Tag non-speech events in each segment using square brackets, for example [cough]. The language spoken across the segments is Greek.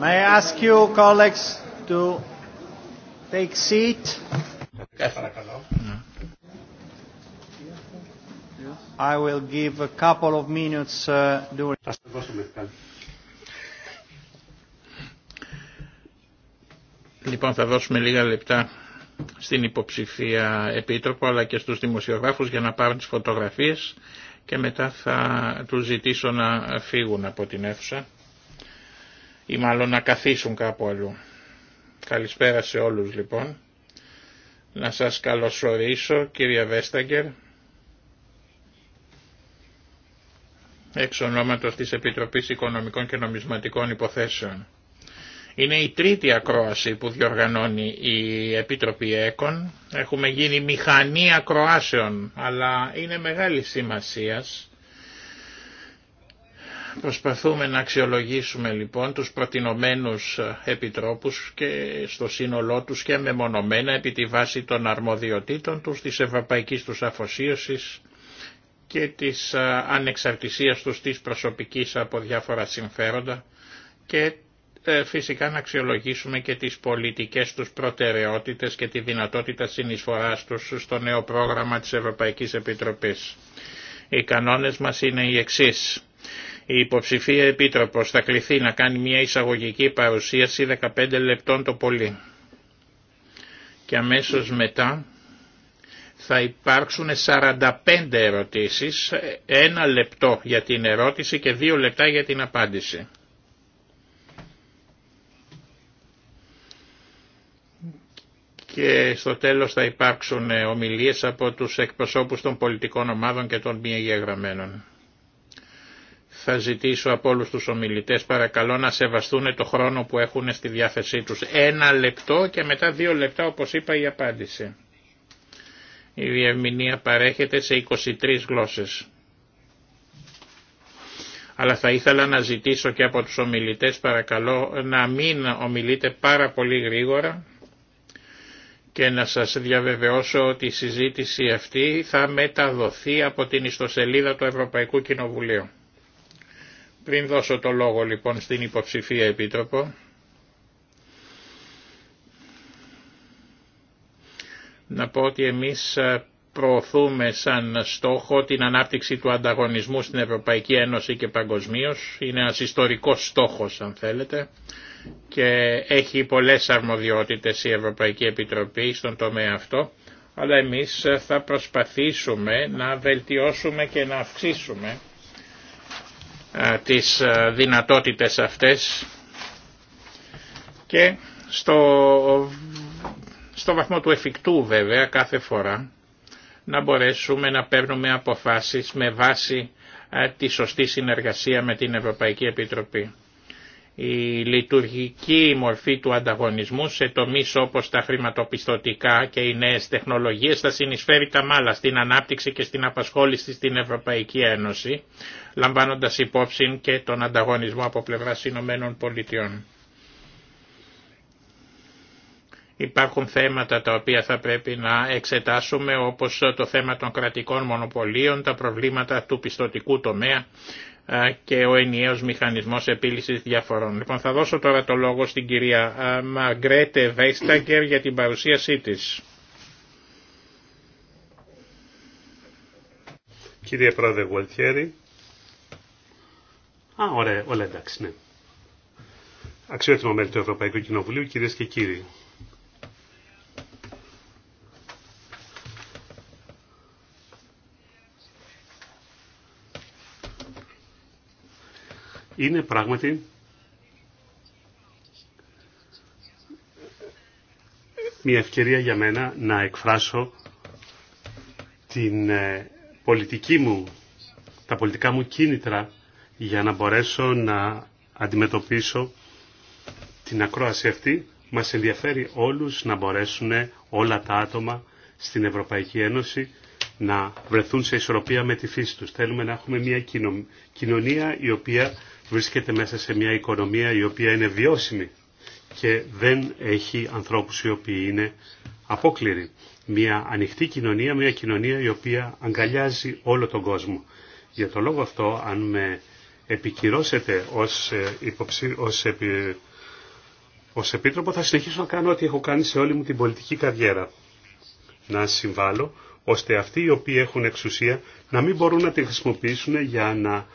May I ask you, colleagues, to take seat? I will give a couple of minutes uh, during. Λοιπόν, θα δώσουμε λίγα λεπτά στην υποψηφία επίτροπο αλλά και στους δημοσιογράφους για να πάρουν τις φωτογραφίες και μετά θα τους ζητήσω να φύγουν από την αίθουσα ή μάλλον να καθίσουν κάπου αλλού. Καλησπέρα σε όλους λοιπόν. Να σας καλωσορίσω κύριε Βέσταγκερ. Εξ ονόματος της Επιτροπής Οικονομικών και Νομισματικών Υποθέσεων. Είναι η τρίτη ακρόαση που διοργανώνει η Επίτροπη ΕΚΟΝ. Έχουμε γίνει μηχανή ακροάσεων, αλλά είναι μεγάλη σημασία. Προσπαθούμε να αξιολογήσουμε λοιπόν τους προτινομένους επιτρόπους και στο σύνολό τους και μεμονωμένα επί τη βάση των αρμοδιοτήτων τους, της ευρωπαϊκής τους αφοσίωσης και της ανεξαρτησίας τους της προσωπικής από διάφορα συμφέροντα και φυσικά να αξιολογήσουμε και τις πολιτικές τους προτεραιότητες και τη δυνατότητα συνεισφοράς τους στο νέο πρόγραμμα της Ευρωπαϊκής Επιτροπής. Οι κανόνες μας είναι οι εξής. Η υποψηφία επίτροπος θα κληθεί να κάνει μια εισαγωγική παρουσίαση 15 λεπτών το πολύ. Και αμέσως μετά θα υπάρξουν 45 ερωτήσεις, ένα λεπτό για την ερώτηση και δύο λεπτά για την απάντηση. και στο τέλος θα υπάρξουν ε, ομιλίες από τους εκπροσώπους των πολιτικών ομάδων και των μη εγγεγραμμένων. Θα ζητήσω από όλους τους ομιλητές παρακαλώ να σεβαστούν το χρόνο που έχουν στη διάθεσή τους. Ένα λεπτό και μετά δύο λεπτά όπως είπα η απάντηση. Η διευμηνία παρέχεται σε 23 γλώσσες. Αλλά θα ήθελα να ζητήσω και από τους ομιλητές παρακαλώ να μην ομιλείτε πάρα πολύ γρήγορα και να σας διαβεβαιώσω ότι η συζήτηση αυτή θα μεταδοθεί από την ιστοσελίδα του Ευρωπαϊκού Κοινοβουλίου. Πριν δώσω το λόγο λοιπόν στην υποψηφία επίτροπο, να πω ότι εμείς ε, προωθούμε σαν στόχο την ανάπτυξη του ανταγωνισμού στην Ευρωπαϊκή Ένωση και παγκοσμίω. Είναι ένας ιστορικός στόχος αν θέλετε και έχει πολλές αρμοδιότητες η Ευρωπαϊκή Επιτροπή στον τομέα αυτό, αλλά εμείς θα προσπαθήσουμε να βελτιώσουμε και να αυξήσουμε τις δυνατότητες αυτές και στο, στο βαθμό του εφικτού βέβαια κάθε φορά να μπορέσουμε να παίρνουμε αποφάσεις με βάση τη σωστή συνεργασία με την Ευρωπαϊκή Επιτροπή. Η λειτουργική μορφή του ανταγωνισμού σε τομείς όπως τα χρηματοπιστωτικά και οι νέες τεχνολογίες θα συνεισφέρει τα μάλα στην ανάπτυξη και στην απασχόληση στην Ευρωπαϊκή Ένωση, λαμβάνοντας υπόψη και τον ανταγωνισμό από πλευράς Ηνωμένων Πολιτειών. Υπάρχουν θέματα τα οποία θα πρέπει να εξετάσουμε όπως το θέμα των κρατικών μονοπωλίων, τα προβλήματα του πιστοτικού τομέα και ο ενιαίος μηχανισμός επίλυσης διαφορών. Λοιπόν, θα δώσω τώρα το λόγο στην κυρία Μαγκρέτε Βέισταγκερ για την παρουσίασή της. Κύριε Πρόεδρε Γουαλτιέρη. Α, ωραία, όλα εντάξει, ναι. Αξιότιμο μέλη του Ευρωπαϊκού Κοινοβουλίου, κυρίες και κύριοι. είναι πράγματι μια ευκαιρία για μένα να εκφράσω την ε, πολιτική μου, τα πολιτικά μου κίνητρα για να μπορέσω να αντιμετωπίσω την ακρόαση αυτή. Μας ενδιαφέρει όλους να μπορέσουν όλα τα άτομα στην Ευρωπαϊκή Ένωση να βρεθούν σε ισορροπία με τη φύση τους. Θέλουμε να έχουμε μια κοινωνία η οποία βρίσκεται μέσα σε μια οικονομία η οποία είναι βιώσιμη και δεν έχει ανθρώπους οι οποίοι είναι απόκληροι. Μια ανοιχτή κοινωνία, μια κοινωνία η οποία αγκαλιάζει όλο τον κόσμο. Για τον λόγο αυτό, αν με επικυρώσετε ως, ε, υποψή, ως, επί, ως επίτροπο, θα συνεχίσω να κάνω ό,τι έχω κάνει σε όλη μου την πολιτική καριέρα. Να συμβάλλω, ώστε αυτοί οι οποίοι έχουν εξουσία να μην μπορούν να τη χρησιμοποιήσουν για να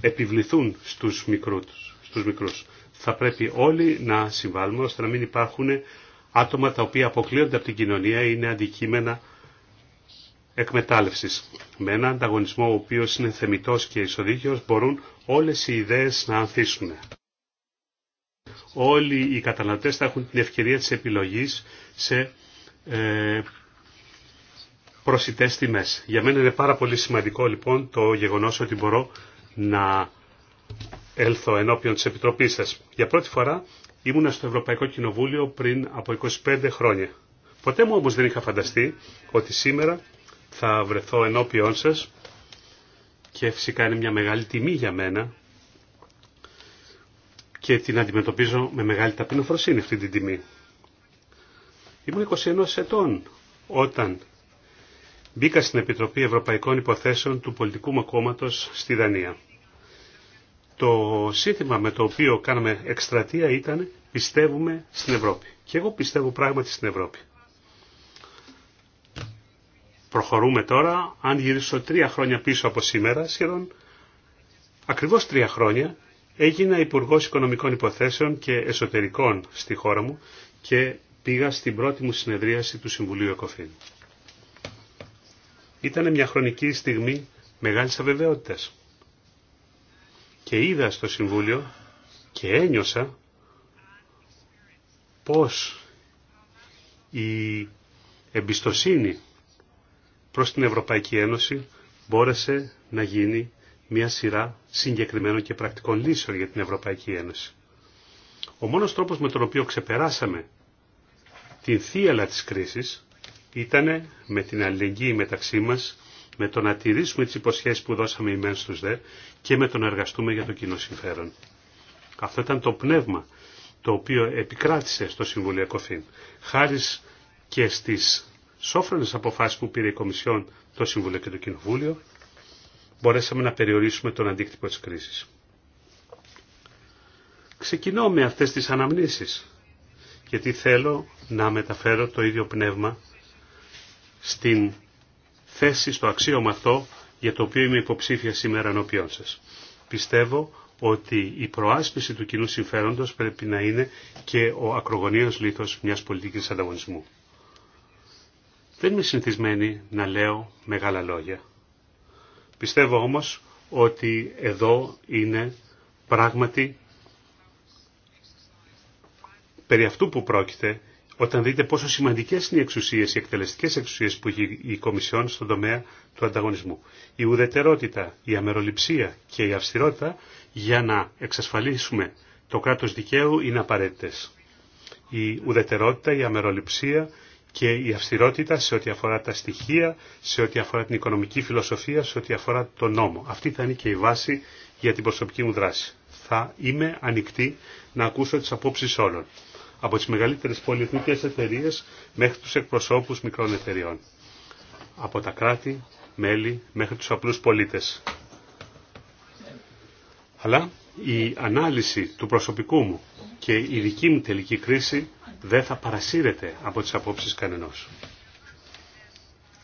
επιβληθούν στους μικρούς. Στους μικρούς. Θα πρέπει όλοι να συμβάλλουμε ώστε να μην υπάρχουν άτομα τα οποία αποκλείονται από την κοινωνία ή είναι αντικείμενα εκμετάλλευσης. Με έναν ανταγωνισμό ο οποίος είναι θεμητός και ισοδίκαιος μπορούν όλες οι ιδέες να ανθίσουν. Όλοι οι καταναλωτές θα έχουν την ευκαιρία της επιλογής σε ε, προσιτές τιμές. Για μένα είναι πάρα πολύ σημαντικό λοιπόν το γεγονός ότι μπορώ να έλθω ενώπιον της Επιτροπής σας. Για πρώτη φορά ήμουν στο Ευρωπαϊκό Κοινοβούλιο πριν από 25 χρόνια. Ποτέ μου όμως δεν είχα φανταστεί ότι σήμερα θα βρεθώ ενώπιον σας και φυσικά είναι μια μεγάλη τιμή για μένα και την αντιμετωπίζω με μεγάλη ταπεινοφροσύνη αυτή την τιμή. Ήμουν 21 ετών όταν μπήκα στην Επιτροπή Ευρωπαϊκών Υποθέσεων του πολιτικού μου στη Δανία. Το σύνθημα με το οποίο κάναμε εκστρατεία ήταν «Πιστεύουμε στην Ευρώπη». Και εγώ πιστεύω πράγματι στην Ευρώπη. Προχωρούμε τώρα, αν γυρίσω τρία χρόνια πίσω από σήμερα, σχεδόν ακριβώς τρία χρόνια, έγινα υπουργό Οικονομικών Υποθέσεων και Εσωτερικών στη χώρα μου και πήγα στην πρώτη μου συνεδρίαση του Συμβουλίου ΕΚΟΦΗΝ. Ήταν μια χρονική στιγμή μεγάλης αβεβαιότητας και είδα στο Συμβούλιο και ένιωσα πως η εμπιστοσύνη προς την Ευρωπαϊκή Ένωση μπόρεσε να γίνει μια σειρά συγκεκριμένων και πρακτικών λύσεων για την Ευρωπαϊκή Ένωση. Ο μόνος τρόπος με τον οποίο ξεπεράσαμε την θύαλα της κρίσης ήταν με την αλληλεγγύη μεταξύ μας με το να τηρήσουμε τις υποσχέσεις που δώσαμε οι μεν στους δε και με το να εργαστούμε για το κοινό συμφέρον. Αυτό ήταν το πνεύμα το οποίο επικράτησε στο Συμβουλιακό ΦΙΝ. Χάρη και στις σόφρονες αποφάσεις που πήρε η Κομισιόν, το Συμβούλιο και το Κοινοβούλιο, μπορέσαμε να περιορίσουμε τον αντίκτυπο της κρίσης. Ξεκινώ με αυτές τις αναμνήσεις, γιατί θέλω να μεταφέρω το ίδιο πνεύμα στην θέση στο αξίωμα αυτό για το οποίο είμαι υποψήφια σήμερα ενώπιόν σας. Πιστεύω ότι η προάσπιση του κοινού συμφέροντος πρέπει να είναι και ο ακρογωνίος λίθος μιας πολιτικής ανταγωνισμού. Δεν είμαι συνηθισμένη να λέω μεγάλα λόγια. Πιστεύω όμως ότι εδώ είναι πράγματι περί αυτού που πρόκειται όταν δείτε πόσο σημαντικές είναι οι εξουσίες, οι εκτελεστικές εξουσίες που έχει η Κομισιόν στον τομέα του ανταγωνισμού. Η ουδετερότητα, η αμεροληψία και η αυστηρότητα για να εξασφαλίσουμε το κράτος δικαίου είναι απαραίτητες. Η ουδετερότητα, η αμεροληψία και η αυστηρότητα σε ό,τι αφορά τα στοιχεία, σε ό,τι αφορά την οικονομική φιλοσοφία, σε ό,τι αφορά τον νόμο. Αυτή θα είναι και η βάση για την προσωπική μου δράση. Θα είμαι ανοιχτή να ακούσω τις απόψεις όλων από τις μεγαλύτερες πολιτικές εταιρείε μέχρι τους εκπροσώπους μικρών εταιρεών. Από τα κράτη, μέλη, μέχρι τους απλούς πολίτες. Αλλά η ανάλυση του προσωπικού μου και η δική μου τελική κρίση δεν θα παρασύρεται από τις απόψεις κανενός.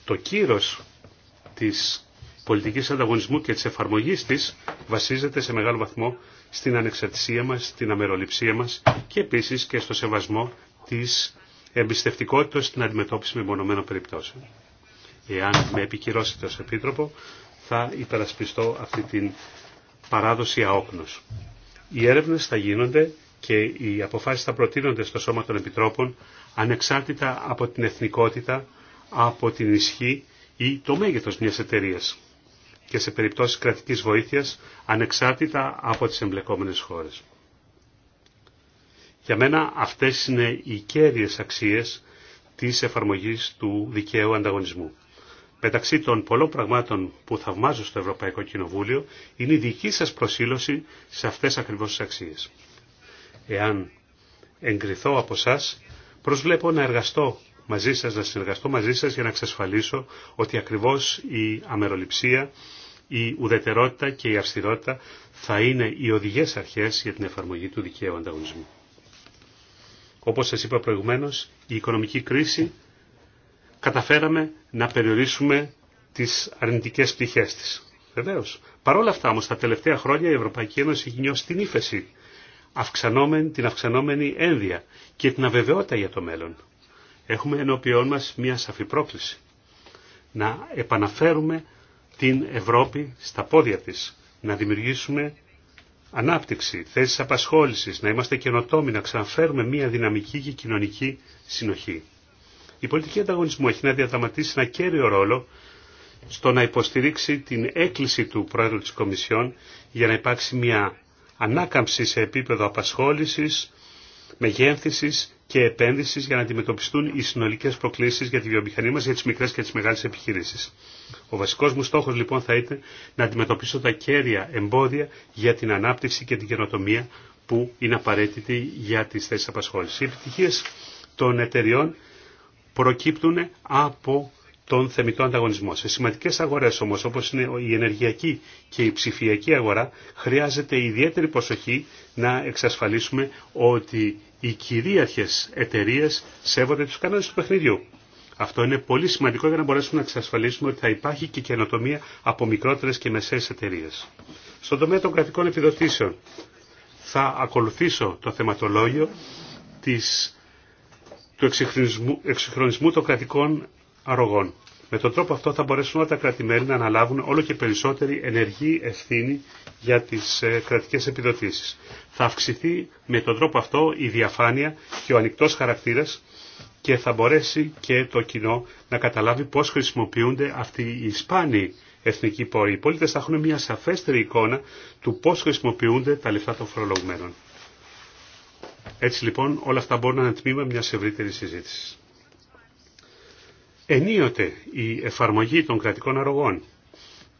Το κύρος της πολιτικής ανταγωνισμού και της εφαρμογής της βασίζεται σε μεγάλο βαθμό στην ανεξαρτησία μας, στην αμεροληψία μας και επίσης και στο σεβασμό της εμπιστευτικότητας στην αντιμετώπιση μεμονωμένων περιπτώσεων. Εάν με επικυρώσετε ως Επίτροπο, θα υπερασπιστώ αυτή την παράδοση αόπνος. Οι έρευνες θα γίνονται και οι αποφάσεις θα προτείνονται στο Σώμα των Επιτρόπων ανεξάρτητα από την εθνικότητα, από την ισχύ ή το μέγεθος μιας εταιρείας και σε περιπτώσεις κρατικής βοήθειας ανεξάρτητα από τις εμπλεκόμενες χώρες. Για μένα αυτές είναι οι κέρδιες αξίες της εφαρμογής του δικαίου ανταγωνισμού. Μεταξύ των πολλών πραγμάτων που θαυμάζω στο Ευρωπαϊκό Κοινοβούλιο είναι η δική σας προσήλωση σε αυτές ακριβώς τις αξίες. Εάν εγκριθώ από εσά, προσβλέπω να εργαστώ μαζί σας, να συνεργαστώ μαζί σας για να εξασφαλίσω ότι ακριβώς η αμεροληψία η ουδετερότητα και η αυστηρότητα θα είναι οι οδηγές αρχές για την εφαρμογή του δικαίου ανταγωνισμού. Όπως σας είπα προηγουμένως, η οικονομική κρίση καταφέραμε να περιορίσουμε τις αρνητικές πτυχές της. Βεβαίως. Παρ' όλα αυτά όμως τα τελευταία χρόνια η Ευρωπαϊκή Ένωση έχει νιώσει την ύφεση, αυξανόμενη, την αυξανόμενη ένδια και την αβεβαιότητα για το μέλλον. Έχουμε ενώπιόν μας μια σαφή πρόκληση. Να επαναφέρουμε την Ευρώπη στα πόδια της, να δημιουργήσουμε ανάπτυξη, θέσεις απασχόλησης, να είμαστε καινοτόμοι, να ξαναφέρουμε μια δυναμική και κοινωνική συνοχή. Η πολιτική ανταγωνισμού έχει να διαδραματίσει ένα κέριο ρόλο στο να υποστηρίξει την έκκληση του Πρόεδρου της Κομισιόν για να υπάρξει μια ανάκαμψη σε επίπεδο απασχόλησης, μεγένθησης και επένδυση για να αντιμετωπιστούν οι συνολικέ προκλήσει για τη βιομηχανία μα, για τι μικρέ και τι μεγάλε επιχειρήσει. Ο βασικό μου στόχο λοιπόν θα ήταν να αντιμετωπίσω τα κέρια εμπόδια για την ανάπτυξη και την καινοτομία που είναι απαραίτητη για τι θέσει απασχόληση. Οι επιτυχίε των εταιριών προκύπτουν από τον θεμητό ανταγωνισμό. Σε σημαντικέ αγορέ όμω, όπω είναι η ενεργειακή και η ψηφιακή αγορά, χρειάζεται ιδιαίτερη προσοχή να εξασφαλίσουμε ότι οι κυρίαρχες εταιρείε σέβονται του κανόνες του παιχνιδιού. Αυτό είναι πολύ σημαντικό για να μπορέσουμε να εξασφαλίσουμε ότι θα υπάρχει και καινοτομία από μικρότερες και μεσαίες εταιρείε. Στον τομέα των κρατικών επιδοτήσεων θα ακολουθήσω το θεματολόγιο της, του εξυγχρονισμού των κρατικών αρρωγών. Με τον τρόπο αυτό θα μπορέσουν όλα τα κρατημέλη να αναλάβουν όλο και περισσότερη ενεργή ευθύνη για τις ε, κρατικές επιδοτήσεις. Θα αυξηθεί με τον τρόπο αυτό η διαφάνεια και ο ανοιχτό χαρακτήρας και θα μπορέσει και το κοινό να καταλάβει πώς χρησιμοποιούνται αυτοί οι σπάνιοι εθνικοί πόροι. Οι πολίτες θα έχουν μια σαφέστερη εικόνα του πώς χρησιμοποιούνται τα λεφτά των φορολογμένων. Έτσι λοιπόν όλα αυτά μπορούν να είναι τμήμα μιας ευρύτερης συζήτησης. Ενίοτε η εφαρμογή των κρατικών αρρωγών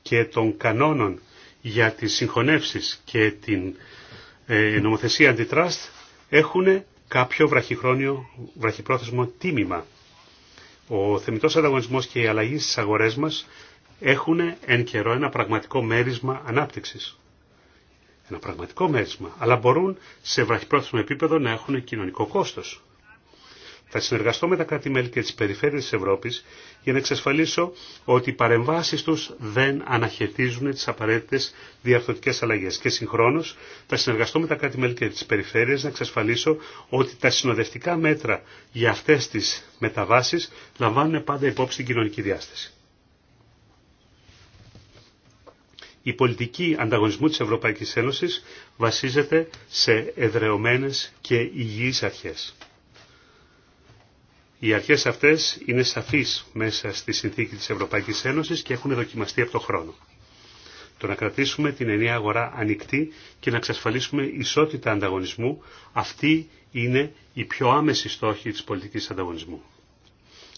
και των κανόνων για τις συγχωνεύσεις και την ε, νομοθεσία αντιτράστ έχουν κάποιο βραχυχρόνιο, βραχυπρόθεσμο τίμημα. Ο θεμητός ανταγωνισμός και η αλλαγή στις αγορές μας έχουν εν καιρό ένα πραγματικό μέρισμα ανάπτυξης. Ένα πραγματικό μέρισμα, αλλά μπορούν σε βραχυπρόθεσμο επίπεδο να έχουν κοινωνικό κόστος. Θα συνεργαστώ με τα κράτη-μέλη και τις περιφέρειες της Ευρώπης για να εξασφαλίσω ότι οι παρεμβάσεις τους δεν αναχαιτίζουν τις απαραίτητες διαρθρωτικές αλλαγές. Και συγχρόνως θα συνεργαστώ με τα κράτη-μέλη και τις περιφέρειες να εξασφαλίσω ότι τα συνοδευτικά μέτρα για αυτές τις μεταβάσεις λαμβάνουν πάντα υπόψη την κοινωνική διάσταση. Η πολιτική ανταγωνισμού της Ευρωπαϊκής Ένωσης βασίζεται σε εδρεωμένες και υγιείς αρχές. Οι αρχές αυτές είναι σαφείς μέσα στη συνθήκη της Ευρωπαϊκής Ένωσης και έχουν δοκιμαστεί από τον χρόνο. Το να κρατήσουμε την ενιαία αγορά ανοιχτή και να εξασφαλίσουμε ισότητα ανταγωνισμού, αυτή είναι η πιο άμεση στόχη της πολιτικής ανταγωνισμού.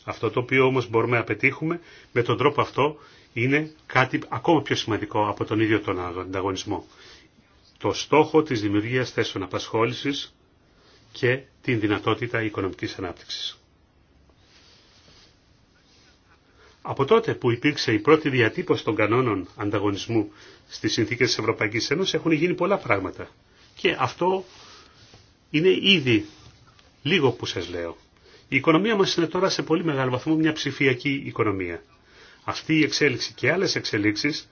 Αυτό το οποίο όμως μπορούμε να πετύχουμε με τον τρόπο αυτό είναι κάτι ακόμα πιο σημαντικό από τον ίδιο τον ανταγωνισμό. Το στόχο της δημιουργίας θέσεων απασχόλησης και την δυνατότητα οικονομικής ανάπτυξης. Από τότε που υπήρξε η πρώτη διατύπωση των κανόνων ανταγωνισμού στις συνθήκες της Ευρωπαϊκής Ένωσης έχουν γίνει πολλά πράγματα. Και αυτό είναι ήδη λίγο που σας λέω. Η οικονομία μας είναι τώρα σε πολύ μεγάλο βαθμό μια ψηφιακή οικονομία. Αυτή η εξέλιξη και άλλες εξελίξεις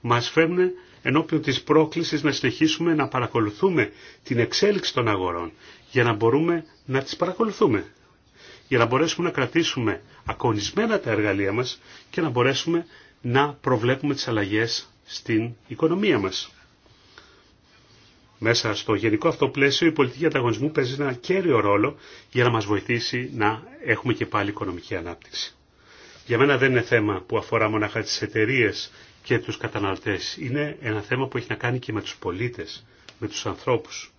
μας φέρνουν ενώπιον της πρόκλησης να συνεχίσουμε να παρακολουθούμε την εξέλιξη των αγορών για να μπορούμε να τις παρακολουθούμε για να μπορέσουμε να κρατήσουμε ακονισμένα τα εργαλεία μας και να μπορέσουμε να προβλέπουμε τις αλλαγές στην οικονομία μας. Μέσα στο γενικό αυτό πλαίσιο η πολιτική ανταγωνισμού παίζει ένα κέριο ρόλο για να μας βοηθήσει να έχουμε και πάλι οικονομική ανάπτυξη. Για μένα δεν είναι θέμα που αφορά μονάχα τις εταιρείε και τους καταναλωτές. Είναι ένα θέμα που έχει να κάνει και με τους πολίτες, με τους ανθρώπους,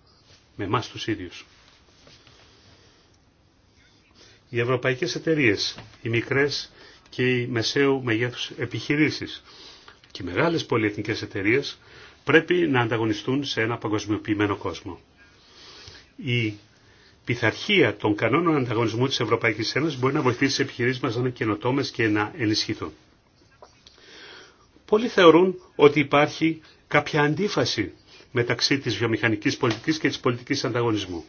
με εμάς τους ίδιους. Οι ευρωπαϊκές εταιρείες, οι μικρές και οι μεσαίου μεγέθους επιχειρήσεις και οι μεγάλες πολυεθνικές εταιρείες πρέπει να ανταγωνιστούν σε ένα παγκοσμιοποιημένο κόσμο. Η πειθαρχία των κανόνων ανταγωνισμού της Ευρωπαϊκής Ένωσης μπορεί να βοηθήσει τις επιχειρήσεις μας να είναι καινοτόμε και να ενισχυθούν. Πολλοί θεωρούν ότι υπάρχει κάποια αντίφαση μεταξύ της βιομηχανικής πολιτικής και της πολιτικής ανταγωνισμού.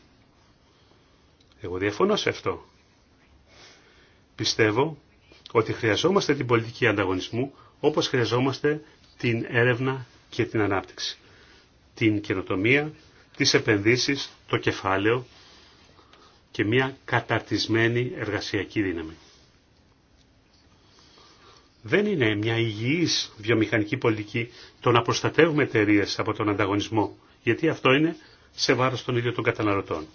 Εγώ διαφωνώ σε αυτό. Πιστεύω ότι χρειαζόμαστε την πολιτική ανταγωνισμού όπως χρειαζόμαστε την έρευνα και την ανάπτυξη, την καινοτομία, τις επενδύσεις, το κεφάλαιο και μια καταρτισμένη εργασιακή δύναμη. Δεν είναι μια υγιής βιομηχανική πολιτική το να προστατεύουμε εταιρείε από τον ανταγωνισμό, γιατί αυτό είναι σε βάρος των ίδιων των καταναλωτών.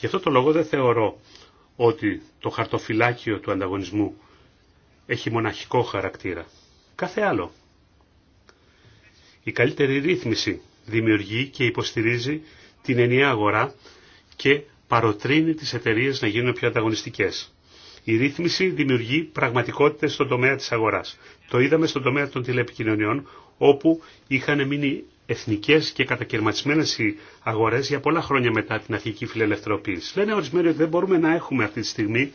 Γι' αυτό το λόγο δεν θεωρώ ότι το χαρτοφυλάκιο του ανταγωνισμού έχει μοναχικό χαρακτήρα. Κάθε άλλο. Η καλύτερη ρύθμιση δημιουργεί και υποστηρίζει την ενιαία αγορά και παροτρύνει τις εταιρείες να γίνουν πιο ανταγωνιστικές. Η ρύθμιση δημιουργεί πραγματικότητε στον τομέα τη αγορά. Το είδαμε στον τομέα των τηλεπικοινωνιών, όπου είχαν μείνει εθνικέ και κατακαιρματισμένε οι αγορέ για πολλά χρόνια μετά την αρχική φιλελευθερωποίηση. Λένε ορισμένοι ότι δεν μπορούμε να έχουμε αυτή τη στιγμή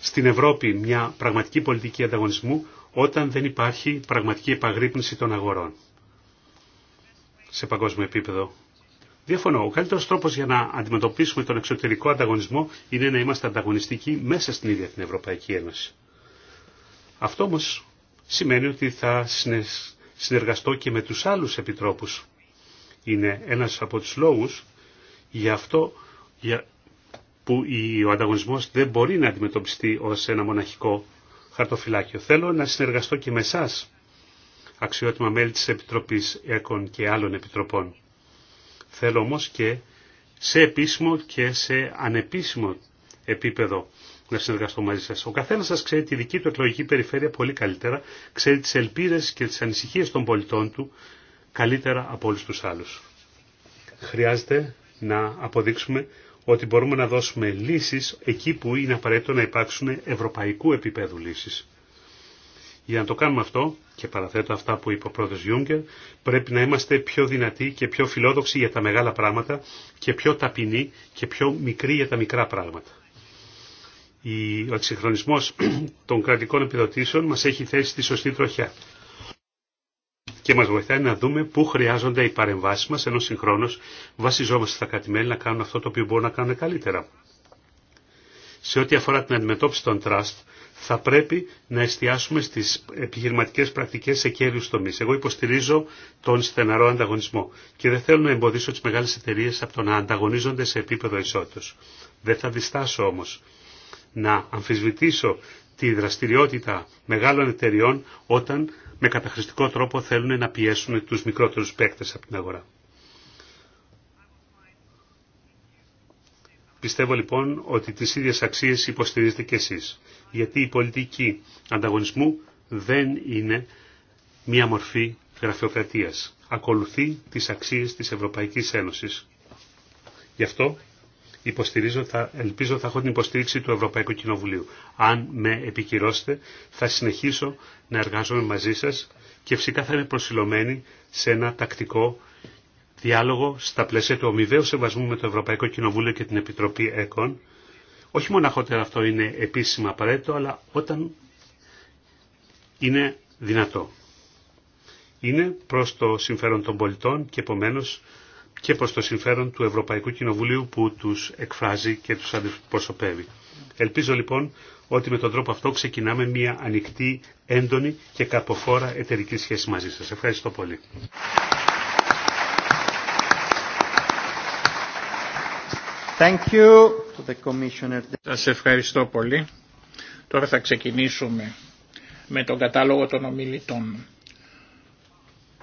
στην Ευρώπη μια πραγματική πολιτική ανταγωνισμού όταν δεν υπάρχει πραγματική επαγρύπνηση των αγορών σε παγκόσμιο επίπεδο. Διαφωνώ. Ο καλύτερο τρόπο για να αντιμετωπίσουμε τον εξωτερικό ανταγωνισμό είναι να είμαστε ανταγωνιστικοί μέσα στην ίδια την Ευρωπαϊκή Ένωση. Αυτό όμω σημαίνει ότι θα συνεργαστώ και με του άλλου επιτρόπους. Είναι ένα από του λόγου για αυτό για, που ο ανταγωνισμό δεν μπορεί να αντιμετωπιστεί ω ένα μοναχικό χαρτοφυλάκιο. Θέλω να συνεργαστώ και με εσά, αξιότιμα μέλη της Επιτροπής ΕΚΟΝ και άλλων επιτροπών Θέλω όμως και σε επίσημο και σε ανεπίσημο επίπεδο να συνεργαστώ μαζί σας. Ο καθένας σας ξέρει τη δική του εκλογική περιφέρεια πολύ καλύτερα, ξέρει τις ελπίδες και τις ανησυχίες των πολιτών του καλύτερα από όλους τους άλλους. Χρειάζεται να αποδείξουμε ότι μπορούμε να δώσουμε λύσεις εκεί που είναι απαραίτητο να υπάρξουν ευρωπαϊκού επίπεδου λύσεις. Για να το κάνουμε αυτό, και παραθέτω αυτά που είπε ο πρόεδρο Γιούγκερ, πρέπει να είμαστε πιο δυνατοί και πιο φιλόδοξοι για τα μεγάλα πράγματα και πιο ταπεινοί και πιο μικροί για τα μικρά πράγματα. Ο συγχρονισμός [clears throat] των κρατικών επιδοτήσεων μα έχει θέσει στη σωστή τροχιά και μα βοηθάει να δούμε πού χρειάζονται οι παρεμβάσει μα ενώ συγχρόνω, βασιζόμαστε στα κατημέρια να κάνουν αυτό το οποίο μπορούν να κάνουν καλύτερα. Σε ό,τι αφορά την αντιμετώπιση των τραστ, θα πρέπει να εστιάσουμε στις επιχειρηματικές πρακτικές σε κέριου τομείς. Εγώ υποστηρίζω τον στεναρό ανταγωνισμό και δεν θέλω να εμποδίσω τις μεγάλες εταιρείε από το να ανταγωνίζονται σε επίπεδο ισότητας. Δεν θα διστάσω όμως να αμφισβητήσω τη δραστηριότητα μεγάλων εταιριών όταν με καταχρηστικό τρόπο θέλουν να πιέσουν τους μικρότερους παίκτες από την αγορά. Πιστεύω λοιπόν ότι τις ίδιες αξίες υποστηρίζετε και εσείς. Γιατί η πολιτική ανταγωνισμού δεν είναι μία μορφή γραφειοκρατίας. Ακολουθεί τις αξίες της Ευρωπαϊκής Ένωσης. Γι' αυτό υποστηρίζω, θα, ελπίζω θα έχω την υποστήριξη του Ευρωπαϊκού Κοινοβουλίου. Αν με επικυρώσετε θα συνεχίσω να εργάζομαι μαζί σας και φυσικά θα είμαι προσιλωμένη σε ένα τακτικό διάλογο στα πλαίσια του ομοιβαίου σεβασμού με το Ευρωπαϊκό Κοινοβούλιο και την Επιτροπή ΕΚΟΝ. Όχι μόνο αυτό είναι επίσημα απαραίτητο, αλλά όταν είναι δυνατό. Είναι προς το συμφέρον των πολιτών και επομένως και προς το συμφέρον του Ευρωπαϊκού Κοινοβουλίου που τους εκφράζει και τους αντιπροσωπεύει. Ελπίζω λοιπόν ότι με τον τρόπο αυτό ξεκινάμε μια ανοιχτή, έντονη και καρποφόρα εταιρική σχέση μαζί σας. Ευχαριστώ πολύ. Σας ευχαριστώ πολύ. Τώρα θα ξεκινήσουμε με τον κατάλογο των ομιλητών.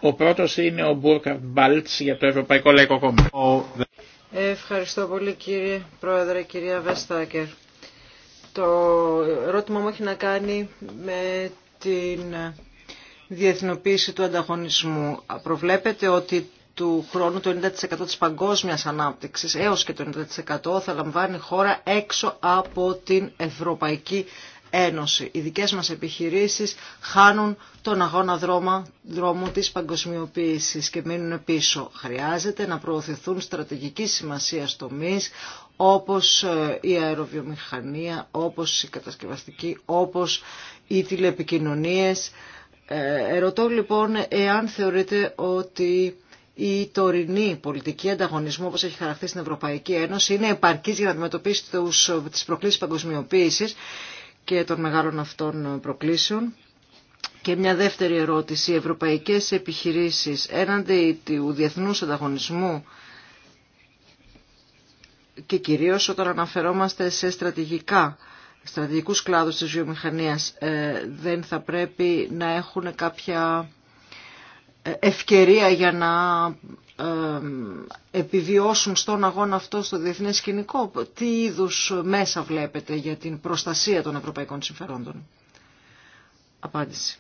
Ο πρώτος είναι ο Μπούρκα Μπάλτς για το Ευρωπαϊκό Λαϊκό Κόμμα. Ευχαριστώ πολύ κύριε Πρόεδρε, κυρία Βεστάκερ. Το ερώτημα μου έχει να κάνει με την διεθνοποίηση του ανταγωνισμού. Προβλέπετε ότι του χρόνου το 90% της παγκόσμιας ανάπτυξης έως και το 90% θα λαμβάνει χώρα έξω από την Ευρωπαϊκή Ένωση. Οι δικές μας επιχειρήσεις χάνουν τον αγώνα δρόμα, δρόμου της παγκοσμιοποίησης και μείνουν πίσω. Χρειάζεται να προωθηθούν στρατηγική σημασία τομείς όπως ε, η αεροβιομηχανία, όπως η κατασκευαστική, όπως οι τηλεπικοινωνίες. Ε, ερωτώ λοιπόν εάν θεωρείτε ότι η τωρινή πολιτική ανταγωνισμού όπως έχει χαραχθεί στην Ευρωπαϊκή Ένωση είναι επαρκής για να αντιμετωπίσει τους, τις προκλήσεις παγκοσμιοποίησης και των μεγάλων αυτών προκλήσεων. Και μια δεύτερη ερώτηση, οι ευρωπαϊκές επιχειρήσεις έναντι του διεθνούς ανταγωνισμού και κυρίως όταν αναφερόμαστε σε στρατηγικά στρατηγικούς κλάδους της βιομηχανίας ε, δεν θα πρέπει να έχουν κάποια ευκαιρία για να ε, επιβιώσουν στον αγώνα αυτό στο διεθνές σκηνικό. Τι είδους μέσα βλέπετε για την προστασία των ευρωπαϊκών συμφερόντων. Απάντηση.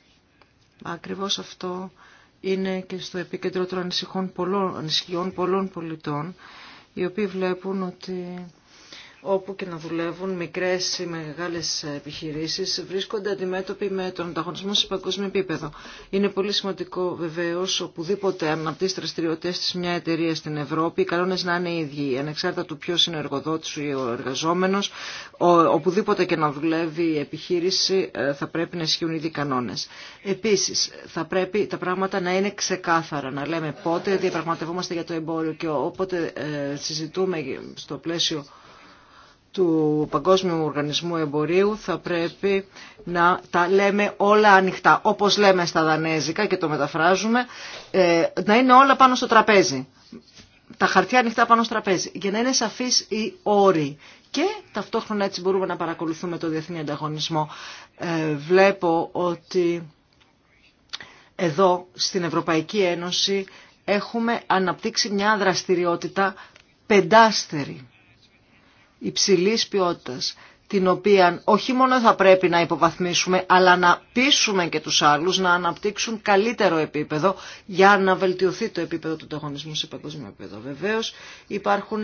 Ακριβώς αυτό είναι και στο επίκεντρο των πολλών, ανησυχιών πολλών πολιτών, οι οποίοι βλέπουν ότι όπου και να δουλεύουν μικρές ή μεγάλες επιχειρήσεις βρίσκονται αντιμέτωποι με τον ανταγωνισμό σε παγκόσμιο επίπεδο. Είναι πολύ σημαντικό βεβαίως οπουδήποτε αναπτύσσει δραστηριότητε της μια εταιρεία στην Ευρώπη, οι κανόνες να είναι οι ίδιοι, ανεξάρτητα του ποιος είναι ο εργοδότης ή ο εργαζόμενος, οπουδήποτε και να δουλεύει η επιχείρηση ε, θα πρέπει να ισχύουν οι κανόνες. Επίσης, θα πρέπει τα πράγματα να είναι ξεκάθαρα, να λέμε πότε διαπραγματευόμαστε για το εμπόριο και όποτε ε, συζητούμε στο πλαίσιο του Παγκόσμιου Οργανισμού Εμπορίου θα πρέπει να τα λέμε όλα ανοιχτά. Όπως λέμε στα δανέζικα και το μεταφράζουμε, ε, να είναι όλα πάνω στο τραπέζι. Τα χαρτιά ανοιχτά πάνω στο τραπέζι. Για να είναι σαφείς οι όροι. Και ταυτόχρονα έτσι μπορούμε να παρακολουθούμε το διεθνή ανταγωνισμό. Ε, βλέπω ότι εδώ στην Ευρωπαϊκή Ένωση έχουμε αναπτύξει μια δραστηριότητα πεντάστερη υψηλής ποιότητας, την οποία όχι μόνο θα πρέπει να υποβαθμίσουμε, αλλά να πείσουμε και τους άλλους να αναπτύξουν καλύτερο επίπεδο για να βελτιωθεί το επίπεδο του ανταγωνισμού σε παγκόσμιο επίπεδο. Βεβαίως υπάρχουν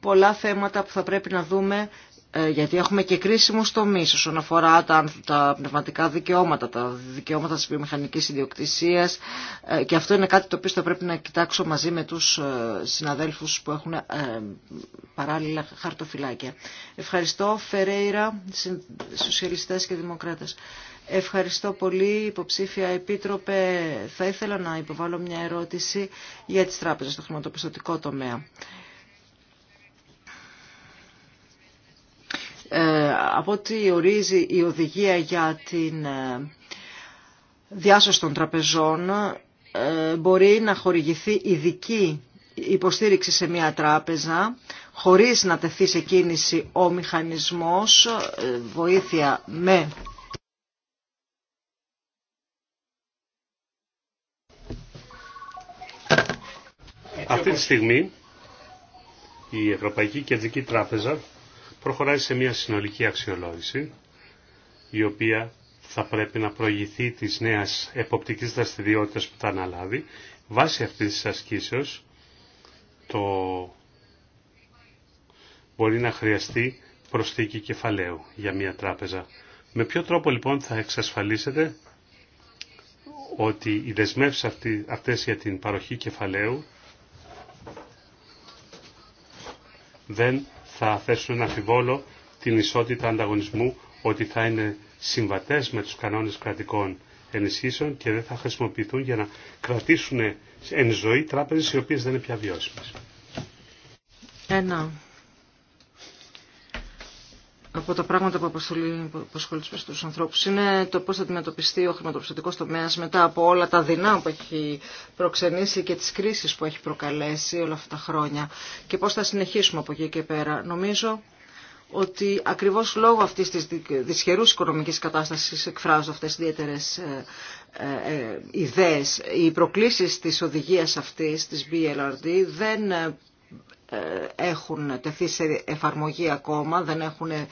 πολλά θέματα που θα πρέπει να δούμε ε, γιατί έχουμε και κρίσιμου τομεί όσον αφορά τα, πνευματικά δικαιώματα, τα δικαιώματα τη βιομηχανική ιδιοκτησία ε, και αυτό είναι κάτι το οποίο θα πρέπει να κοιτάξω μαζί με του ε, συναδέλφου που έχουν παράλληλα χαρτοφυλάκια. Ευχαριστώ, Φερέιρα, Σοσιαλιστέ και Δημοκράτε. Ευχαριστώ πολύ, υποψήφια επίτροπε. Θα ήθελα να υποβάλω μια ερώτηση για τι τράπεζε στο χρηματοπιστωτικό τομέα. Ε, από ό,τι ορίζει η οδηγία για την ε, διάσωση των τραπεζών, ε, μπορεί να χορηγηθεί ειδική υποστήριξη σε μια τράπεζα χωρίς να τεθεί σε κίνηση ο μηχανισμός, βοήθεια με Αυτή τη στιγμή η Ευρωπαϊκή Κεντρική Τράπεζα προχωράει σε μια συνολική αξιολόγηση, η οποία θα πρέπει να προηγηθεί της νέας εποπτικής δραστηριότητας που θα αναλάβει. Βάσει αυτής της ασκήσεως, το μπορεί να χρειαστεί προσθήκη κεφαλαίου για μια τράπεζα. Με ποιο τρόπο λοιπόν θα εξασφαλίσετε ότι οι δεσμεύσεις αυτές για την παροχή κεφαλαίου δεν θα θέσουν αμφιβόλο την ισότητα ανταγωνισμού ότι θα είναι συμβατές με τους κανόνες κρατικών ενισχύσεων και δεν θα χρησιμοποιηθούν για να κρατήσουν εν ζωή τράπεζες οι οποίες δεν είναι πια βιώσιμες. Ένα από τα πράγματα που του τους ανθρώπους είναι το πώς θα αντιμετωπιστεί ο χρηματοπιστωτικός τομέας μετά από όλα τα δεινά που έχει προξενήσει και τις κρίσεις που έχει προκαλέσει όλα αυτά τα χρόνια και πώς θα συνεχίσουμε από εκεί και πέρα. Νομίζω ότι ακριβώς λόγω αυτής της δυσχερούς οικονομικής κατάστασης εκφράζω αυτές τις ιδιαίτερες ε, ε, ε, ιδέες. Οι προκλήσεις της οδηγίας αυτής, της BLRD, δεν ε, έχουν τεθεί σε εφαρμογή ακόμα, δεν έχουν ε,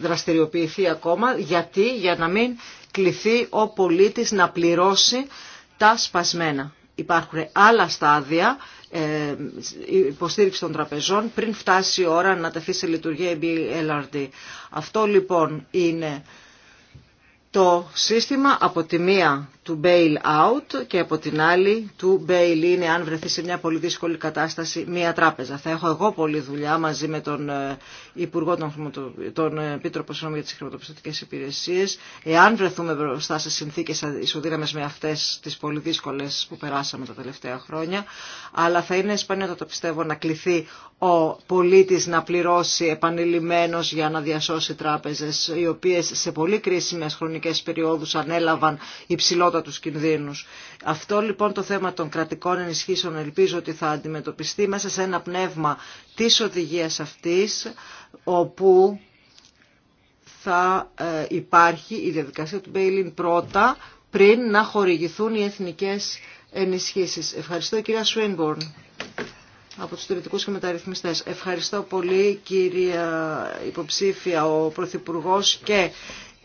δραστηριοποιηθεί ακόμα. Γιατί, για να μην κληθεί ο πολίτης να πληρώσει τα σπασμένα. Υπάρχουν άλλα στάδια ε, υποστήριξη των τραπεζών πριν φτάσει η ώρα να τεθεί σε λειτουργία η BLRD. Αυτό λοιπόν είναι το σύστημα από τη μία του bail out και από την άλλη του bail in αν βρεθεί σε μια πολύ δύσκολη κατάσταση μια τράπεζα. Θα έχω εγώ πολλή δουλειά μαζί με τον ε, Υπουργό των, τον ε, Επίτροπο για τι Χρηματοπιστωτικές Υπηρεσίες εάν βρεθούμε μπροστά σε συνθήκες ισοδύναμες με αυτές τις πολύ δύσκολε που περάσαμε τα τελευταία χρόνια αλλά θα είναι σπανίο το πιστεύω να κληθεί ο πολίτης να πληρώσει επανειλημμένος για να διασώσει τράπεζες οι οποίες σε πολύ κρίσιμες χρονικές περιόδους ανέλαβαν υψηλότερα τους κινδύνους. Αυτό λοιπόν το θέμα των κρατικών ενισχύσεων ελπίζω ότι θα αντιμετωπιστεί μέσα σε ένα πνεύμα της οδηγίας αυτής όπου θα ε, υπάρχει η διαδικασία του Μπέιλιν πρώτα πριν να χορηγηθούν οι εθνικές ενισχύσεις. Ευχαριστώ κυρία Σουίνμπορν από τους τηρητικούς και μεταρρυθμιστές. Ευχαριστώ πολύ κυρία υποψήφια ο Πρωθυπουργός και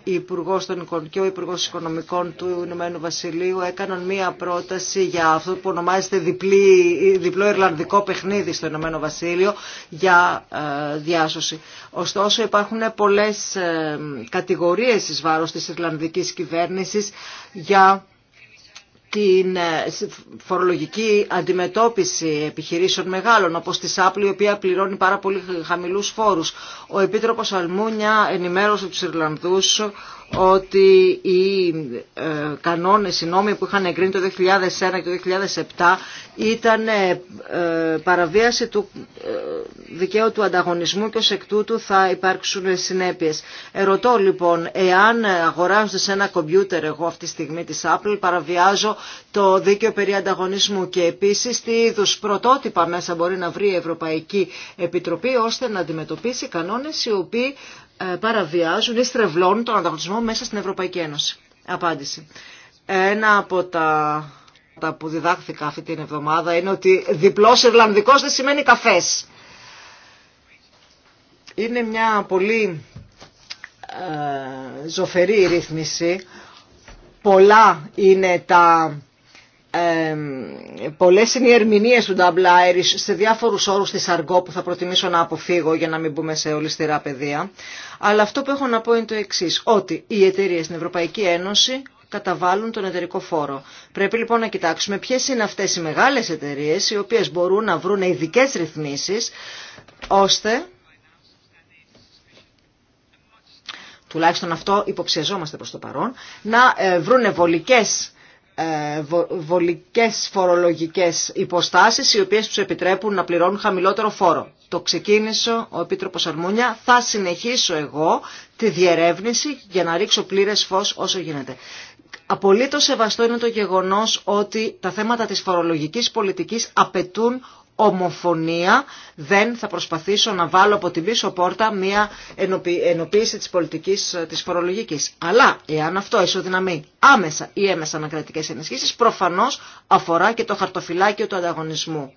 Υπουργό των και ο Υπουργό Οικονομικών του Ηνωμένου Βασιλείου έκαναν μία πρόταση για αυτό που ονομάζεται διπλή, διπλό Ιρλανδικό παιχνίδι στο Ηνωμένο Βασίλειο για ε, διάσωση. Ωστόσο υπάρχουν πολλές ε, κατηγορίες εις βάρος της Ιρλανδικής κυβέρνησης για την ε, φορολογική αντιμετώπιση επιχειρήσεων μεγάλων όπως τη Apple η οποία πληρώνει πάρα πολύ χαμηλούς φόρους. Ο Επίτροπος Αλμούνια ενημέρωσε τους Ιρλανδούς ότι οι ε, κανόνες, οι νόμοι που είχαν εγκρίνει το 2001 και το 2007 ήταν ε, ε, παραβίαση του δικαίου του ανταγωνισμού και ως εκ τούτου θα υπάρξουν συνέπειες. Ερωτώ λοιπόν, εάν αγοράζονται σε ένα κομπιούτερ εγώ αυτή τη στιγμή της Apple, παραβιάζω το δίκαιο περί ανταγωνισμού και επίσης τι είδου πρωτότυπα μέσα μπορεί να βρει η Ευρωπαϊκή Επιτροπή ώστε να αντιμετωπίσει κανόνες οι οποίοι ε, παραβιάζουν ή στρεβλώνουν τον ανταγωνισμό μέσα στην Ευρωπαϊκή Ένωση. Απάντηση. Ένα από τα, τα που διδάχθηκα αυτή την εβδομάδα είναι ότι διπλός Ιρλανδικός δεν σημαίνει καφές. Είναι μια πολύ ε, ζωφερή ρύθμιση. Πολλά είναι τα ε, πολλές είναι οι ερμηνείες του Double Irish σε διάφορους όρους της αργό που θα προτιμήσω να αποφύγω για να μην μπούμε σε ολιστερά πεδία. Αλλά αυτό που έχω να πω είναι το εξή ότι οι εταιρείε στην Ευρωπαϊκή Ένωση καταβάλουν τον εταιρικό φόρο. Πρέπει λοιπόν να κοιτάξουμε ποιε είναι αυτέ οι μεγάλε εταιρείε οι οποίε μπορούν να βρουν ειδικέ ρυθμίσει ώστε. Τουλάχιστον αυτό υποψιαζόμαστε προς το παρόν, να ε, βρουν ευολικέ ε, βολικές φορολογικές υποστάσεις οι οποίες τους επιτρέπουν να πληρώνουν χαμηλότερο φόρο. Το ξεκίνησε ο Επίτροπος Αρμούνια. Θα συνεχίσω εγώ τη διερεύνηση για να ρίξω πλήρες φως όσο γίνεται. Απολύτως σεβαστό είναι το γεγονός ότι τα θέματα της φορολογικής πολιτικής απαιτούν ομοφωνία δεν θα προσπαθήσω να βάλω από την πίσω πόρτα μια ενοποίηση της πολιτικής της φορολογικής. Αλλά εάν αυτό ισοδυναμεί άμεσα ή έμεσα με ενισχύσεις προφανώς αφορά και το χαρτοφυλάκιο του ανταγωνισμού.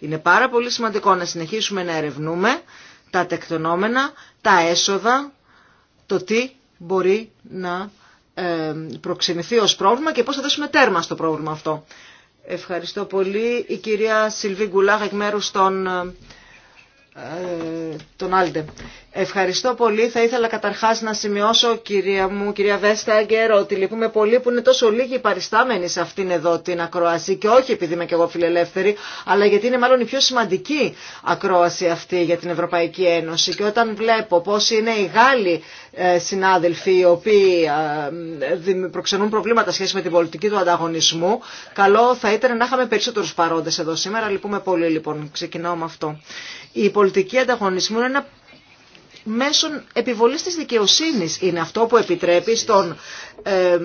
Είναι πάρα πολύ σημαντικό να συνεχίσουμε να ερευνούμε τα τεκτονόμενα, τα έσοδα, το τι μπορεί να ε, προξενηθεί ως πρόβλημα και πώς θα δώσουμε τέρμα στο πρόβλημα αυτό. Ευχαριστώ πολύ. Η κυρία Σιλβί Γκουλάχ εκ μέρους των, ε, Ευχαριστώ πολύ. Θα ήθελα καταρχάς να σημειώσω, κυρία μου, κυρία Βέσταγκερ, ότι λυπούμε πολύ που είναι τόσο λίγοι παριστάμενοι σε αυτήν εδώ την ακρόαση και όχι επειδή είμαι και εγώ φιλελεύθερη, αλλά γιατί είναι μάλλον η πιο σημαντική ακρόαση αυτή για την Ευρωπαϊκή Ένωση. Και όταν βλέπω πώς είναι οι Γάλλοι ε, συνάδελφοι οι οποίοι ε, προξενούν προβλήματα σχέση με την πολιτική του ανταγωνισμού, καλό θα ήταν να είχαμε περισσότερους παρόντες εδώ σήμερα. Λυπούμε πολύ λοιπόν. Ξεκινάω με αυτό. Η πολιτική ανταγωνισμού είναι μέσων επιβολής της δικαιοσύνης είναι αυτό που επιτρέπει στον ε,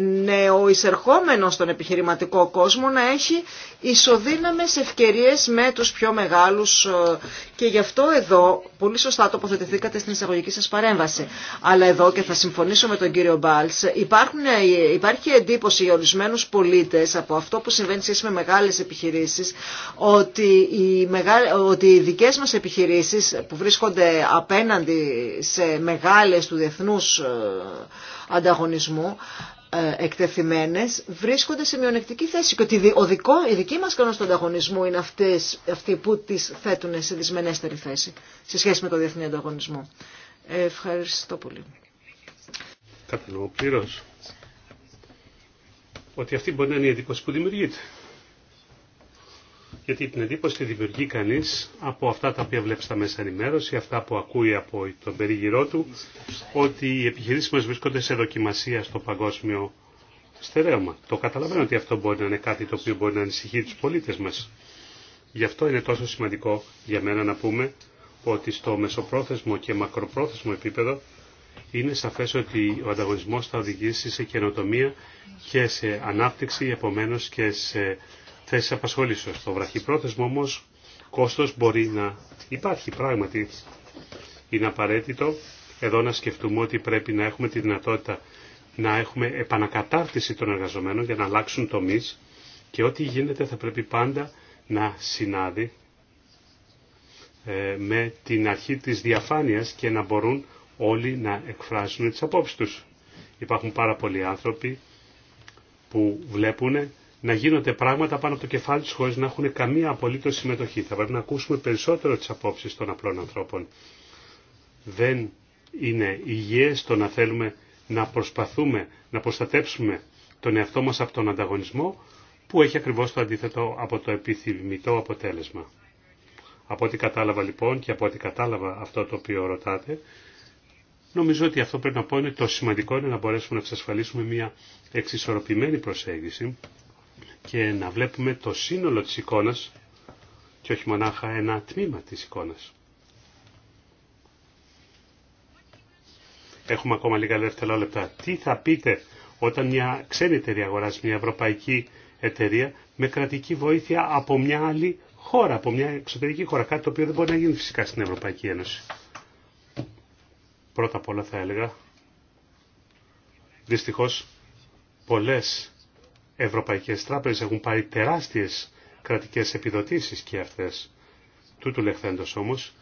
νεοεισερχόμενο στον επιχειρηματικό κόσμο να έχει ισοδύναμες ευκαιρίες με τους πιο μεγάλους ε, και γι' αυτό εδώ πολύ σωστά τοποθετηθήκατε στην εισαγωγική σας παρέμβαση. Αλλά εδώ και θα συμφωνήσω με τον κύριο Μπάλς, υπάρχουν, υπάρχει εντύπωση για ορισμένους πολίτες από αυτό που συμβαίνει σχέση με μεγάλες επιχειρήσεις, ότι οι, δικέ ότι οι δικές μας επιχειρήσεις που βρίσκονται απέναντι σε μεγάλες του διεθνούς ε, ανταγωνισμού, ε, εκτεθειμένες βρίσκονται σε μειονεκτική θέση και ότι ο δικό, η δική μας κανόνα του ανταγωνισμού είναι αυτές, αυτοί που τις θέτουν σε δυσμενέστερη θέση σε σχέση με το διεθνή ανταγωνισμό. ευχαριστώ πολύ. Κατανοώ πλήρως ότι αυτή μπορεί να είναι η εντύπωση που δημιουργείται γιατί την εντύπωση τη δημιουργεί κανεί από αυτά τα οποία βλέπει στα μέσα ενημέρωση, αυτά που ακούει από τον περίγυρό του, ότι οι επιχειρήσει μα βρίσκονται σε δοκιμασία στο παγκόσμιο στερέωμα. Το καταλαβαίνω ότι αυτό μπορεί να είναι κάτι το οποίο μπορεί να ανησυχεί του πολίτε μα. Γι' αυτό είναι τόσο σημαντικό για μένα να πούμε ότι στο μεσοπρόθεσμο και μακροπρόθεσμο επίπεδο είναι σαφέ ότι ο ανταγωνισμό θα οδηγήσει σε καινοτομία και σε ανάπτυξη, επομένω και σε θέσεις απασχολήσεως. Το βραχυπρόθεσμο όμως κόστος μπορεί να υπάρχει πράγματι. Είναι απαραίτητο εδώ να σκεφτούμε ότι πρέπει να έχουμε τη δυνατότητα να έχουμε επανακατάρτιση των εργαζομένων για να αλλάξουν τομείς και ό,τι γίνεται θα πρέπει πάντα να συνάδει ε, με την αρχή της διαφάνειας και να μπορούν όλοι να εκφράσουν τις απόψεις τους. Υπάρχουν πάρα πολλοί άνθρωποι που βλέπουν να γίνονται πράγματα πάνω από το κεφάλι τους χωρί να έχουν καμία απολύτως συμμετοχή. Θα πρέπει να ακούσουμε περισσότερο τις απόψεις των απλών ανθρώπων. Δεν είναι υγιές το να θέλουμε να προσπαθούμε να προστατέψουμε τον εαυτό μας από τον ανταγωνισμό που έχει ακριβώς το αντίθετο από το επιθυμητό αποτέλεσμα. Από ό,τι κατάλαβα λοιπόν και από ό,τι κατάλαβα αυτό το οποίο ρωτάτε, νομίζω ότι αυτό πρέπει να πω είναι το σημαντικό είναι να μπορέσουμε να εξασφαλίσουμε μια εξισορροπημένη προσέγγιση και να βλέπουμε το σύνολο της εικόνας και όχι μονάχα ένα τμήμα της εικόνας. Έχουμε ακόμα λίγα λεπτά. Τι θα πείτε όταν μια ξένη εταιρεία αγοράζει μια ευρωπαϊκή εταιρεία με κρατική βοήθεια από μια άλλη χώρα, από μια εξωτερική χώρα, κάτι το οποίο δεν μπορεί να γίνει φυσικά στην Ευρωπαϊκή Ένωση. Πρώτα απ' όλα θα έλεγα, δυστυχώς πολλές ευρωπαϊκές τράπεζες έχουν πάρει τεράστιες κρατικές επιδοτήσεις και αυτές. Τούτου λεχθέντος όμως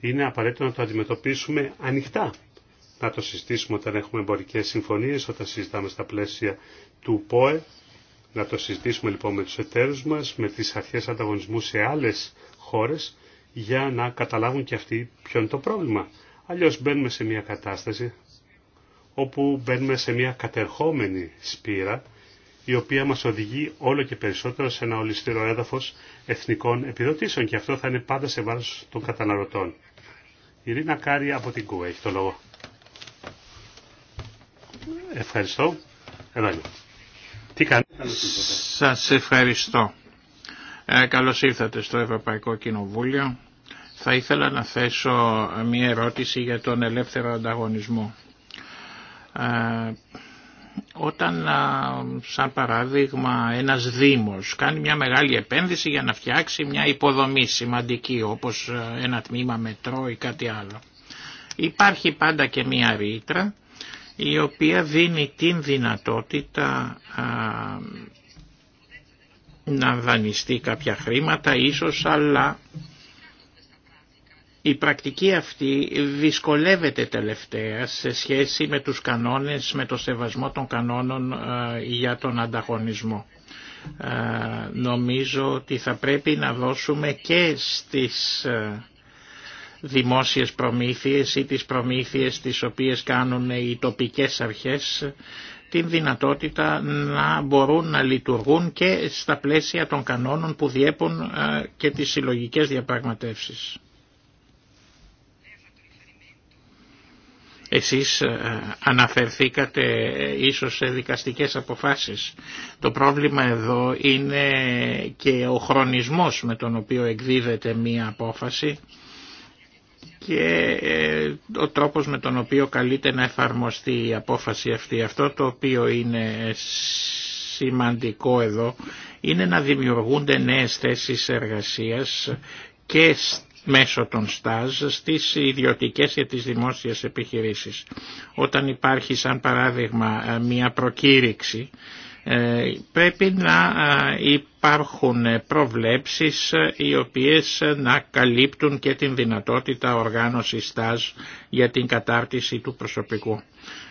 είναι απαραίτητο να το αντιμετωπίσουμε ανοιχτά. Να το συζητήσουμε όταν έχουμε εμπορικέ συμφωνίες, όταν συζητάμε στα πλαίσια του ΠΟΕ. Να το συζητήσουμε λοιπόν με τους εταίρους μας, με τις αρχές ανταγωνισμού σε άλλες χώρες, για να καταλάβουν και αυτοί ποιο είναι το πρόβλημα. Αλλιώς μπαίνουμε σε μια κατάσταση όπου μπαίνουμε σε μια κατερχόμενη σπήρα η οποία μας οδηγεί όλο και περισσότερο σε ένα ολιστήρο έδαφος εθνικών επιδοτήσεων και αυτό θα είναι πάντα σε βάρος των καταναλωτών. Η Ρίνα Κάρη από την ΚΟΥΕ. έχει το λόγο. Ευχαριστώ. Εδώ Τι κάνει. Σας ευχαριστώ. Ε, καλώς ήρθατε στο Ευρωπαϊκό Κοινοβούλιο. Θα ήθελα να θέσω μία ερώτηση για τον ελεύθερο ανταγωνισμό. Ε, όταν σαν παράδειγμα ένας δήμος κάνει μια μεγάλη επένδυση για να φτιάξει μια υποδομή σημαντική όπως ένα τμήμα μετρό ή κάτι άλλο. Υπάρχει πάντα και μια ρήτρα η οποία δίνει την δυνατότητα να δανειστεί κάποια χρήματα ίσως αλλά η πρακτική αυτή δυσκολεύεται τελευταία σε σχέση με τους κανόνες, με το σεβασμό των κανόνων ε, για τον ανταγωνισμό. Ε, νομίζω ότι θα πρέπει να δώσουμε και στις ε, δημόσιες προμήθειες ή τις προμήθειες τις οποίες κάνουν οι τοπικές αρχές την δυνατότητα να μπορούν να λειτουργούν και στα πλαίσια των κανόνων που διέπουν και τις συλλογικές διαπραγματεύσεις. Εσείς ε, αναφερθήκατε ίσως σε δικαστικές αποφάσεις. Το πρόβλημα εδώ είναι και ο χρονισμός με τον οποίο εκδίδεται μία απόφαση και ε, ο τρόπος με τον οποίο καλείται να εφαρμοστεί η απόφαση αυτή. Αυτό το οποίο είναι σημαντικό εδώ είναι να δημιουργούνται νέες θέσεις εργασίας και μέσω των ΣΤΑΖ στις ιδιωτικές και τις δημόσιες επιχειρήσεις. Όταν υπάρχει σαν παράδειγμα ε, μια προκήρυξη ε, πρέπει να ε, υπάρχουν προβλέψεις οι οποίες να καλύπτουν και την δυνατότητα οργάνωσης ΣΤΑΖ για την κατάρτιση του προσωπικού.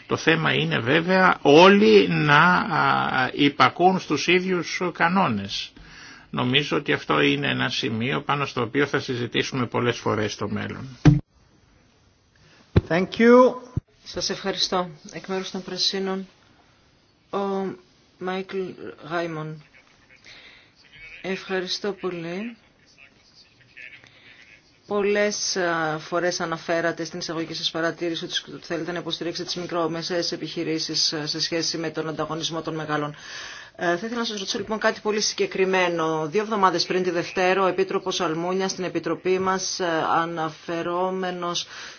Το θέμα είναι βέβαια όλοι να υπακούν στους ίδιους κανόνες. Νομίζω ότι αυτό είναι ένα σημείο πάνω στο οποίο θα συζητήσουμε πολλές φορές στο μέλλον. Thank you. Σας ευχαριστώ. Εκ μέρους των Πρασίνων, ο Μάικλ Γάιμον. Ευχαριστώ πολύ. Πολλές φορές αναφέρατε στην εισαγωγική σας παρατήρηση ότι θέλετε να υποστηρίξετε τις μικρομεσαίες επιχειρήσεις σε σχέση με τον ανταγωνισμό των μεγάλων. Ε, θα ήθελα να σα ρωτήσω λοιπόν κάτι πολύ συγκεκριμένο. Δύο εβδομάδε πριν τη Δευτέρα, ο Επίτροπο Αλμούνια στην Επιτροπή μα, ε, αναφερόμενο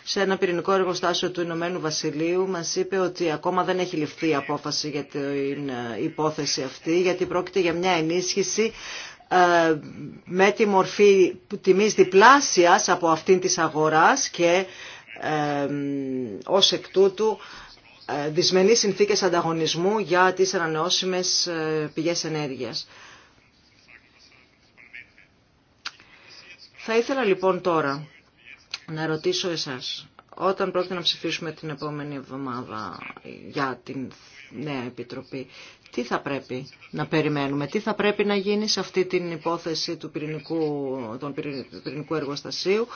σε ένα πυρηνικό εργοστάσιο του Ηνωμένου Βασιλείου, μα είπε ότι ακόμα δεν έχει ληφθεί η απόφαση για την ε, υπόθεση αυτή, γιατί πρόκειται για μια ενίσχυση με τη μορφή τιμή διπλάσια από αυτήν τη αγορά και ω εκ τούτου ε, δυσμενείς συνθήκες ανταγωνισμού για τις ανανεώσιμες ε, πηγές ενέργειας. Θα ήθελα λοιπόν τώρα να ρωτήσω εσάς, όταν πρόκειται να ψηφίσουμε την επόμενη εβδομάδα για την νέα Επιτροπή, τι θα πρέπει να περιμένουμε, τι θα πρέπει να γίνει σε αυτή την υπόθεση του πυρηνικού, των πυρηνικού εργοστασίου,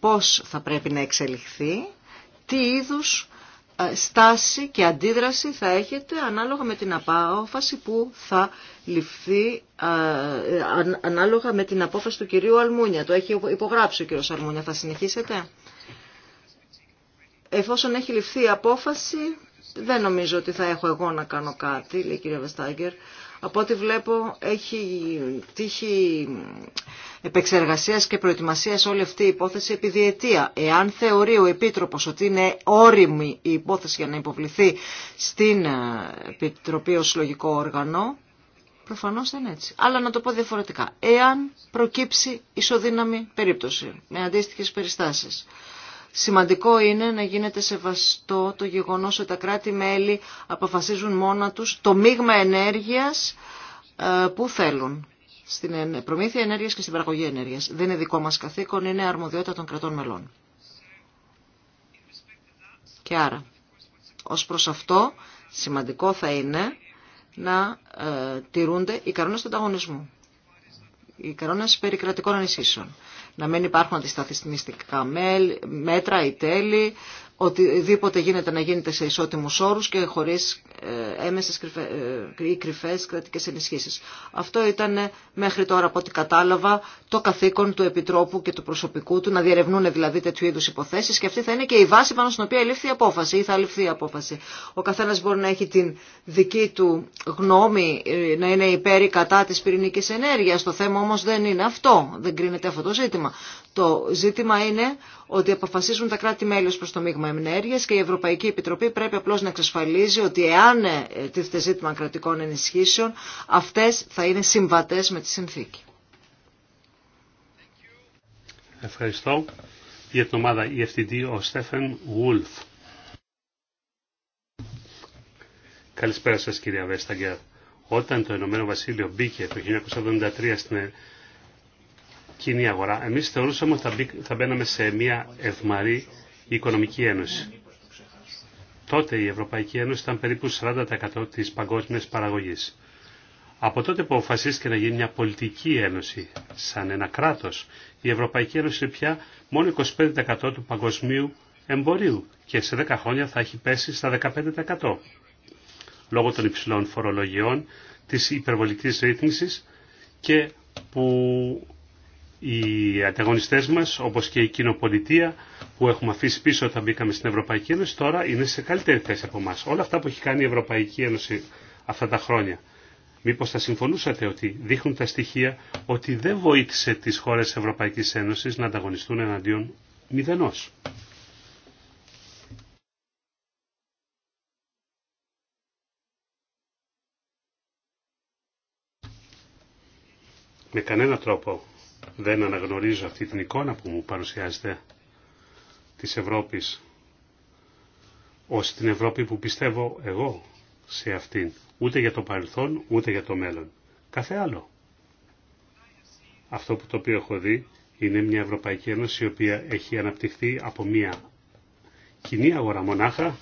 πώς θα πρέπει να εξελιχθεί, τι είδους στάση και αντίδραση θα έχετε ανάλογα με την απόφαση που θα ληφθεί ε, ανάλογα με την απόφαση του κυρίου Αλμούνια. Το έχει υπογράψει ο κύριος Αλμούνια. Θα συνεχίσετε. Εφόσον έχει ληφθεί η απόφαση, δεν νομίζω ότι θα έχω εγώ να κάνω κάτι, λέει η κυρία Βεστάγκερ από ό,τι βλέπω έχει τύχει επεξεργασίας και προετοιμασίας όλη αυτή η υπόθεση επί διετία. Εάν θεωρεί ο Επίτροπος ότι είναι όριμη η υπόθεση για να υποβληθεί στην ε, Επιτροπή ως λογικό όργανο, προφανώς δεν είναι έτσι. Αλλά να το πω διαφορετικά. Εάν προκύψει ισοδύναμη περίπτωση με αντίστοιχες περιστάσεις Σημαντικό είναι να γίνεται σεβαστό το γεγονός ότι τα κράτη-μέλη αποφασίζουν μόνα τους το μείγμα ενέργειας ε, που θέλουν στην προμήθεια ενέργειας και στην παραγωγή ενέργειας. Δεν είναι δικό μας καθήκον, είναι αρμοδιότητα των κρατών μελών. Και άρα, ως προς αυτό, σημαντικό θα είναι να ε, τηρούνται οι κανόνες του ανταγωνισμού. Οι κανόνες περί κρατικών ανησύσεων να μην υπάρχουν αντισταθμιστικά μέτρα ή τέλη, οτιδήποτε γίνεται να γίνεται σε ισότιμους όρους και χωρίς ε, έμεσες ε, ή κρυφές κρατικές ενισχύσεις. Αυτό ήταν ε, μέχρι τώρα από ό,τι κατάλαβα το καθήκον του Επιτρόπου και του προσωπικού του, να διερευνούν δηλαδή τέτοιου είδους υποθέσεις και αυτή θα είναι και η βάση πάνω στην οποία ληφθεί η απόφαση ή θα ληφθεί η απόφαση. Ο καθένας μπορεί να έχει την δική του γνώμη να είναι υπέρ ή κατά της πυρηνικής ενέργειας. Το θέμα όμως δεν είναι αυτό, δεν κρίνεται αυτό το ζήτημα. Το ζήτημα είναι ότι αποφασίζουν τα κράτη-μέλη προς προ το μείγμα ενέργεια και η Ευρωπαϊκή Επιτροπή πρέπει απλώ να εξασφαλίζει ότι εάν ε, τίθεται ζήτημα κρατικών ενισχύσεων, αυτέ θα είναι συμβατέ με τη συνθήκη. Ευχαριστώ. Για την ομάδα EFTD ο Στέφεν Γούλφ. Καλησπέρα σας κυρία Βέσταγκερ. Όταν το Ηνωμένο Βασίλειο μπήκε το 1973 στην κοινή αγορά. Εμείς θεωρούσαμε ότι θα μπαίναμε σε μια ευμαρή οικονομική ένωση. Τότε η Ευρωπαϊκή Ένωση ήταν περίπου 40% της παγκόσμιας παραγωγής. Από τότε που αποφασίστηκε να γίνει μια πολιτική ένωση, σαν ένα κράτος, η Ευρωπαϊκή Ένωση είναι πια μόνο 25% του παγκοσμίου εμπορίου και σε 10 χρόνια θα έχει πέσει στα 15%. Λόγω των υψηλών φορολογιών, της υπερβολικής ρύθμισης και που οι ανταγωνιστές μας, όπως και η κοινοπολιτεία που έχουμε αφήσει πίσω όταν μπήκαμε στην Ευρωπαϊκή Ένωση, τώρα είναι σε καλύτερη θέση από εμά. Όλα αυτά που έχει κάνει η Ευρωπαϊκή Ένωση αυτά τα χρόνια. Μήπως θα συμφωνούσατε ότι δείχνουν τα στοιχεία ότι δεν βοήθησε τις χώρες της Ευρωπαϊκής Ένωσης να ανταγωνιστούν εναντίον μηδενός. Με κανένα τρόπο δεν αναγνωρίζω αυτή την εικόνα που μου παρουσιάζεται της Ευρώπης ως την Ευρώπη που πιστεύω εγώ σε αυτήν, ούτε για το παρελθόν, ούτε για το μέλλον. Κάθε άλλο. Αυτό που το οποίο έχω δει είναι μια Ευρωπαϊκή Ένωση η οποία έχει αναπτυχθεί από μια κοινή αγορά μονάχα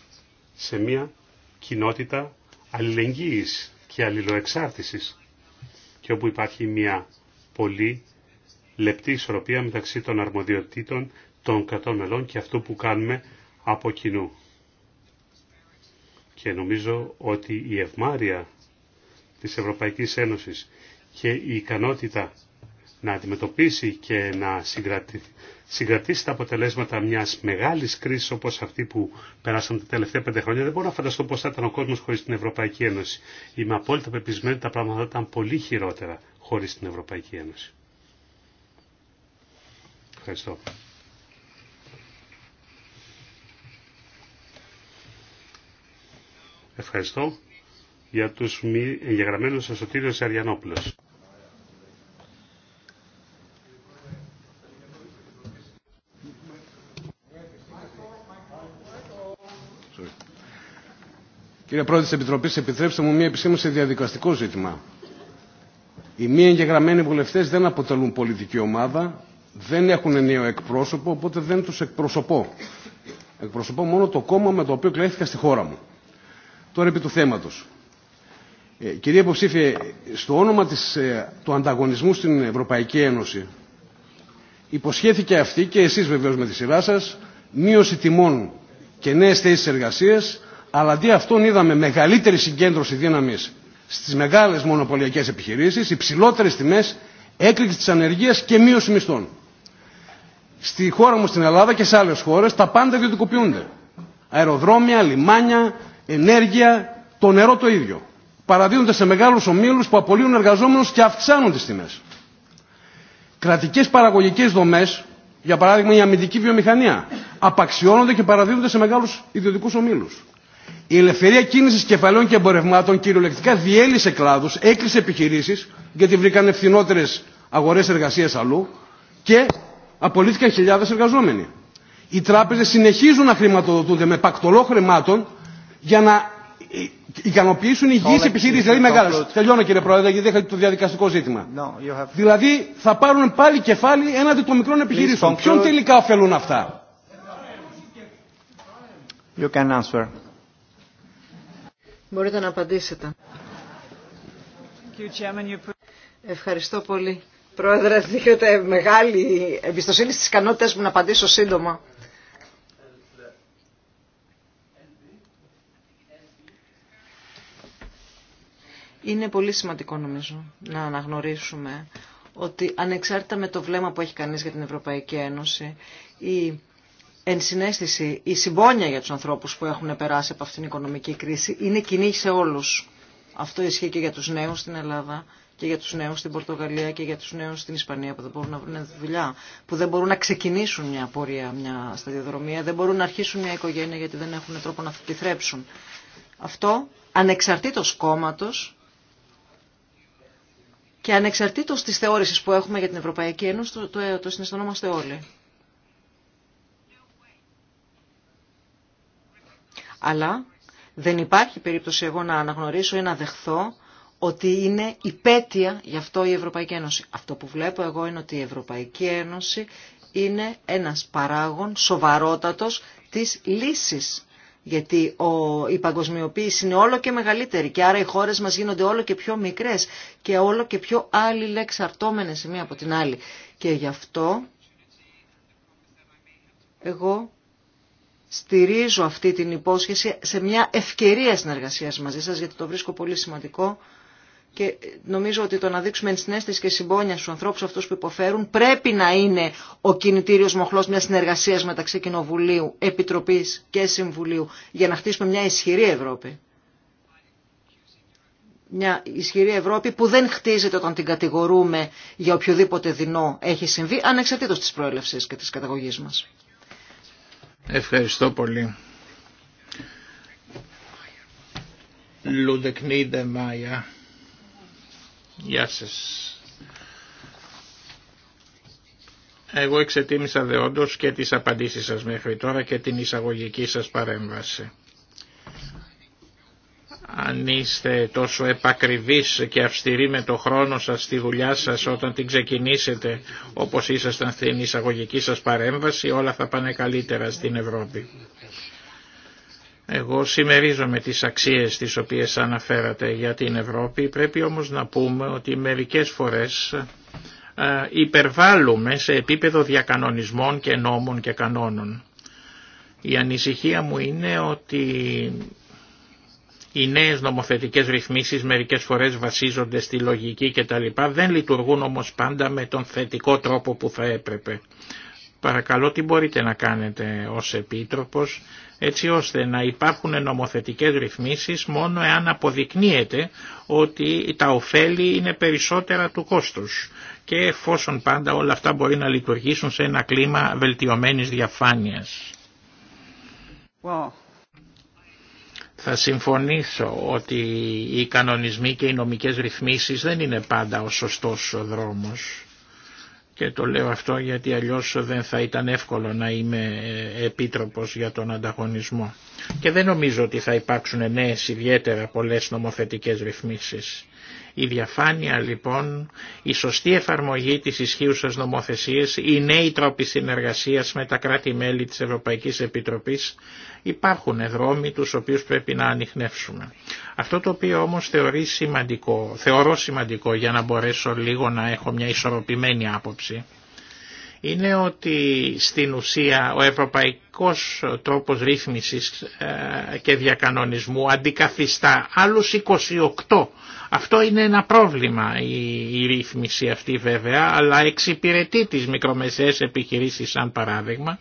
σε μια κοινότητα αλληλεγγύης και αλληλοεξάρτησης και όπου υπάρχει μια πολύ λεπτή ισορροπία μεταξύ των αρμοδιοτήτων των κρατών μελών και αυτού που κάνουμε από κοινού. Και νομίζω ότι η ευμάρεια της Ευρωπαϊκής Ένωσης και η ικανότητα να αντιμετωπίσει και να συγκρατήσει, τα αποτελέσματα μιας μεγάλης κρίσης όπως αυτή που περάσαμε τα τελευταία πέντε χρόνια. Δεν μπορώ να φανταστώ πώς θα ήταν ο κόσμος χωρίς την Ευρωπαϊκή Ένωση. Είμαι απόλυτα πεπισμένη ότι τα πράγματα θα ήταν πολύ χειρότερα χωρίς την Ευρωπαϊκή Ένωση. Ευχαριστώ. Ευχαριστώ για τους μη εγγεγραμμένους ο Σωτήριος Αριανόπουλος. Κύριε Πρόεδρε της Επιτροπής, επιτρέψτε μου μία επισήμωση διαδικαστικό ζήτημα. Οι μη εγγεγραμμένοι βουλευτές δεν αποτελούν πολιτική ομάδα, δεν έχουν νέο εκπρόσωπο, οπότε δεν τους εκπροσωπώ. Εκπροσωπώ μόνο το κόμμα με το οποίο κλαίθηκα στη χώρα μου. Τώρα επί του θέματος. Ε, κυρία υποψήφιε, στο όνομα της, ε, του ανταγωνισμού στην Ευρωπαϊκή Ένωση υποσχέθηκε αυτή και εσείς βεβαίως με τη σειρά σας μείωση τιμών και νέες θέσεις εργασίας αλλά αντί αυτόν είδαμε μεγαλύτερη συγκέντρωση δύναμης στις μεγάλες μονοπωλιακές επιχειρήσεις, υψηλότερες τιμές έκρηξη της ανεργίας και μείωση μισθών. Στη χώρα μου στην Ελλάδα και σε άλλες χώρες τα πάντα ιδιωτικοποιούνται. Αεροδρόμια, λιμάνια, ενέργεια, το νερό το ίδιο. Παραδίδονται σε μεγάλους ομίλους που απολύουν εργαζόμενους και αυξάνουν τις τιμές. Κρατικές παραγωγικές δομές, για παράδειγμα η αμυντική βιομηχανία, απαξιώνονται και παραδίδονται σε μεγάλους ιδιωτικούς ομίλους. Η ελευθερία κίνηση κεφαλαίων και εμπορευμάτων κυριολεκτικά διέλυσε κλάδου, έκλεισε επιχειρήσει γιατί βρήκαν ευθυνότερε αγορές εργασίας αλλού και απολύθηκαν χιλιάδες εργαζόμενοι. Οι τράπεζες συνεχίζουν να χρηματοδοτούνται με πακτολό χρημάτων για να ε, ικανοποιήσουν υγιείς επιχειρήσεις, δηλαδή μεγάλες. Τελειώνω κύριε Πρόεδρε, γιατί είχατε το διαδικαστικό ζήτημα. Δηλαδή θα πάρουν πάλι κεφάλι έναντι των μικρών επιχειρήσεων. Ποιον τελικά ωφελούν αυτά. Μπορείτε να απαντήσετε. Ευχαριστώ πολύ. Πρόεδρε, δείχνετε μεγάλη εμπιστοσύνη στις ικανότητες μου να απαντήσω σύντομα. Είναι πολύ σημαντικό νομίζω να αναγνωρίσουμε ότι ανεξάρτητα με το βλέμμα που έχει κανείς για την Ευρωπαϊκή Ένωση, η ενσυναίσθηση, η συμπόνια για τους ανθρώπους που έχουν περάσει από αυτήν την οικονομική κρίση είναι κοινή σε όλους. Αυτό ισχύει και για τους νέους στην Ελλάδα και για τους νέους στην Πορτογαλία και για τους νέους στην Ισπανία που δεν μπορούν να βρουν δουλειά, που δεν μπορούν να ξεκινήσουν μια πορεία, μια σταδιοδρομία, δεν μπορούν να αρχίσουν μια οικογένεια γιατί δεν έχουν τρόπο να τη Αυτό ανεξαρτήτως κόμματος και ανεξαρτήτως της θεώρησης που έχουμε για την Ευρωπαϊκή Ένωση, το, το, συναισθανόμαστε όλοι. Αλλά δεν υπάρχει περίπτωση εγώ να αναγνωρίσω ή να δεχθώ ότι είναι υπέτεια γι' αυτό η Ευρωπαϊκή Ένωση. Αυτό που βλέπω εγώ είναι ότι η Ευρωπαϊκή Ένωση είναι ένας παράγων σοβαρότατος της λύσης. Γιατί ο, η παγκοσμιοποίηση είναι όλο και μεγαλύτερη και άρα οι χώρες μας γίνονται όλο και πιο μικρές και όλο και πιο αλληλεξαρτώμενες η μία από την άλλη. Και γι' αυτό εγώ στηρίζω αυτή την υπόσχεση σε μια ευκαιρία συνεργασίας μαζί σας γιατί το βρίσκω πολύ σημαντικό και νομίζω ότι το να δείξουμε ενσυναίσθηση και συμπόνια στους ανθρώπους αυτούς που υποφέρουν πρέπει να είναι ο κινητήριος μοχλός μιας συνεργασίας μεταξύ Κοινοβουλίου, Επιτροπής και Συμβουλίου για να χτίσουμε μια ισχυρή Ευρώπη. Μια ισχυρή Ευρώπη που δεν χτίζεται όταν την κατηγορούμε για οποιοδήποτε δεινό έχει συμβεί, ανεξαρτήτως της προέλευσης και της καταγωγής μας. Ευχαριστώ πολύ. Λουδεκνίδε Μάια. Γεια σας. Εγώ εξετίμησα δεόντως και τις απαντήσεις σας μέχρι τώρα και την εισαγωγική σας παρέμβαση. Αν είστε τόσο επακριβείς και αυστηροί με το χρόνο σας στη δουλειά σας όταν την ξεκινήσετε όπως ήσασταν στην εισαγωγική σας παρέμβαση όλα θα πάνε καλύτερα στην Ευρώπη. Εγώ συμμερίζομαι τις αξίες τις οποίες αναφέρατε για την Ευρώπη, πρέπει όμως να πούμε ότι μερικές φορές ε, υπερβάλλουμε σε επίπεδο διακανονισμών και νόμων και κανόνων. Η ανησυχία μου είναι ότι οι νέες νομοθετικές ρυθμίσεις μερικές φορές βασίζονται στη λογική κτλ. Δεν λειτουργούν όμως πάντα με τον θετικό τρόπο που θα έπρεπε. Παρακαλώ τι μπορείτε να κάνετε ως Επίτροπος έτσι ώστε να υπάρχουν νομοθετικές ρυθμίσεις μόνο εάν αποδεικνύεται ότι τα ωφέλη είναι περισσότερα του κόστους και εφόσον πάντα όλα αυτά μπορεί να λειτουργήσουν σε ένα κλίμα βελτιωμένης διαφάνειας. Θα συμφωνήσω ότι οι κανονισμοί και οι νομικές ρυθμίσεις δεν είναι πάντα ο σωστός ο δρόμος και το λέω αυτό γιατί αλλιώς δεν θα ήταν εύκολο να είμαι ε, επίτροπος για τον ανταγωνισμό. Και δεν νομίζω ότι θα υπάρξουν νέες ιδιαίτερα πολλές νομοθετικές ρυθμίσεις. Η διαφάνεια λοιπόν, η σωστή εφαρμογή της ισχύουσας νομοθεσίας, οι νέοι τρόποι συνεργασίας με τα κράτη-μέλη της Ευρωπαϊκής Επιτροπής υπάρχουν δρόμοι τους οποίους πρέπει να ανοιχνεύσουμε. Αυτό το οποίο όμως θεωρεί σημαντικό, θεωρώ σημαντικό για να μπορέσω λίγο να έχω μια ισορροπημένη άποψη είναι ότι στην ουσία ο ευρωπαϊκός τρόπος ρύθμισης ε, και διακανονισμού αντικαθιστά άλλους 28 αυτό είναι ένα πρόβλημα η, ρύθμιση αυτή βέβαια, αλλά εξυπηρετεί τις μικρομεσαίες επιχειρήσεις σαν παράδειγμα,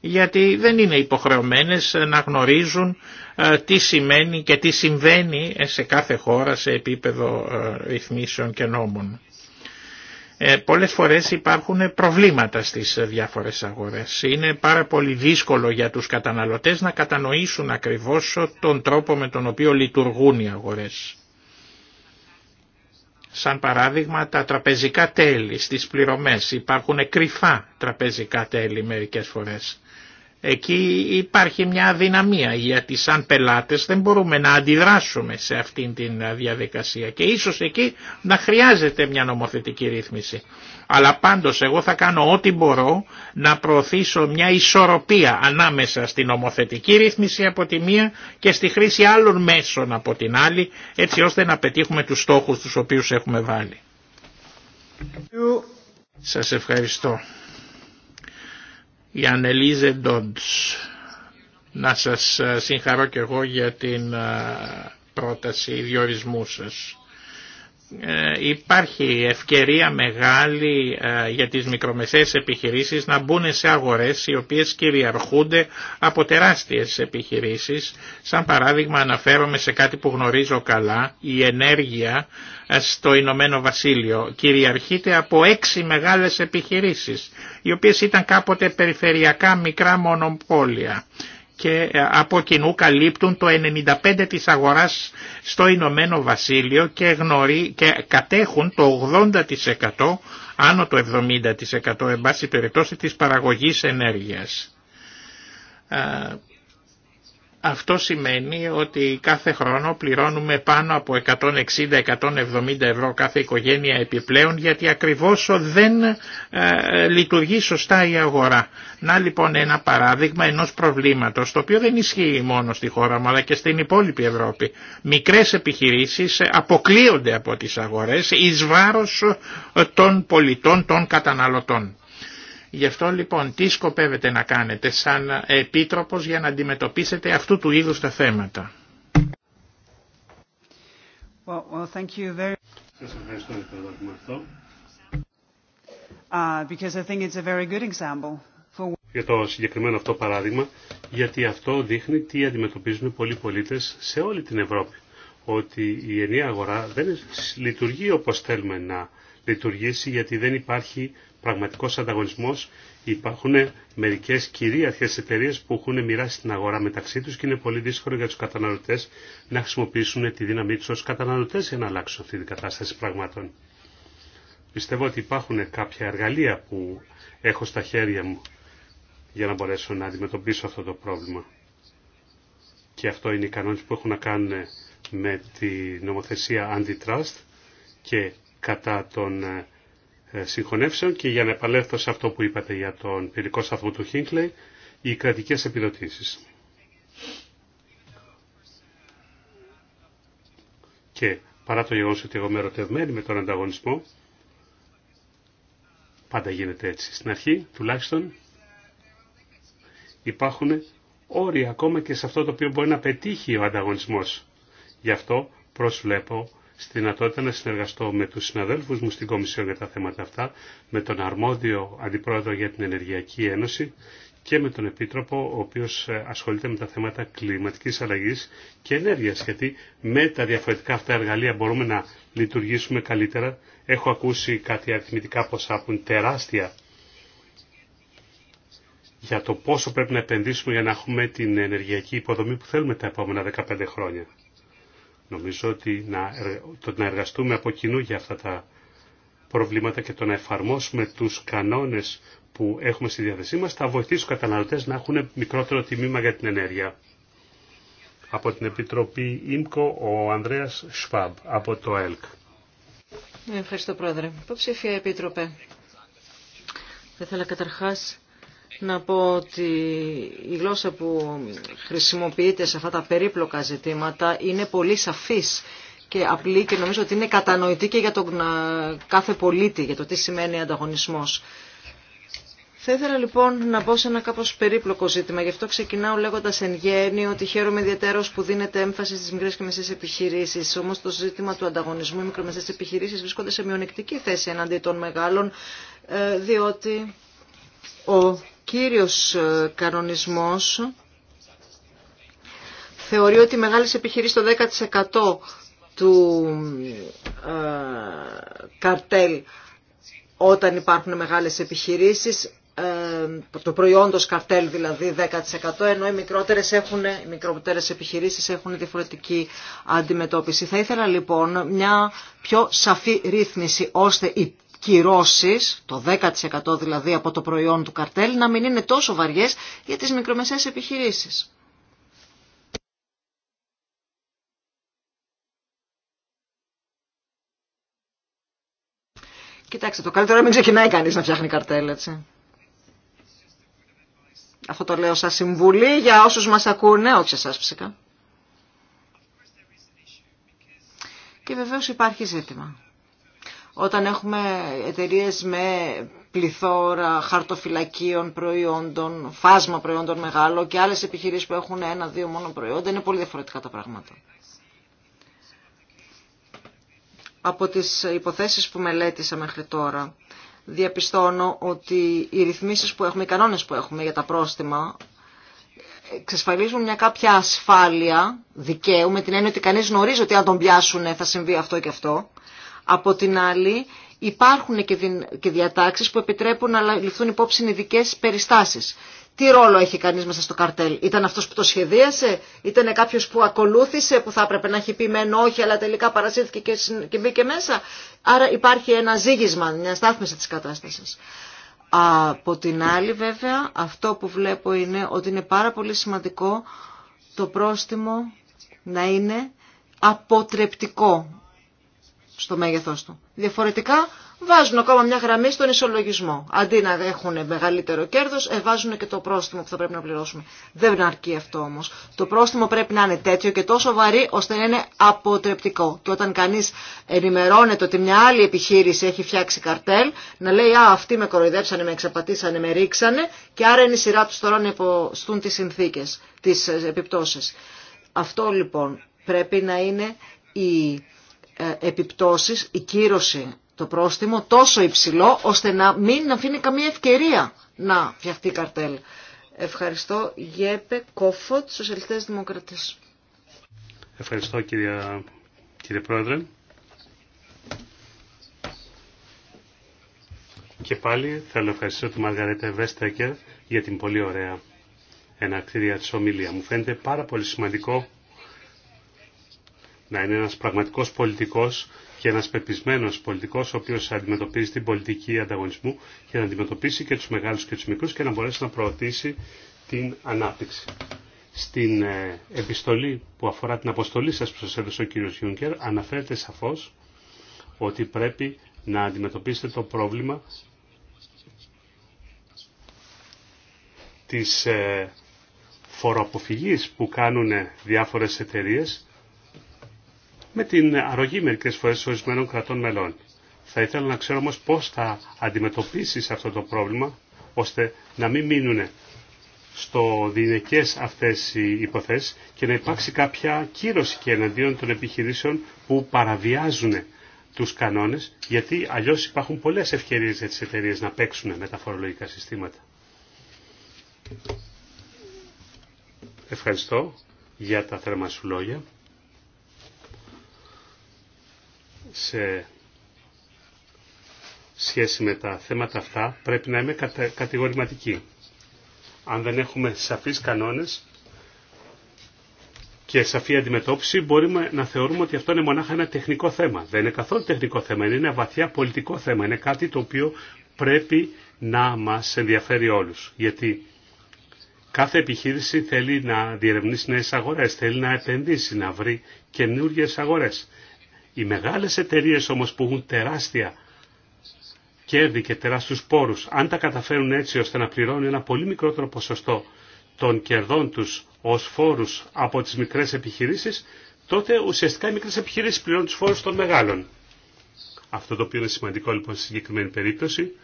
γιατί δεν είναι υποχρεωμένες να γνωρίζουν ε, τι σημαίνει και τι συμβαίνει σε κάθε χώρα σε επίπεδο ε, ρυθμίσεων και νόμων. Ε, πολλές φορές υπάρχουν προβλήματα στις ε, διάφορες αγορές. Είναι πάρα πολύ δύσκολο για τους καταναλωτές να κατανοήσουν ακριβώς τον τρόπο με τον οποίο λειτουργούν οι αγορές. Σαν παράδειγμα τα τραπεζικά τέλη στις πληρωμές. Υπάρχουν κρυφά τραπεζικά τέλη μερικές φορές. Εκεί υπάρχει μια αδυναμία γιατί σαν πελάτες δεν μπορούμε να αντιδράσουμε σε αυτήν την διαδικασία και ίσως εκεί να χρειάζεται μια νομοθετική ρύθμιση. Αλλά πάντως εγώ θα κάνω ό,τι μπορώ να προωθήσω μια ισορροπία ανάμεσα στην νομοθετική ρύθμιση από τη μία και στη χρήση άλλων μέσων από την άλλη έτσι ώστε να πετύχουμε τους στόχους τους οποίους έχουμε βάλει. Σας ευχαριστώ. Η Ανελίζε Ντόντς. Να σας συγχαρώ και εγώ για την ε, πρόταση διορισμού σας. Ε, υπάρχει ευκαιρία μεγάλη ε, για τις μικρομεσαίες επιχειρήσεις να μπουν σε αγορές οι οποίες κυριαρχούνται από τεράστιες επιχειρήσεις. Σαν παράδειγμα αναφέρομαι σε κάτι που γνωρίζω καλά, η ενέργεια ε, στο Ηνωμένο Βασίλειο κυριαρχείται από έξι μεγάλες επιχειρήσεις, οι οποίες ήταν κάποτε περιφερειακά μικρά μονοπόλια και ε, από κοινού καλύπτουν το 95% της αγοράς στο Ηνωμένο Βασίλειο και, γνωρί, και κατέχουν το 80% άνω το 70% εν πάση περιπτώσει της παραγωγής ενέργειας. Ε, αυτό σημαίνει ότι κάθε χρόνο πληρώνουμε πάνω από 160-170 ευρώ κάθε οικογένεια επιπλέον γιατί ακριβώς δεν ε, λειτουργεί σωστά η αγορά. Να λοιπόν ένα παράδειγμα ενός προβλήματος το οποίο δεν ισχύει μόνο στη χώρα μου αλλά και στην υπόλοιπη Ευρώπη. Μικρές επιχειρήσεις αποκλείονται από τις αγορές εις βάρος ε, των πολιτών των καταναλωτών. Γι' αυτό λοιπόν τι σκοπεύετε να κάνετε σαν επίτροπος για να αντιμετωπίσετε αυτού του είδους τα θέματα. Well, ευχαριστώ για το αυτό. Για το συγκεκριμένο αυτό παράδειγμα, γιατί αυτό δείχνει τι αντιμετωπίζουν πολλοί πολίτες σε όλη την Ευρώπη. Ότι η ενιαία αγορά δεν λειτουργεί όπως θέλουμε να λειτουργήσει, γιατί δεν υπάρχει Πραγματικό ανταγωνισμό, υπάρχουν μερικέ κυρίαρχες εταιρείε που έχουν μοιράσει την αγορά μεταξύ του και είναι πολύ δύσκολο για του καταναλωτέ να χρησιμοποιήσουν τη δύναμή του ω καταναλωτές για να αλλάξουν αυτή την κατάσταση πραγμάτων. Πιστεύω ότι υπάρχουν κάποια εργαλεία που έχω στα χέρια μου για να μπορέσω να αντιμετωπίσω αυτό το πρόβλημα. Και αυτό είναι οι κανόνες που έχουν να κάνουν με τη νομοθεσία antitrust και κατά τον... Ε, ε, συγχωνεύσεων και για να επαλέφθω σε αυτό που είπατε για τον πυρικό σταθμό του Χίνκλεϊ, οι κρατικές επιδοτήσεις. Και παρά το γεγονός ότι εγώ είμαι ερωτευμένη με τον ανταγωνισμό, πάντα γίνεται έτσι. Στην αρχή, τουλάχιστον, υπάρχουν όρια ακόμα και σε αυτό το οποίο μπορεί να πετύχει ο ανταγωνισμός. Γι' αυτό προσβλέπω στη δυνατότητα να συνεργαστώ με τους συναδέλφους μου στην Κομισιόν για τα θέματα αυτά, με τον αρμόδιο Αντιπρόεδρο για την Ενεργειακή Ένωση και με τον Επίτροπο, ο οποίος ε, ασχολείται με τα θέματα κλιματικής αλλαγής και ενέργειας, γιατί με τα διαφορετικά αυτά εργαλεία μπορούμε να λειτουργήσουμε καλύτερα. Έχω ακούσει κάτι αριθμητικά ποσά που είναι τεράστια για το πόσο πρέπει να επενδύσουμε για να έχουμε την ενεργειακή υποδομή που θέλουμε τα επόμενα 15 χρόνια. Νομίζω ότι να, το να εργαστούμε από κοινού για αυτά τα προβλήματα και το να εφαρμόσουμε τους κανόνες που έχουμε στη διάθεσή μας θα βοηθήσει τους καταναλωτές να έχουν μικρότερο τιμήμα για την ενέργεια. Από την Επιτροπή ΙΜΚΟ ο Ανδρέας Σφάμπ από το ΕΛΚ. Ευχαριστώ Πρόεδρε. Υποψήφια Επίτροπε. Θα ήθελα καταρχάς να πω ότι η γλώσσα που χρησιμοποιείται σε αυτά τα περίπλοκα ζητήματα είναι πολύ σαφής και απλή και νομίζω ότι είναι κατανοητή και για τον κάθε πολίτη, για το τι σημαίνει ανταγωνισμός. Θα ήθελα λοιπόν να μπω σε ένα κάπως περίπλοκο ζήτημα. Γι' αυτό ξεκινάω λέγοντας εν γέννη ότι χαίρομαι ιδιαίτερος που δίνεται έμφαση στις μικρές και μεσές επιχειρήσεις. Όμως το ζήτημα του ανταγωνισμού οι μικρομεσαίες επιχειρήσεις βρίσκονται σε μειονεκτική θέση εναντί των μεγάλων, ε, διότι ο κύριος ε, κανονισμός θεωρεί ότι οι μεγάλες επιχειρήσεις το 10% του ε, καρτέλ όταν υπάρχουν μεγάλες επιχειρήσεις ε, το προϊόντος καρτέλ δηλαδή 10% ενώ οι μικρότερες, έχουν, μικρότερες επιχειρήσεις έχουν διαφορετική αντιμετώπιση. Θα ήθελα λοιπόν μια πιο σαφή ρύθμιση ώστε οι κυρώσεις, το 10% δηλαδή από το προϊόν του καρτέλ, να μην είναι τόσο βαριές για τις μικρομεσαίες επιχειρήσεις. Κοιτάξτε, το καλύτερο είναι μην ξεκινάει κανείς να φτιάχνει καρτέλ, έτσι. Αυτό το λέω σαν συμβουλή για όσους μας ακούνε, όχι σας φυσικά. Και βεβαίως υπάρχει ζήτημα. Όταν έχουμε εταιρείε με πληθώρα χαρτοφυλακίων προϊόντων, φάσμα προϊόντων μεγάλο και άλλες επιχειρήσεις που έχουν ένα-δύο μόνο προϊόντα, είναι πολύ διαφορετικά τα πράγματα. Από τις υποθέσεις που μελέτησα μέχρι τώρα, διαπιστώνω ότι οι ρυθμίσεις που έχουμε, οι κανόνες που έχουμε για τα πρόστιμα, εξασφαλίζουν μια κάποια ασφάλεια δικαίου, με την έννοια ότι κανείς γνωρίζει ότι αν τον πιάσουν θα συμβεί αυτό και αυτό, από την άλλη, υπάρχουν και διατάξεις που επιτρέπουν να ληφθούν υπόψη ειδικέ περιστάσεις. Τι ρόλο έχει κανείς μέσα στο καρτέλ. Ήταν αυτός που το σχεδίασε, ήταν κάποιος που ακολούθησε, που θα έπρεπε να έχει πει μεν όχι, αλλά τελικά παρασύρθηκε και μπήκε μέσα. Άρα υπάρχει ένα ζήγισμα, μια στάθμιση της κατάστασης. Από την άλλη βέβαια, αυτό που βλέπω είναι ότι είναι πάρα πολύ σημαντικό το πρόστιμο να είναι αποτρεπτικό στο μέγεθός του. Διαφορετικά βάζουν ακόμα μια γραμμή στον ισολογισμό. Αντί να έχουν μεγαλύτερο κέρδος, ε, βάζουν και το πρόστιμο που θα πρέπει να πληρώσουμε. Δεν αρκεί αυτό όμως. Το πρόστιμο πρέπει να είναι τέτοιο και τόσο βαρύ ώστε να είναι αποτρεπτικό. Και όταν κανείς ενημερώνεται ότι μια άλλη επιχείρηση έχει φτιάξει καρτέλ, να λέει «Α, αυτοί με κοροϊδέψανε, με εξαπατήσανε, με ρίξανε» και άρα είναι η σειρά του τώρα να υποστούν τις συνθήκες, τις επιπτώσεις. Αυτό λοιπόν πρέπει να είναι η ε, επιπτώσεις, η κύρωση, το πρόστιμο τόσο υψηλό ώστε να μην αφήνει καμία ευκαιρία να φτιαχτεί καρτέλ. Ευχαριστώ Γέπε Κόφωτ, Σοσιαλιστές Δημοκρατές. Ευχαριστώ κύριε, κύριε Πρόεδρε. Και πάλι θέλω να ευχαριστήσω τη Μαργαρέτα Βέστεκερ για την πολύ ωραία ενακτήρια της ομιλία. Μου φαίνεται πάρα πολύ σημαντικό να είναι ένας πραγματικός πολιτικός και ένας πεπισμένος πολιτικός ο οποίος αντιμετωπίζει την πολιτική ανταγωνισμού και να αντιμετωπίσει και τους μεγάλους και τους μικρούς και να μπορέσει να προωθήσει την ανάπτυξη. Στην ε, επιστολή που αφορά την αποστολή σας που σας έδωσε ο κύριος Γιούγκερ αναφέρεται σαφώς ότι πρέπει να αντιμετωπίσετε το πρόβλημα της ε, φοροαποφυγής που κάνουν διάφορες εταιρείες με την αρρωγή μερικές φορές ορισμένων κρατών μελών. Θα ήθελα να ξέρω όμως πώς θα αντιμετωπίσεις αυτό το πρόβλημα, ώστε να μην μείνουν στο δινεκές αυτές οι υποθέσεις και να υπάρξει κάποια κύρωση και εναντίον των επιχειρήσεων που παραβιάζουν τους κανόνες, γιατί αλλιώς υπάρχουν πολλές ευκαιρίες για τις εταιρείες να παίξουν με τα φορολογικά συστήματα. Ευχαριστώ για τα θερμά σου λόγια. σε σχέση με τα θέματα αυτά πρέπει να είμαι κατηγορηματική. Αν δεν έχουμε σαφείς κανόνες και σαφή αντιμετώπιση μπορούμε να θεωρούμε ότι αυτό είναι μονάχα ένα τεχνικό θέμα. Δεν είναι καθόλου τεχνικό θέμα, είναι ένα βαθιά πολιτικό θέμα. Είναι κάτι το οποίο πρέπει να μας ενδιαφέρει όλους. Γιατί κάθε επιχείρηση θέλει να διερευνήσει νέες αγορές, θέλει να επενδύσει, να βρει καινούργιες αγορές. Οι μεγάλες εταιρείες όμως που έχουν τεράστια κέρδη και τεράστιους πόρους, αν τα καταφέρουν έτσι ώστε να πληρώνουν ένα πολύ μικρότερο ποσοστό των κερδών τους ως φόρους από τις μικρές επιχειρήσεις, τότε ουσιαστικά οι μικρές επιχειρήσεις πληρώνουν τους φόρους των μεγάλων. Αυτό το οποίο είναι σημαντικό λοιπόν στη συγκεκριμένη περίπτωση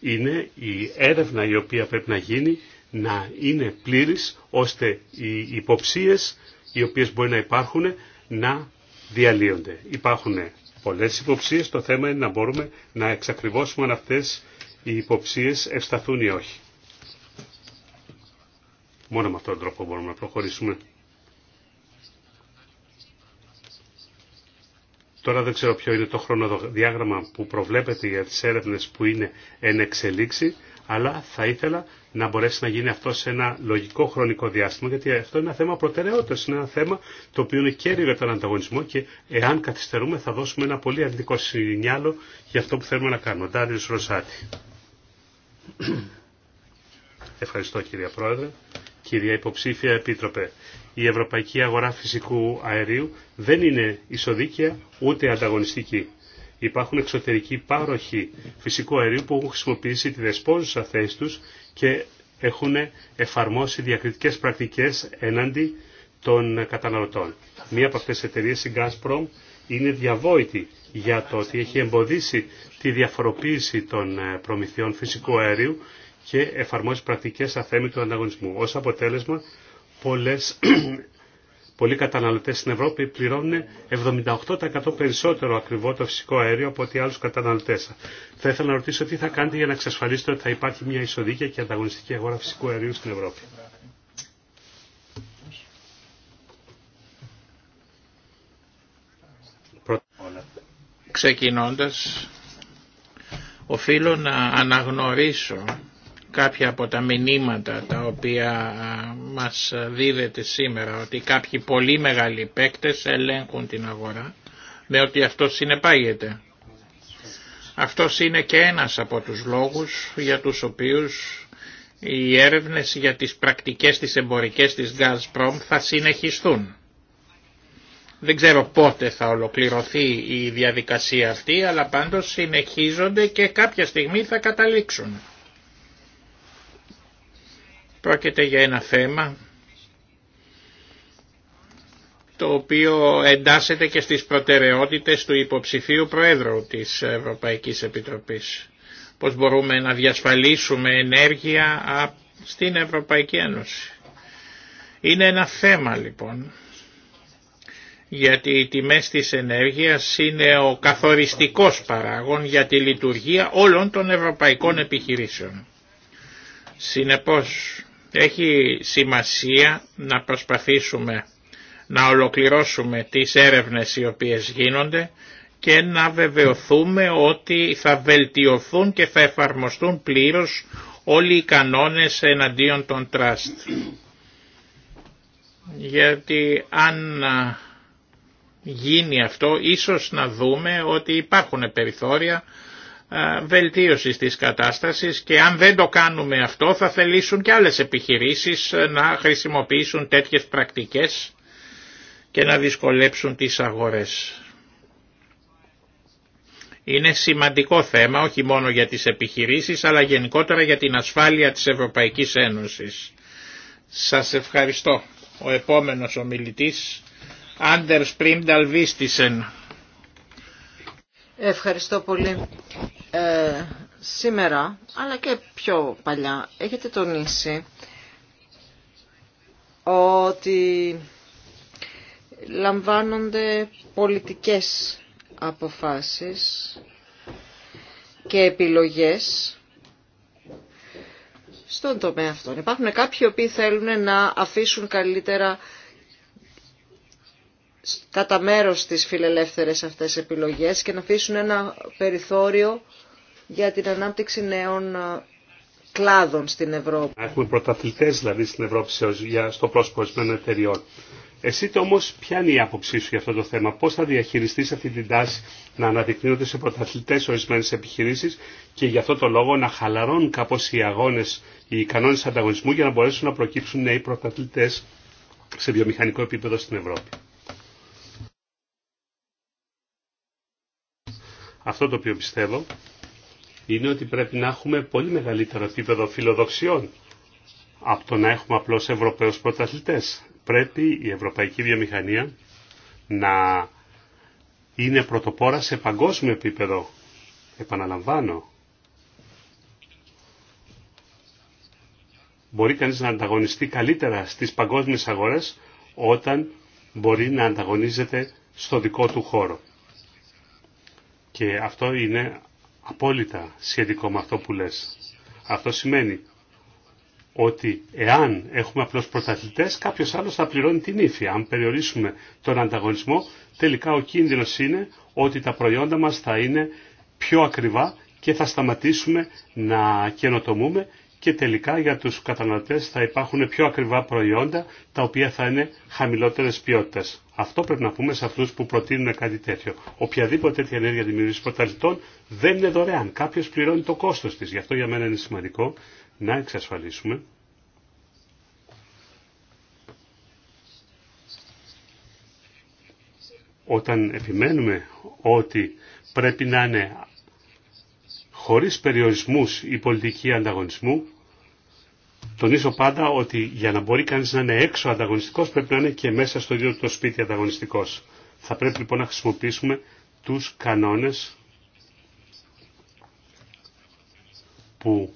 είναι η έρευνα η οποία πρέπει να γίνει να είναι πλήρης ώστε οι υποψίες οι οποίες μπορεί να υπάρχουν να διαλύονται. Υπάρχουν πολλές υποψίες, το θέμα είναι να μπορούμε να εξακριβώσουμε αν αυτές οι υποψίες ευσταθούν ή όχι. Μόνο με αυτόν τον τρόπο μπορούμε να προχωρήσουμε. Τώρα δεν ξέρω ποιο είναι το χρονοδιάγραμμα που προβλέπετε για τις έρευνες που είναι εν εξελίξη, αλλά θα ήθελα να μπορέσει να γίνει αυτό σε ένα λογικό χρονικό διάστημα, γιατί αυτό είναι ένα θέμα προτεραιότητας, είναι ένα θέμα το οποίο είναι κέριο για τον ανταγωνισμό και εάν καθυστερούμε θα δώσουμε ένα πολύ αρνητικό συνιάλο για αυτό που θέλουμε να κάνουμε. Ντάριος Ροζάτη. Ευχαριστώ κυρία Πρόεδρε. Κυρία Υποψήφια Επίτροπε, η ευρωπαϊκή αγορά φυσικού αερίου δεν είναι ισοδίκαια ούτε ανταγωνιστική. Υπάρχουν εξωτερικοί πάροχοι φυσικού αερίου που έχουν χρησιμοποιήσει τη δεσπόζουσα θέση του και έχουν εφαρμόσει διακριτικές πρακτικές έναντι των καταναλωτών. Μία από αυτές τις εταιρείες, η Gazprom, είναι διαβόητη για το ότι έχει εμποδίσει τη διαφοροποίηση των ε, προμηθειών φυσικού αερίου και εφαρμόσει πρακτικές αθέμη του ανταγωνισμού. Ως αποτέλεσμα, πολλές πολλοί καταναλωτές στην Ευρώπη πληρώνουν 78% περισσότερο ακριβό το φυσικό αέριο από ότι άλλους καταναλωτές. Θα ήθελα να ρωτήσω τι θα κάνετε για να εξασφαλίσετε ότι θα υπάρχει μια ισοδίκια και ανταγωνιστική αγορά φυσικού αερίου στην Ευρώπη. Ξεκινώντας, οφείλω να αναγνωρίσω κάποια από τα μηνύματα τα οποία μας δίδεται σήμερα ότι κάποιοι πολύ μεγάλοι παίκτες ελέγχουν την αγορά με ότι αυτό συνεπάγεται. Αυτό είναι και ένας από τους λόγους για τους οποίους οι έρευνες για τις πρακτικές της εμπορικές της Gazprom θα συνεχιστούν. Δεν ξέρω πότε θα ολοκληρωθεί η διαδικασία αυτή, αλλά πάντως συνεχίζονται και κάποια στιγμή θα καταλήξουν. Πρόκειται για ένα θέμα το οποίο εντάσσεται και στις προτεραιότητες του υποψηφίου Προέδρου της Ευρωπαϊκής Επιτροπής. Πώς μπορούμε να διασφαλίσουμε ενέργεια στην Ευρωπαϊκή Ένωση. Είναι ένα θέμα λοιπόν, γιατί οι τιμές της ενέργειας είναι ο καθοριστικός παράγων για τη λειτουργία όλων των ευρωπαϊκών επιχειρήσεων. Συνεπώς, έχει σημασία να προσπαθήσουμε να ολοκληρώσουμε τις έρευνες οι οποίες γίνονται και να βεβαιωθούμε ότι θα βελτιωθούν και θα εφαρμοστούν πλήρως όλοι οι κανόνες εναντίον των τραστ. Γιατί αν γίνει αυτό ίσως να δούμε ότι υπάρχουν περιθώρια βελτίωσης της κατάστασης και αν δεν το κάνουμε αυτό θα θελήσουν και άλλες επιχειρήσεις ε, να χρησιμοποιήσουν τέτοιες πρακτικές και να δυσκολέψουν τις αγορές. Είναι σημαντικό θέμα όχι μόνο για τις επιχειρήσεις αλλά γενικότερα για την ασφάλεια της Ευρωπαϊκής Ένωσης. Σας ευχαριστώ. Ο επόμενος ομιλητής, Άντερ Σπριμνταλ Βίστισεν. Ευχαριστώ πολύ. Ε, σήμερα αλλά και πιο παλιά έχετε τονίσει ότι λαμβάνονται πολιτικές αποφάσεις και επιλογές στον τομέα αυτό. Υπάρχουν κάποιοι οποίοι θέλουν να αφήσουν καλύτερα κατά μέρο τις φιλελεύθερες αυτές επιλογές και να αφήσουν ένα περιθώριο για την ανάπτυξη νέων ε, κλάδων στην Ευρώπη. Έχουμε πρωταθλητές δηλαδή στην Ευρώπη στο πρόσωπο ορισμένων εταιριών. Εσύ όμω, ποια είναι η άποψή σου για αυτό το θέμα, πώ θα διαχειριστεί αυτή την τάση να αναδεικνύονται σε πρωταθλητέ ορισμένε επιχειρήσει και για αυτό το λόγο να χαλαρώνουν κάπω οι αγώνε, οι κανόνε ανταγωνισμού για να μπορέσουν να προκύψουν νέοι πρωταθλητέ σε βιομηχανικό επίπεδο στην Ευρώπη. Αυτό το οποίο πιστεύω είναι ότι πρέπει να έχουμε πολύ μεγαλύτερο επίπεδο φιλοδοξιών από το να έχουμε απλώς Ευρωπαίους πρωταθλητές. Πρέπει η ευρωπαϊκή βιομηχανία να είναι πρωτοπόρα σε παγκόσμιο επίπεδο. Επαναλαμβάνω. Μπορεί κανείς να ανταγωνιστεί καλύτερα στις παγκόσμιες αγορές όταν μπορεί να ανταγωνίζεται στο δικό του χώρο. Και αυτό είναι απόλυτα σχετικό με αυτό που λες. Αυτό σημαίνει ότι εάν έχουμε απλώς πρωταθλητές, κάποιος άλλος θα πληρώνει την ύφη. Αν περιορίσουμε τον ανταγωνισμό, τελικά ο κίνδυνος είναι ότι τα προϊόντα μας θα είναι πιο ακριβά και θα σταματήσουμε να καινοτομούμε και τελικά για τους καταναλωτές θα υπάρχουν πιο ακριβά προϊόντα τα οποία θα είναι χαμηλότερες ποιότητες. Αυτό πρέπει να πούμε σε αυτού που προτείνουν κάτι τέτοιο. Οποιαδήποτε τέτοια ενέργεια δημιουργήση προταλυτών δεν είναι δωρεάν. Κάποιο πληρώνει το κόστο τη. Γι' αυτό για μένα είναι σημαντικό να εξασφαλίσουμε όταν επιμένουμε ότι πρέπει να είναι χωρίς περιορισμούς η πολιτική ανταγωνισμού, τονίζω πάντα ότι για να μπορεί κανείς να είναι έξω ανταγωνιστικός πρέπει να είναι και μέσα στο ίδιο το σπίτι ανταγωνιστικός. Θα πρέπει λοιπόν να χρησιμοποιήσουμε τους κανόνες που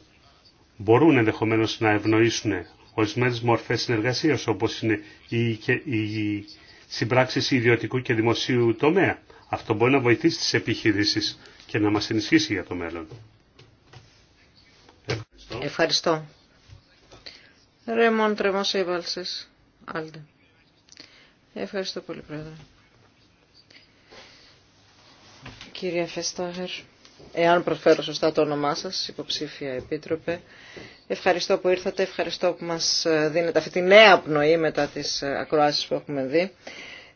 μπορούν ενδεχομένως να ευνοήσουν ορισμένε μορφές συνεργασίας όπως είναι οι συμπράξεις ιδιωτικού και δημοσίου τομέα. Αυτό μπορεί να βοηθήσει τις επιχειρήσεις και να μας ενισχύσει για το μέλλον. Ευχαριστώ. Ρέμον Τρεμόσε Άλντε. Ευχαριστώ πολύ, Πρόεδρε. Κύριε Φεστάγερ, εάν προφέρω σωστά το όνομά σας, υποψήφια επίτροπε, ευχαριστώ που ήρθατε, ευχαριστώ που μας δίνετε αυτή τη νέα πνοή μετά τις ακροάσεις που έχουμε δει.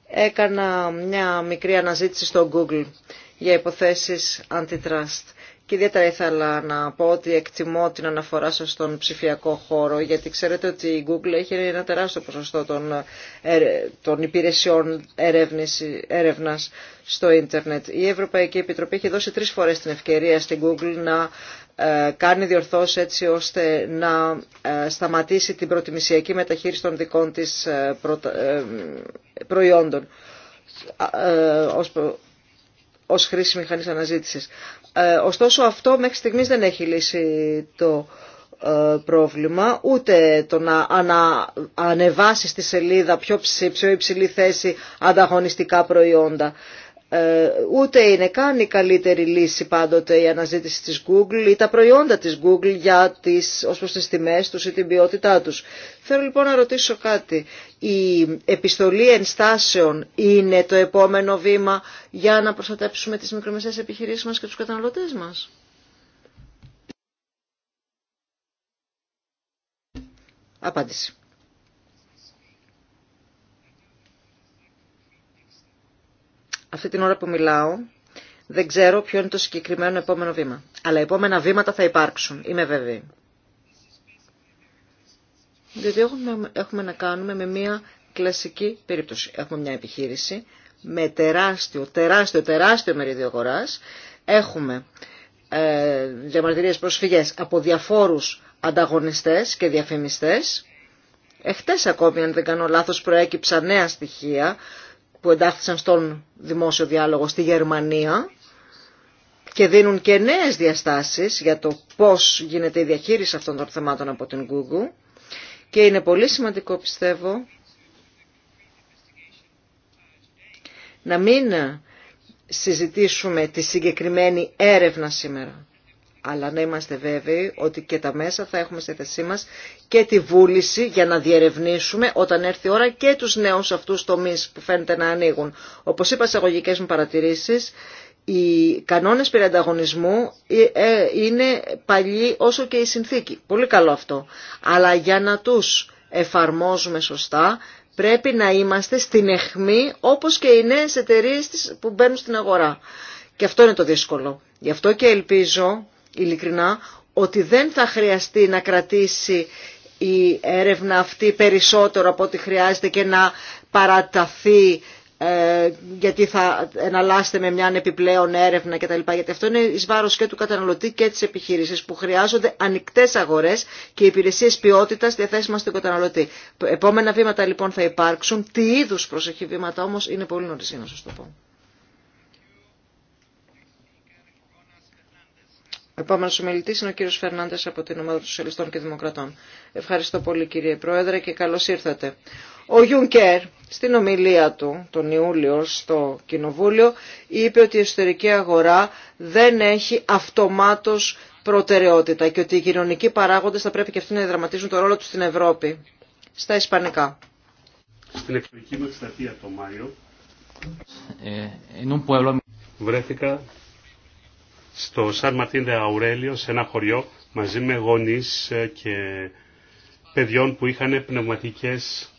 Έκανα μια μικρή αναζήτηση στο Google για υποθέσεις αντιτράστ και ιδιαίτερα ήθελα να πω ότι εκτιμώ την αναφορά σας στον ψηφιακό χώρο, γιατί ξέρετε ότι η Google έχει ένα τεράστιο ποσοστό των, ε, των υπηρεσιών έρευνας στο ίντερνετ. Η Ευρωπαϊκή Επιτροπή έχει δώσει τρεις φορές την ευκαιρία στην Google να ε, κάνει διορθώσει έτσι ώστε να ε, σταματήσει την προτιμησιακή μεταχείριση των δικών της προϊόντων ως χρήση μηχανής αναζήτησης. Ε, ωστόσο αυτό μέχρι στιγμής δεν έχει λύσει το ε, πρόβλημα, ούτε το να ανα, ανεβάσει στη σελίδα πιο πιο υψηλή θέση ανταγωνιστικά προϊόντα. Ε, ούτε είναι καν η καλύτερη λύση πάντοτε η αναζήτηση της Google ή τα προϊόντα της Google για τις, ως προς τις τιμές τους ή την ποιότητά τους. Θέλω λοιπόν να ρωτήσω κάτι. Η επιστολή ενστάσεων είναι το επόμενο βήμα για να προστατέψουμε τις μικρομεσαίες επιχειρήσεις μας και τους καταναλωτές μας. Απάντηση. αυτή την ώρα που μιλάω, δεν ξέρω ποιο είναι το συγκεκριμένο επόμενο βήμα. Αλλά επόμενα βήματα θα υπάρξουν, είμαι βέβαιη. Διότι έχουμε, να κάνουμε με μια κλασική περίπτωση. Έχουμε μια επιχείρηση με τεράστιο, τεράστιο, τεράστιο μερίδιο αγορά. Έχουμε ε, διαμαρτυρίες από διαφόρους ανταγωνιστέ και διαφημιστέ. Εχθές ακόμη, αν δεν κάνω λάθο προέκυψαν νέα στοιχεία που εντάχθησαν στον δημόσιο διάλογο στη Γερμανία και δίνουν και νέες διαστάσεις για το πώς γίνεται η διαχείριση αυτών των θεμάτων από την Google και είναι πολύ σημαντικό πιστεύω να μην συζητήσουμε τη συγκεκριμένη έρευνα σήμερα αλλά να είμαστε βέβαιοι ότι και τα μέσα θα έχουμε στη θέσή μας και τη βούληση για να διερευνήσουμε όταν έρθει η ώρα και τους νέους αυτούς τομείς που φαίνεται να ανοίγουν. Όπως είπα σε αγωγικές μου παρατηρήσεις, οι κανόνες περί ε, ε, είναι παλιοί όσο και η συνθήκη. Πολύ καλό αυτό. Αλλά για να τους εφαρμόζουμε σωστά πρέπει να είμαστε στην αιχμή όπως και οι νέες εταιρείε που μπαίνουν στην αγορά. Και αυτό είναι το δύσκολο. Γι' αυτό και ελπίζω ειλικρινά ότι δεν θα χρειαστεί να κρατήσει η έρευνα αυτή περισσότερο από ό,τι χρειάζεται και να παραταθεί ε, γιατί θα εναλλάσσεται με μια επιπλέον έρευνα κτλ. Γιατί αυτό είναι εις βάρος και του καταναλωτή και της επιχείρησης που χρειάζονται ανοιχτές αγορές και υπηρεσίες ποιότητας διαθέσιμα στον καταναλωτή. Επόμενα βήματα λοιπόν θα υπάρξουν. Τι είδους προσεχή βήματα όμως είναι πολύ νωρίς να σας το πω. Ο επόμενο ομιλητή είναι ο κύριο Φερνάντε από την ομάδα των Σοσιαλιστών και Δημοκρατών. Ευχαριστώ πολύ κύριε Πρόεδρε και καλώ ήρθατε. Ο Γιούνκερ στην ομιλία του τον Ιούλιο στο Κοινοβούλιο είπε ότι η εσωτερική αγορά δεν έχει αυτομάτως προτεραιότητα και ότι οι κοινωνικοί παράγοντε θα πρέπει και αυτοί να δραματίζουν το ρόλο του στην Ευρώπη. Στα ισπανικά. Στην εκλογική μου το Μάιο ε, βρέθηκα στο Σαν Μαρτίν Αουρέλιο, σε ένα χωριό, μαζί με γονείς ε, και παιδιών που είχαν πνευματικές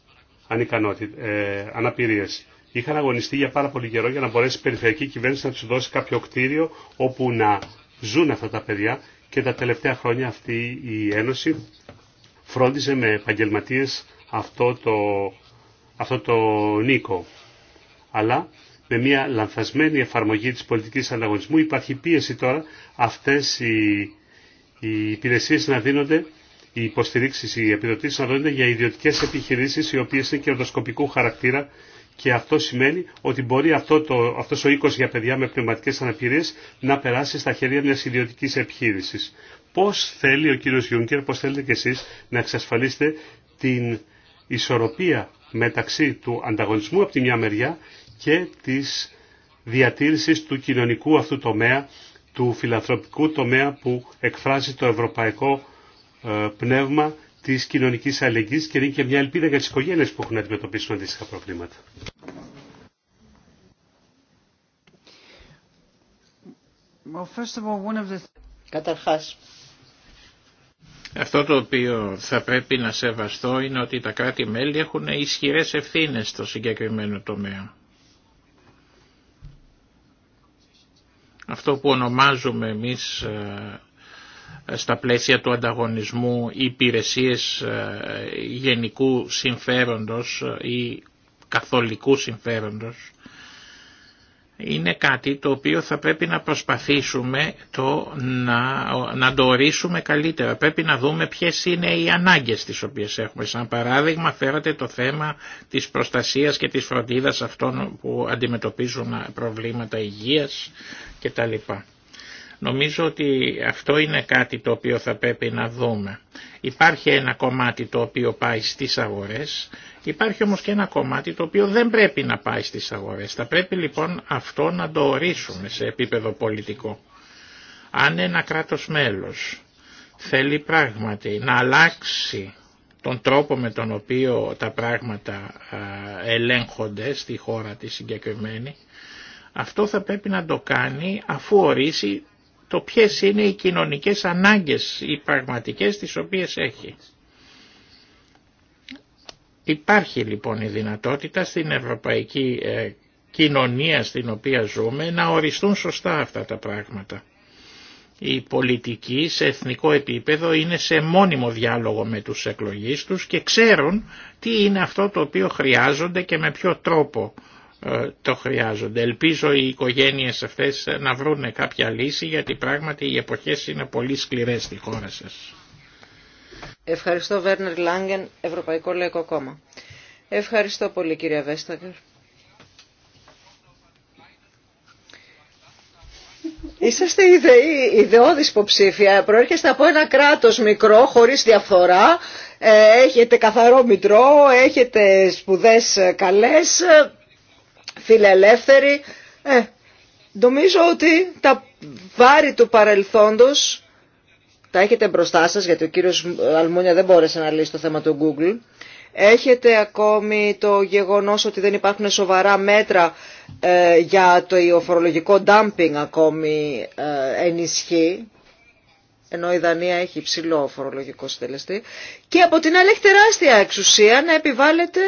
ε, αναπηρίες. Είχαν αγωνιστεί για πάρα πολύ καιρό για να μπορέσει η περιφερειακή κυβέρνηση να τους δώσει κάποιο κτίριο όπου να ζουν αυτά τα παιδιά και τα τελευταία χρόνια αυτή η Ένωση φρόντιζε με επαγγελματίε αυτό το, αυτό το νίκο. Αλλά με μια λανθασμένη εφαρμογή της πολιτικής ανταγωνισμού υπάρχει πίεση τώρα αυτές οι, οι υπηρεσίες να δίνονται οι υποστηρίξεις, οι επιδοτήσεις να δίνονται για ιδιωτικές επιχειρήσεις οι οποίες είναι κερδοσκοπικού χαρακτήρα και αυτό σημαίνει ότι μπορεί αυτό το, αυτός ο οίκος για παιδιά με πνευματικές αναπηρίες να περάσει στα χέρια μιας ιδιωτικής επιχείρησης. Πώς θέλει ο κύριος Γιούνκερ, πώς θέλετε κι εσείς να εξασφαλίσετε την ισορροπία μεταξύ του ανταγωνισμού από τη μια μεριά και της διατήρησης του κοινωνικού αυτού τομέα, του φιλανθρωπικού τομέα που εκφράζει το ευρωπαϊκό ε, πνεύμα της κοινωνικής αλληλεγγύης και είναι και μια ελπίδα για τις οικογένειες που έχουν να αντιμετωπίσουν αντίστοιχα προβλήματα. Καταρχάς, αυτό το οποίο θα πρέπει να σεβαστώ είναι ότι τα κράτη-μέλη έχουν ισχυρές ευθύνες στο συγκεκριμένο τομέα. αυτό που ονομάζουμε εμείς ε, στα πλαίσια του ανταγωνισμού υπηρεσίες ε, γενικού συμφέροντος ή καθολικού συμφέροντος είναι κάτι το οποίο θα πρέπει να προσπαθήσουμε το να, να το ορίσουμε καλύτερα. Πρέπει να δούμε ποιες είναι οι ανάγκες τις οποίες έχουμε. Σαν παράδειγμα φέρατε το θέμα της προστασίας και της φροντίδας αυτών που αντιμετωπίζουν προβλήματα υγείας κτλ. Νομίζω ότι αυτό είναι κάτι το οποίο θα πρέπει να δούμε. Υπάρχει ένα κομμάτι το οποίο πάει στις αγορές, υπάρχει όμως και ένα κομμάτι το οποίο δεν πρέπει να πάει στις αγορές. Θα πρέπει λοιπόν αυτό να το ορίσουμε σε επίπεδο πολιτικό. Αν ένα κράτος μέλος θέλει πράγματι να αλλάξει τον τρόπο με τον οποίο τα πράγματα ελέγχονται στη χώρα τη συγκεκριμένη, αυτό θα πρέπει να το κάνει αφού ορίσει το ποιες είναι οι κοινωνικές ανάγκες, οι πραγματικές τις οποίες έχει. Υπάρχει λοιπόν η δυνατότητα στην ευρωπαϊκή ε, κοινωνία στην οποία ζούμε να οριστούν σωστά αυτά τα πράγματα. Η πολιτική σε εθνικό επίπεδο είναι σε μόνιμο διάλογο με τους εκλογείς τους και ξέρουν τι είναι αυτό το οποίο χρειάζονται και με ποιο τρόπο ε, το χρειάζονται. Ελπίζω οι οικογένειες αυτές να βρουν κάποια λύση γιατί πράγματι οι εποχές είναι πολύ σκληρές στη χώρα σας. Ευχαριστώ Βέρνερ Λάγκεν, Ευρωπαϊκό Λαϊκό Κόμμα. Ευχαριστώ πολύ κυρία Βέσταγκερ. Είσαστε ιδεώδης υποψήφια. Προέρχεστε από ένα κράτος μικρό, χωρίς διαφθορά. Ε, έχετε καθαρό μητρό, έχετε σπουδές καλές φιλελεύθερη. Ε, νομίζω ότι τα βάρη του παρελθόντος τα έχετε μπροστά σας, γιατί ο κύριος Αλμούνια δεν μπόρεσε να λύσει το θέμα του Google. Έχετε ακόμη το γεγονός ότι δεν υπάρχουν σοβαρά μέτρα ε, για το φορολογικό dumping ακόμη ε, ενισχύει, ενώ η Δανία έχει υψηλό φορολογικό συντελεστή. Και από την άλλη έχει τεράστια εξουσία να επιβάλλεται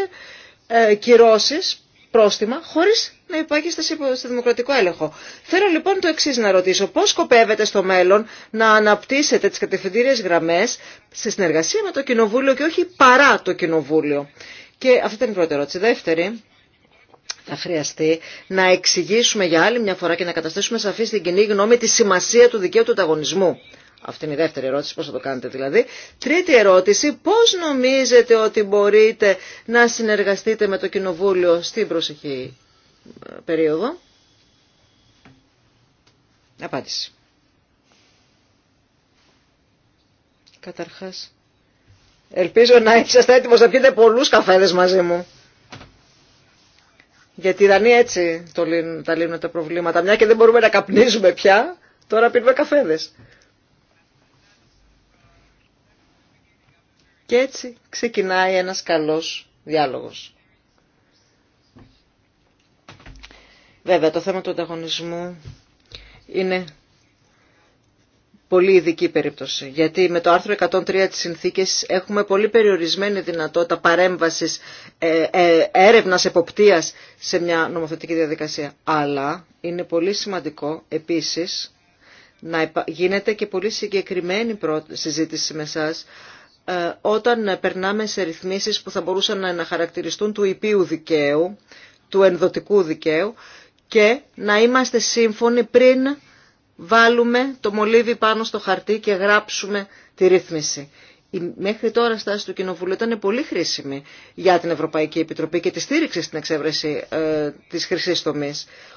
ε, κυρώσεις πρόστιμα χωρίς να υπάρχει σε δημοκρατικό έλεγχο. Θέλω λοιπόν το εξή να ρωτήσω. Πώς σκοπεύετε στο μέλλον να αναπτύσσετε τις κατευθυντήριε γραμμές σε συνεργασία με το Κοινοβούλιο και όχι παρά το Κοινοβούλιο. Και αυτή ήταν η πρώτη ερώτηση. Δεύτερη, θα χρειαστεί να εξηγήσουμε για άλλη μια φορά και να καταστήσουμε σαφή στην κοινή γνώμη τη σημασία του δικαίου του ανταγωνισμού. Αυτή είναι η δεύτερη ερώτηση, πώς θα το κάνετε δηλαδή. Τρίτη ερώτηση, πώς νομίζετε ότι μπορείτε να συνεργαστείτε με το Κοινοβούλιο στην προσεχή ε, περίοδο. Απάντηση. Καταρχάς, ελπίζω να είσαστε έτοιμος να πιείτε πολλούς καφέδες μαζί μου. Γιατί δεν Δανία έτσι τα λύνουν τα προβλήματα. Μια και δεν μπορούμε να καπνίζουμε πια, τώρα πίνουμε καφέδες. Και έτσι ξεκινάει ένας καλός διάλογος. Βέβαια, το θέμα του ανταγωνισμού είναι πολύ ειδική περίπτωση. Γιατί με το άρθρο 103 της συνθήκης έχουμε πολύ περιορισμένη δυνατότητα παρέμβασης ε, ε, έρευνας εποπτείας σε μια νομοθετική διαδικασία. Αλλά είναι πολύ σημαντικό επίσης να γίνεται και πολύ συγκεκριμένη συζήτηση με εσάς ε, όταν περνάμε σε ρυθμίσεις που θα μπορούσαν να χαρακτηριστούν του υπείου δικαίου, του ενδοτικού δικαίου και να είμαστε σύμφωνοι πριν βάλουμε το μολύβι πάνω στο χαρτί και γράψουμε τη ρύθμιση. Η μέχρι τώρα στάση του Κοινοβουλίου ήταν πολύ χρήσιμη για την Ευρωπαϊκή Επιτροπή και τη στήριξη στην εξέβρεση ε, της χρυσή τομή.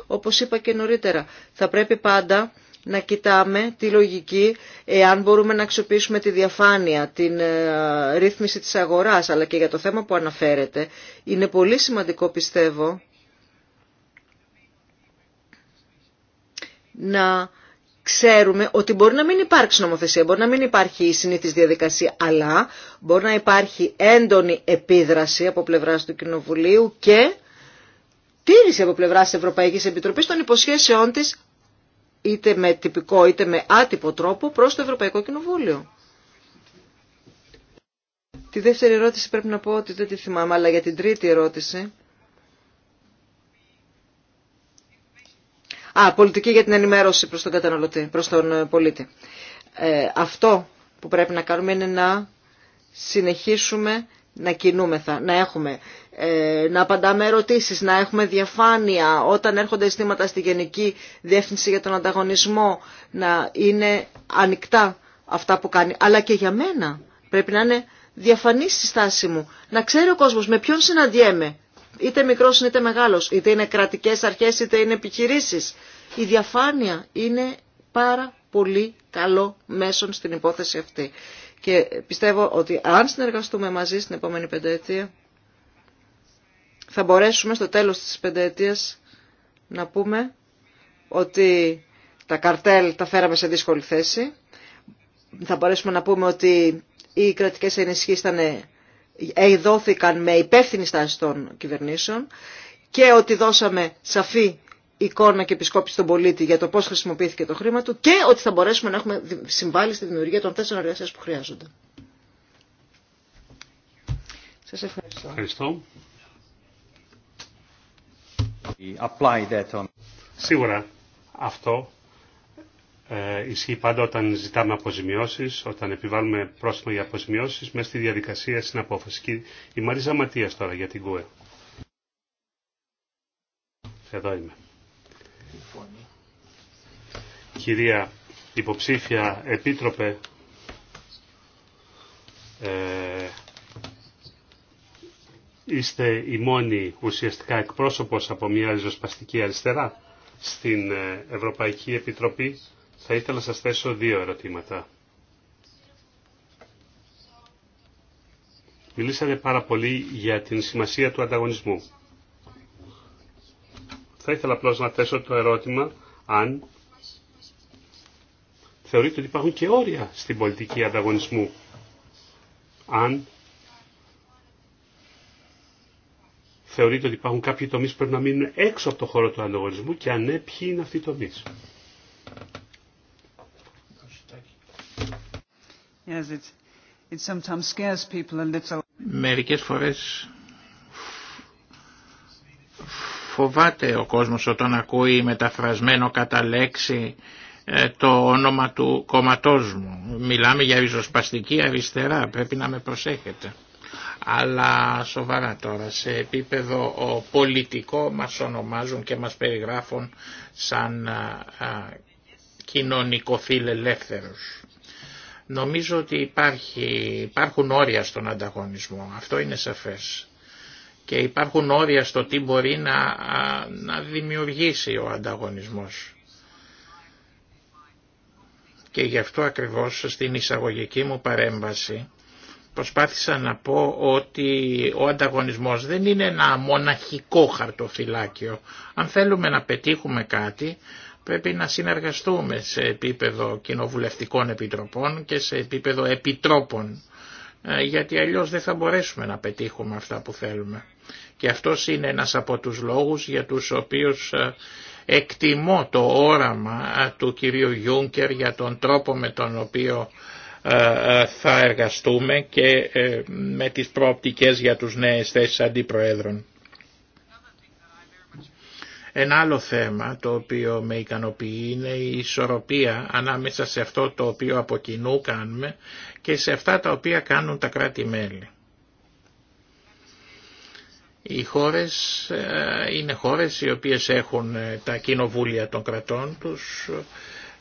Όπως είπα και νωρίτερα, θα πρέπει πάντα να κοιτάμε τη λογική εάν μπορούμε να αξιοποιήσουμε τη διαφάνεια, την ε, ρύθμιση της αγοράς, αλλά και για το θέμα που αναφέρεται. Είναι πολύ σημαντικό, πιστεύω, να ξέρουμε ότι μπορεί να μην υπάρξει νομοθεσία, μπορεί να μην υπάρχει η συνήθις διαδικασία, αλλά μπορεί να υπάρχει έντονη επίδραση από πλευράς του Κοινοβουλίου και τήρηση από πλευράς της Ευρωπαϊκής Επιτροπής των υποσχέσεών της είτε με τυπικό είτε με άτυπο τρόπο προς το Ευρωπαϊκό Κοινοβούλιο. Τη δεύτερη ερώτηση πρέπει να πω ότι δεν τη θυμάμαι, αλλά για την τρίτη ερώτηση. Α, πολιτική για την ενημέρωση προς τον καταναλωτή, προς τον ε, πολίτη. Ε, αυτό που πρέπει να κάνουμε είναι να συνεχίσουμε να κινούμεθα, να έχουμε, ε, να απαντάμε ερωτήσεις, να έχουμε διαφάνεια όταν έρχονται αισθήματα στη Γενική Διεύθυνση για τον Ανταγωνισμό, να είναι ανοιχτά αυτά που κάνει. Αλλά και για μένα πρέπει να είναι διαφανή στη στάση μου, να ξέρει ο κόσμος με ποιον συναντιέμαι, είτε μικρός είτε μεγάλος, είτε είναι κρατικές αρχές είτε είναι επιχειρήσεις. Η διαφάνεια είναι πάρα πολύ καλό μέσον στην υπόθεση αυτή. Και πιστεύω ότι αν συνεργαστούμε μαζί στην επόμενη πενταετία, θα μπορέσουμε στο τέλος της πενταετίας να πούμε ότι τα καρτέλ τα φέραμε σε δύσκολη θέση. Θα μπορέσουμε να πούμε ότι οι κρατικές ενισχύσεις ήταν, με υπεύθυνη στάση των κυβερνήσεων και ότι δώσαμε σαφή εικόνα και επισκόπηση στον πολίτη για το πώς χρησιμοποιήθηκε το χρήμα του και ότι θα μπορέσουμε να έχουμε συμβάλει στη δημιουργία των θέσεων εργασία που χρειάζονται. Σας ευχαριστώ. ευχαριστώ. Σίγουρα αυτό ε, ισχύει πάντα όταν ζητάμε αποζημιώσεις, όταν επιβάλλουμε πρόστιμα για αποζημιώσεις μέσα στη διαδικασία στην απόφαση. η Μαρίζα Ματίας τώρα για την ΚΟΕ. Εδώ είμαι κυρία υποψήφια επίτροπε ε, είστε η μόνη ουσιαστικά εκπρόσωπος από μια ριζοσπαστική αριστερά στην ε, Ευρωπαϊκή Επιτροπή, θα ήθελα να σας θέσω δύο ερωτήματα. Μιλήσατε πάρα πολύ για την σημασία του ανταγωνισμού. Θα ήθελα απλώς να θέσω το ερώτημα αν θεωρείται ότι υπάρχουν και όρια στην πολιτική ανταγωνισμού. Αν θεωρείται ότι υπάρχουν κάποιοι τομεί που πρέπει να μείνουν έξω από το χώρο του ανταγωνισμού και αν ναι, ποιοι είναι αυτοί οι τομεί. Μερικέ φορέ φοβάται ο κόσμο όταν ακούει μεταφρασμένο κατά λέξη ε, το όνομα του κομματός μου. Μιλάμε για ριζοσπαστική αριστερά, πρέπει να με προσέχετε. Αλλά σοβαρά τώρα, σε επίπεδο πολιτικό μας ονομάζουν και μας περιγράφουν σαν κοινωνικοφιλελεύθερους. Νομίζω ότι υπάρχει, υπάρχουν όρια στον ανταγωνισμό, αυτό είναι σαφές. Και υπάρχουν όρια στο τι μπορεί να, να δημιουργήσει ο ανταγωνισμός και γι' αυτό ακριβώς στην εισαγωγική μου παρέμβαση προσπάθησα να πω ότι ο ανταγωνισμός δεν είναι ένα μοναχικό χαρτοφυλάκιο. Αν θέλουμε να πετύχουμε κάτι πρέπει να συνεργαστούμε σε επίπεδο κοινοβουλευτικών επιτροπών και σε επίπεδο επιτρόπων ε, γιατί αλλιώς δεν θα μπορέσουμε να πετύχουμε αυτά που θέλουμε. Και αυτός είναι ένας από τους λόγους για τους οποίους ε, Εκτιμώ το όραμα του κυρίου Γιούνκερ για τον τρόπο με τον οποίο ε, ε, θα εργαστούμε και ε, με τις προοπτικές για τους νέες θέσεις αντιπροέδρων. Ένα άλλο θέμα το οποίο με ικανοποιεί είναι η ισορροπία ανάμεσα σε αυτό το οποίο από κοινού κάνουμε και σε αυτά τα οποία κάνουν τα κράτη-μέλη. Οι χώρες ε, είναι χώρες οι οποίες έχουν ε, τα κοινοβούλια των κρατών τους,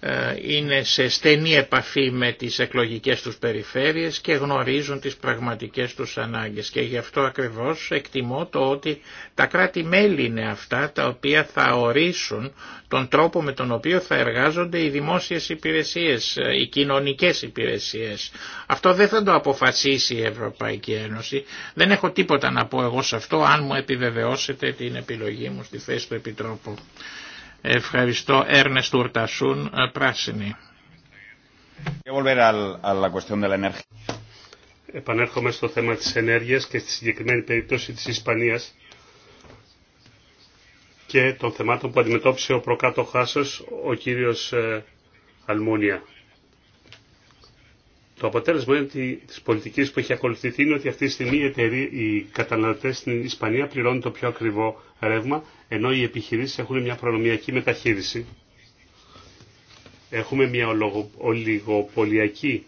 ε, είναι σε στενή επαφή με τις εκλογικές τους περιφέρειες και γνωρίζουν τις πραγματικές τους ανάγκες και γι' αυτό ακριβώς εκτιμώ το ότι τα κράτη-μέλη είναι αυτά τα οποία θα ορίσουν τον τρόπο με τον οποίο θα εργάζονται οι δημόσιες υπηρεσίες, ε, οι κοινωνικές υπηρεσίες. Αυτό δεν θα το αποφασίσει η Ευρωπαϊκή Ένωση. Δεν έχω τίποτα να πω εγώ σε αυτό αν μου επιβεβαιώσετε την επιλογή μου στη θέση του Επιτρόπου. Ευχαριστώ. Έρνες Τουρτασούν, ε, Πράσινη. Επανέρχομαι στο θέμα της ενέργειας και στη συγκεκριμένη περίπτωση της Ισπανίας και των θεμάτων που αντιμετώπισε ο προκάτο ο κύριος ε, Αλμούνια. Το αποτέλεσμα είναι ότι, που έχει ακολουθηθεί είναι ότι αυτή τη στιγμή οι, οι καταναλωτές στην Ισπανία πληρώνουν το πιο ακριβό ρεύμα, ενώ οι επιχειρήσει έχουν μια προνομιακή μεταχείριση. Έχουμε μια ολιγοπολιακή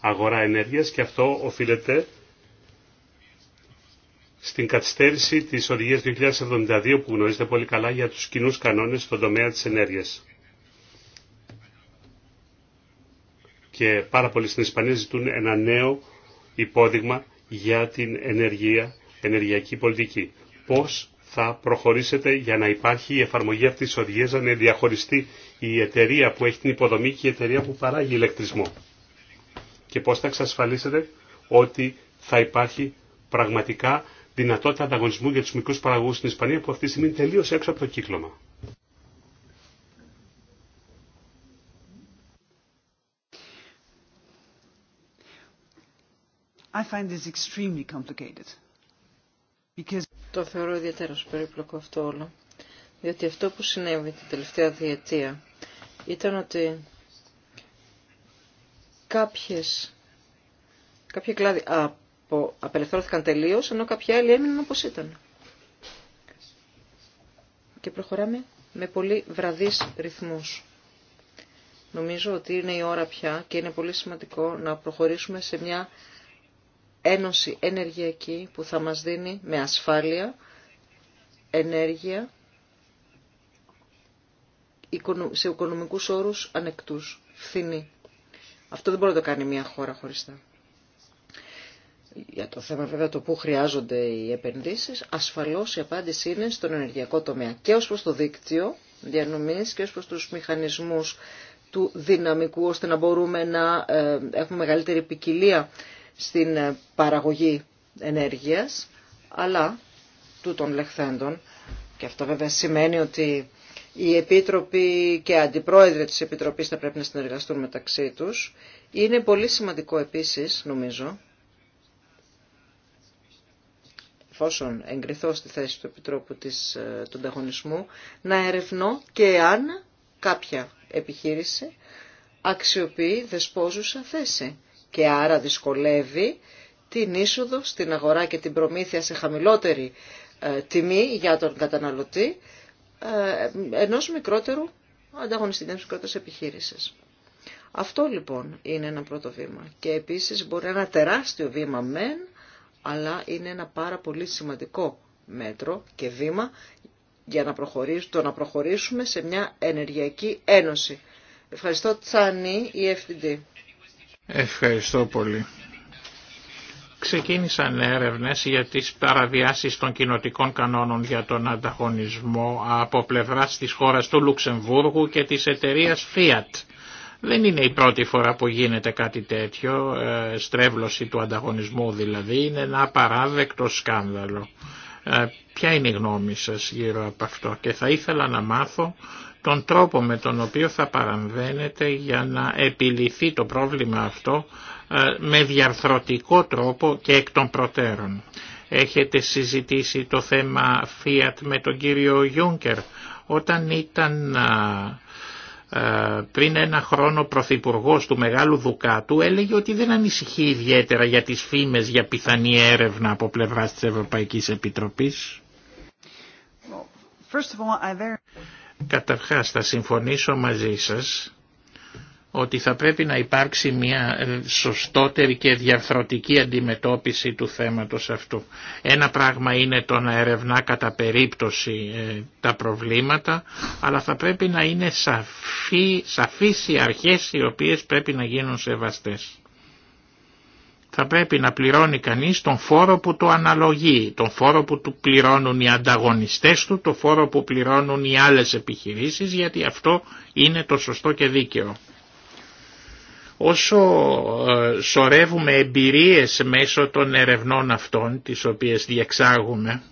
αγορά ενέργειας και αυτό οφείλεται στην καθυστέρηση της οδηγίας 2072 που γνωρίζετε πολύ καλά για τους κοινούς κανόνες στον τομέα της ενέργειας. και πάρα πολλοί στην Ισπανία ζητούν ένα νέο υπόδειγμα για την ενεργεια, ενεργειακή πολιτική. Πώς θα προχωρήσετε για να υπάρχει η εφαρμογή αυτής της οδηγίας, να διαχωριστεί η εταιρεία που έχει την υποδομή και η εταιρεία που παράγει ηλεκτρισμό. Και πώς θα εξασφαλίσετε ότι θα υπάρχει πραγματικά δυνατότητα ανταγωνισμού για τους μικρούς παραγωγούς στην Ισπανία που αυτή τη στιγμή είναι τελείως έξω από το κύκλωμα. I find this extremely Το θεωρώ ιδιαίτερα περίπλοκο αυτό όλο. Διότι αυτό που συνέβη την τελευταία διετία ήταν ότι κάποιες, κάποια κλάδη απο, απελευθερώθηκαν τελείως, ενώ κάποια άλλοι έμειναν όπως ήταν. Και προχωράμε με πολύ βραδείς ρυθμούς. Νομίζω ότι είναι η ώρα πια και είναι πολύ σημαντικό να προχωρήσουμε σε μια ένωση ενεργειακή που θα μας δίνει με ασφάλεια, ενέργεια, σε οικονομικούς όρους ανεκτούς, φθηνή. Αυτό δεν μπορεί να το κάνει μια χώρα χωριστά. Για το θέμα βέβαια το πού χρειάζονται οι επενδύσεις, ασφαλώς η απάντηση είναι στον ενεργειακό τομέα και ως προς το δίκτυο διανομής και ως προς τους μηχανισμούς του δυναμικού ώστε να μπορούμε να ε, έχουμε μεγαλύτερη ποικιλία στην ε, παραγωγή ενέργειας, αλλά τούτων λεχθέντων. Και αυτό βέβαια σημαίνει ότι οι επίτροποι και αντιπρόεδροι της Επιτροπής θα πρέπει να συνεργαστούν μεταξύ τους. Είναι πολύ σημαντικό επίσης, νομίζω, εφόσον εγκριθώ στη θέση του Επιτρόπου της, ε, του ανταγωνισμού, να ερευνώ και αν κάποια επιχείρηση αξιοποιεί δεσπόζουσα θέση και άρα δυσκολεύει την είσοδο στην αγορά και την προμήθεια σε χαμηλότερη ε, τιμή για τον καταναλωτή ε, ενός μικρότερου ανταγωνιστή, ενός μικρότερης επιχείρησης. Αυτό λοιπόν είναι ένα πρώτο βήμα και επίσης μπορεί ένα τεράστιο βήμα μεν, αλλά είναι ένα πάρα πολύ σημαντικό μέτρο και βήμα για να προχωρήσουμε, το να προχωρήσουμε σε μια ενεργειακή ένωση. Ευχαριστώ Τσάνι, η FTD. Ευχαριστώ πολύ. Ξεκίνησαν έρευνες για τις παραβιάσεις των κοινοτικών κανόνων για τον ανταγωνισμό από πλευράς της χώρας του Λουξεμβούργου και της εταιρείας Fiat. Δεν είναι η πρώτη φορά που γίνεται κάτι τέτοιο, ε, στρέβλωση του ανταγωνισμού δηλαδή, είναι ένα απαράδεκτο σκάνδαλο. Ε, ποια είναι η γνώμη σας γύρω από αυτό και θα ήθελα να μάθω τον τρόπο με τον οποίο θα παραμβαίνετε για να επιληθεί το πρόβλημα αυτό ε, με διαρθρωτικό τρόπο και εκ των προτέρων. Έχετε συζητήσει το θέμα Fiat με τον κύριο Γιούνκερ όταν ήταν ε, ε, πριν ένα χρόνο πρωθυπουργό του Μεγάλου Δουκάτου έλεγε ότι δεν ανησυχεί ιδιαίτερα για τις φήμες για πιθανή έρευνα από πλευράς της Ευρωπαϊκής Επιτροπής. Καταρχάς θα συμφωνήσω μαζί σας ότι θα πρέπει να υπάρξει μια ε, σωστότερη και διαρθρωτική αντιμετώπιση του θέματος αυτού. Ένα πράγμα είναι το να ερευνά κατά περίπτωση ε, τα προβλήματα, αλλά θα πρέπει να είναι σαφή, σαφείς οι αρχές οι οποίες πρέπει να γίνουν σεβαστές θα πρέπει να πληρώνει κανείς τον φόρο που του αναλογεί, τον φόρο που του πληρώνουν οι ανταγωνιστές του, τον φόρο που πληρώνουν οι άλλες επιχειρήσεις, γιατί αυτό είναι το σωστό και δίκαιο. Όσο ε, σορεύουμε εμπειρίες μέσω των ερευνών αυτών, τις οποίες διεξάγουμε,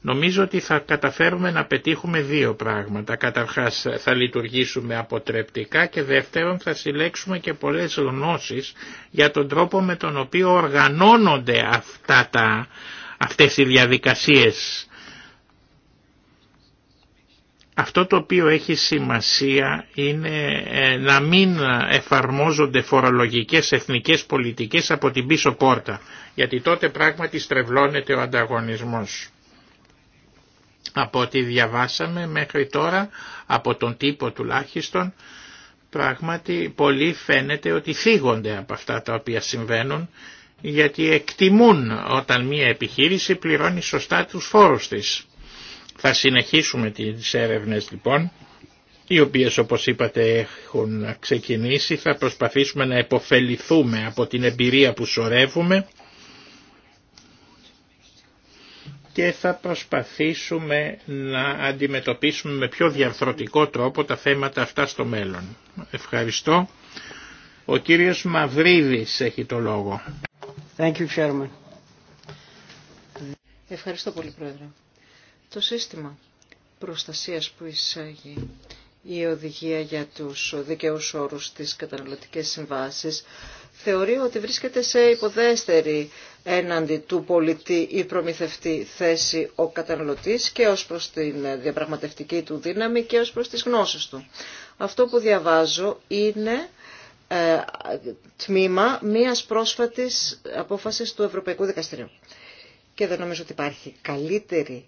Νομίζω ότι θα καταφέρουμε να πετύχουμε δύο πράγματα. Καταρχάς θα λειτουργήσουμε αποτρεπτικά και δεύτερον θα συλλέξουμε και πολλές γνώσεις για τον τρόπο με τον οποίο οργανώνονται αυτά τα, αυτές οι διαδικασίες. Αυτό το οποίο έχει σημασία είναι ε, να μην εφαρμόζονται φορολογικές εθνικές πολιτικές από την πίσω πόρτα, γιατί τότε πράγματι στρεβλώνεται ο ανταγωνισμός από ό,τι διαβάσαμε μέχρι τώρα, από τον τύπο τουλάχιστον, πράγματι πολλοί φαίνεται ότι θίγονται από αυτά τα οποία συμβαίνουν, γιατί εκτιμούν όταν μία επιχείρηση πληρώνει σωστά τους φόρους της. Θα συνεχίσουμε τις έρευνες λοιπόν, οι οποίες όπως είπατε έχουν ξεκινήσει, θα προσπαθήσουμε να επωφεληθούμε από την εμπειρία που σωρεύουμε και θα προσπαθήσουμε να αντιμετωπίσουμε με πιο διαρθρωτικό τρόπο τα θέματα αυτά στο μέλλον. Ευχαριστώ. Ο κύριος Μαυρίδης έχει το λόγο. Thank you, Ευχαριστώ πολύ, Πρόεδρε. Το σύστημα προστασίας που εισάγει η οδηγία για τους δικαιούς όρους της καταναλωτικές συμβάσεις θεωρεί ότι βρίσκεται σε υποδέστερη έναντι του πολιτή ή προμηθευτή θέση ο καταναλωτής και ως προς την διαπραγματευτική του δύναμη και ως προς τις γνώσεις του. Αυτό που διαβάζω είναι ε, τμήμα μίας πρόσφατης απόφασης του Ευρωπαϊκού Δικαστηρίου. Και δεν νομίζω ότι υπάρχει καλύτερη